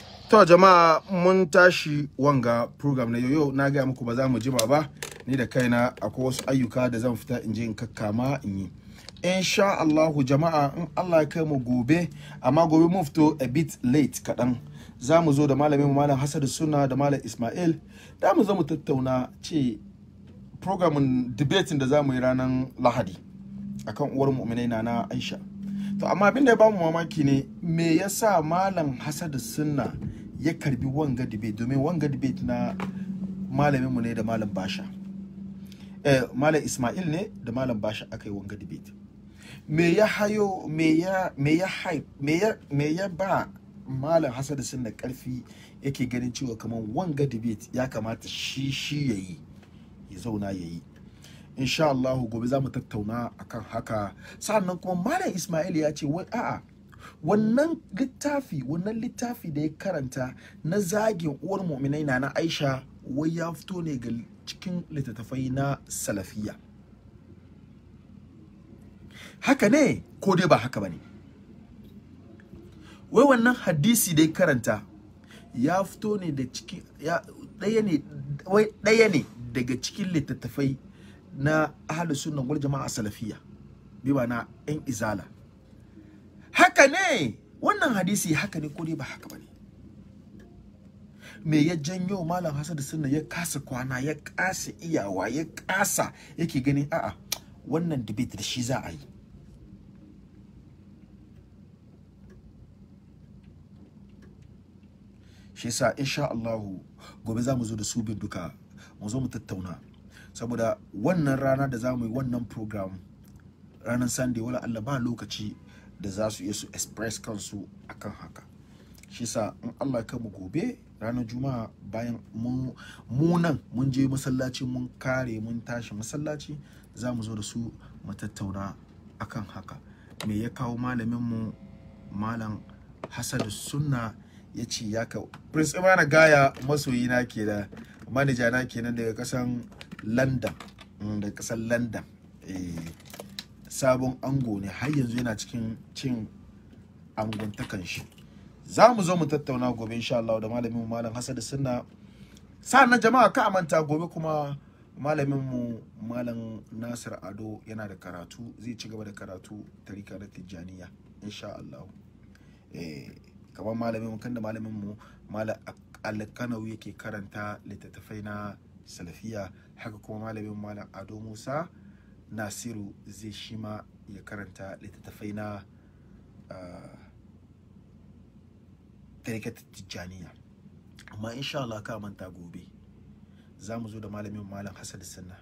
A: to jama'a mun tashi wanga program na yoyo na gaya muku ba za mu jima ba ni da kaina akwai wasu ayyuka da zan fita in je in kakkama in yi insha Allah jama'a in Allah ya kai mu gobe amma gobe mun fito a bit late kaɗan za mu zo da malamin mu malam Hassan Sunna da malam Ismail da mu zo mu tattauna ce programin debating da za mu yi ranar Lahadi akan uwar mu'minai na Aisha to amma abin da ya ba mu mamaki ne me yasa malam Hassan Sunna ya karbi wanga debate domin wanga debate na malaminmu ne da malam basha eh, malam ismail ne da malam basha aka yi wanga debate me ya hayo me ya me ya hay me ya me ya ba malam sunna karfi yake ganin cewa kamar wanga debate ya kamata shi shi yayi ya zauna yayi insha Allah gobe za mu tattauna akan haka sannan kuma malam Ismail ya ce wai a'a wannan littafi wannan littafi da ya karanta na zagin uwar mu'minai na aisha wai ya fito ne ga cikin littattafai na salafiya haka ne ko dai ba haka ba ne wai wannan hadisi da ya karanta ya fito ne da cikin ɗaya ne wai ɗaya ne daga cikin littattafai na ahalus sunnan wal jama'a salafiya bi na 'yan izala haka ne wannan hadisi haka ne ko dai ba haka bane me ya janyo malam hasan da sunna ya kasa kwana ya kasa iyawa ya kasa yake ganin a'a wannan debate da shi za a yi shi sa insha Allah gobe za mu zo da su bin duka mu zo mu tattauna saboda wannan rana da zamu yi wannan program ranar Sunday wala Allah ba lokaci da za su iya su express kansu akan haka shi sa in Allah kai mu gobe ranar juma'a bayan mu nan mun je masallaci mun kare mun tashi masallaci za mu zo da su mu tattauna akan haka me ya kawo malamin mu malam hasadu sunna ya ce ya kawo prince imana gaya masoyi na ke da manija na kenan daga kasan london mm, daga kasan london eh. sabon ango ne har yanzu yana cikin cin anguntakan shi za mu zo mu tattauna gobe insha Allah da malamin malam Hassan da Sunna sannan jama'a ka amanta gobe kuma malamin mu malam Nasir Ado yana da karatu zai ci gaba da karatu tarika da Tijjaniya insha Allah eh kamar malamin mu kan da malamin mu malam Alkanawi yake karanta littattafai na salafiya haka kuma malamin malam Ado Musa nasiru zai shi ma ya karanta littattafai na ah, tarikatar tijjaniya amma insha Allah ka manta gobe za mu zo da malamin malam hassan sanna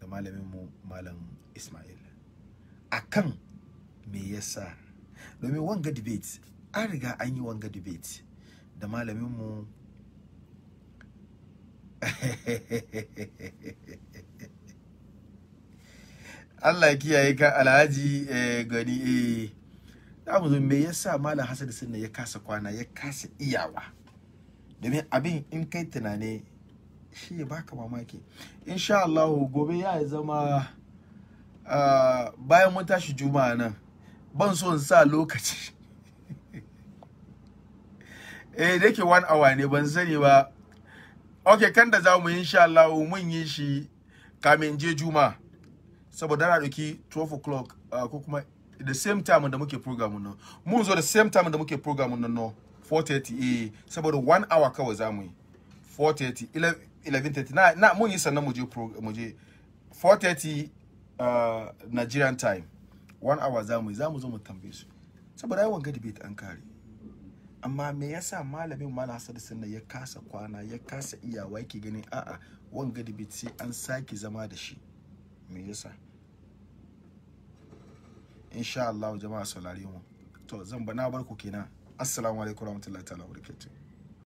A: da malamin mu malam ismail a kan me yasa domin wanga debate an riga an yi wanga debate da malamin mu Allah ya kiyaye ka Alhaji eh, Gani eh da mu me yasa Malam Hassan Sunna ya kasa kwana ya kasa iyawa domin abin in kai tunane shi ya baka mamaki insha Allah gobe ya zama ah, bayan mun tashi juma'a nan ban so in sa lokaci eh da ke one hour ne ban sani ba okay kan da za mu insha Allah mun yi shi kamin je juma'a saboda na ɗauki 12 o'clock uh, ko kuma the same time da muke program nan mun zo the same time da muke program nan no 4:30 eh saboda 1 hour kawai za mu yi 4:30 11:30 na na mun yi sannan mu je mu je 4:30 uh, Nigerian time 1 hour za mu yi za mu zo mu tambaye su saboda yawan ga debate an kare amma me yasa malamin mala hasar sunna ya kasa kwana ya kasa iyawa yake gani a'a wanga debate sai an saki zama da shi me yasa insha
E: Allah jama'a saurare mu to zan ba na barku kenan assalamu alaikum warahmatullahi ta'ala barakatuh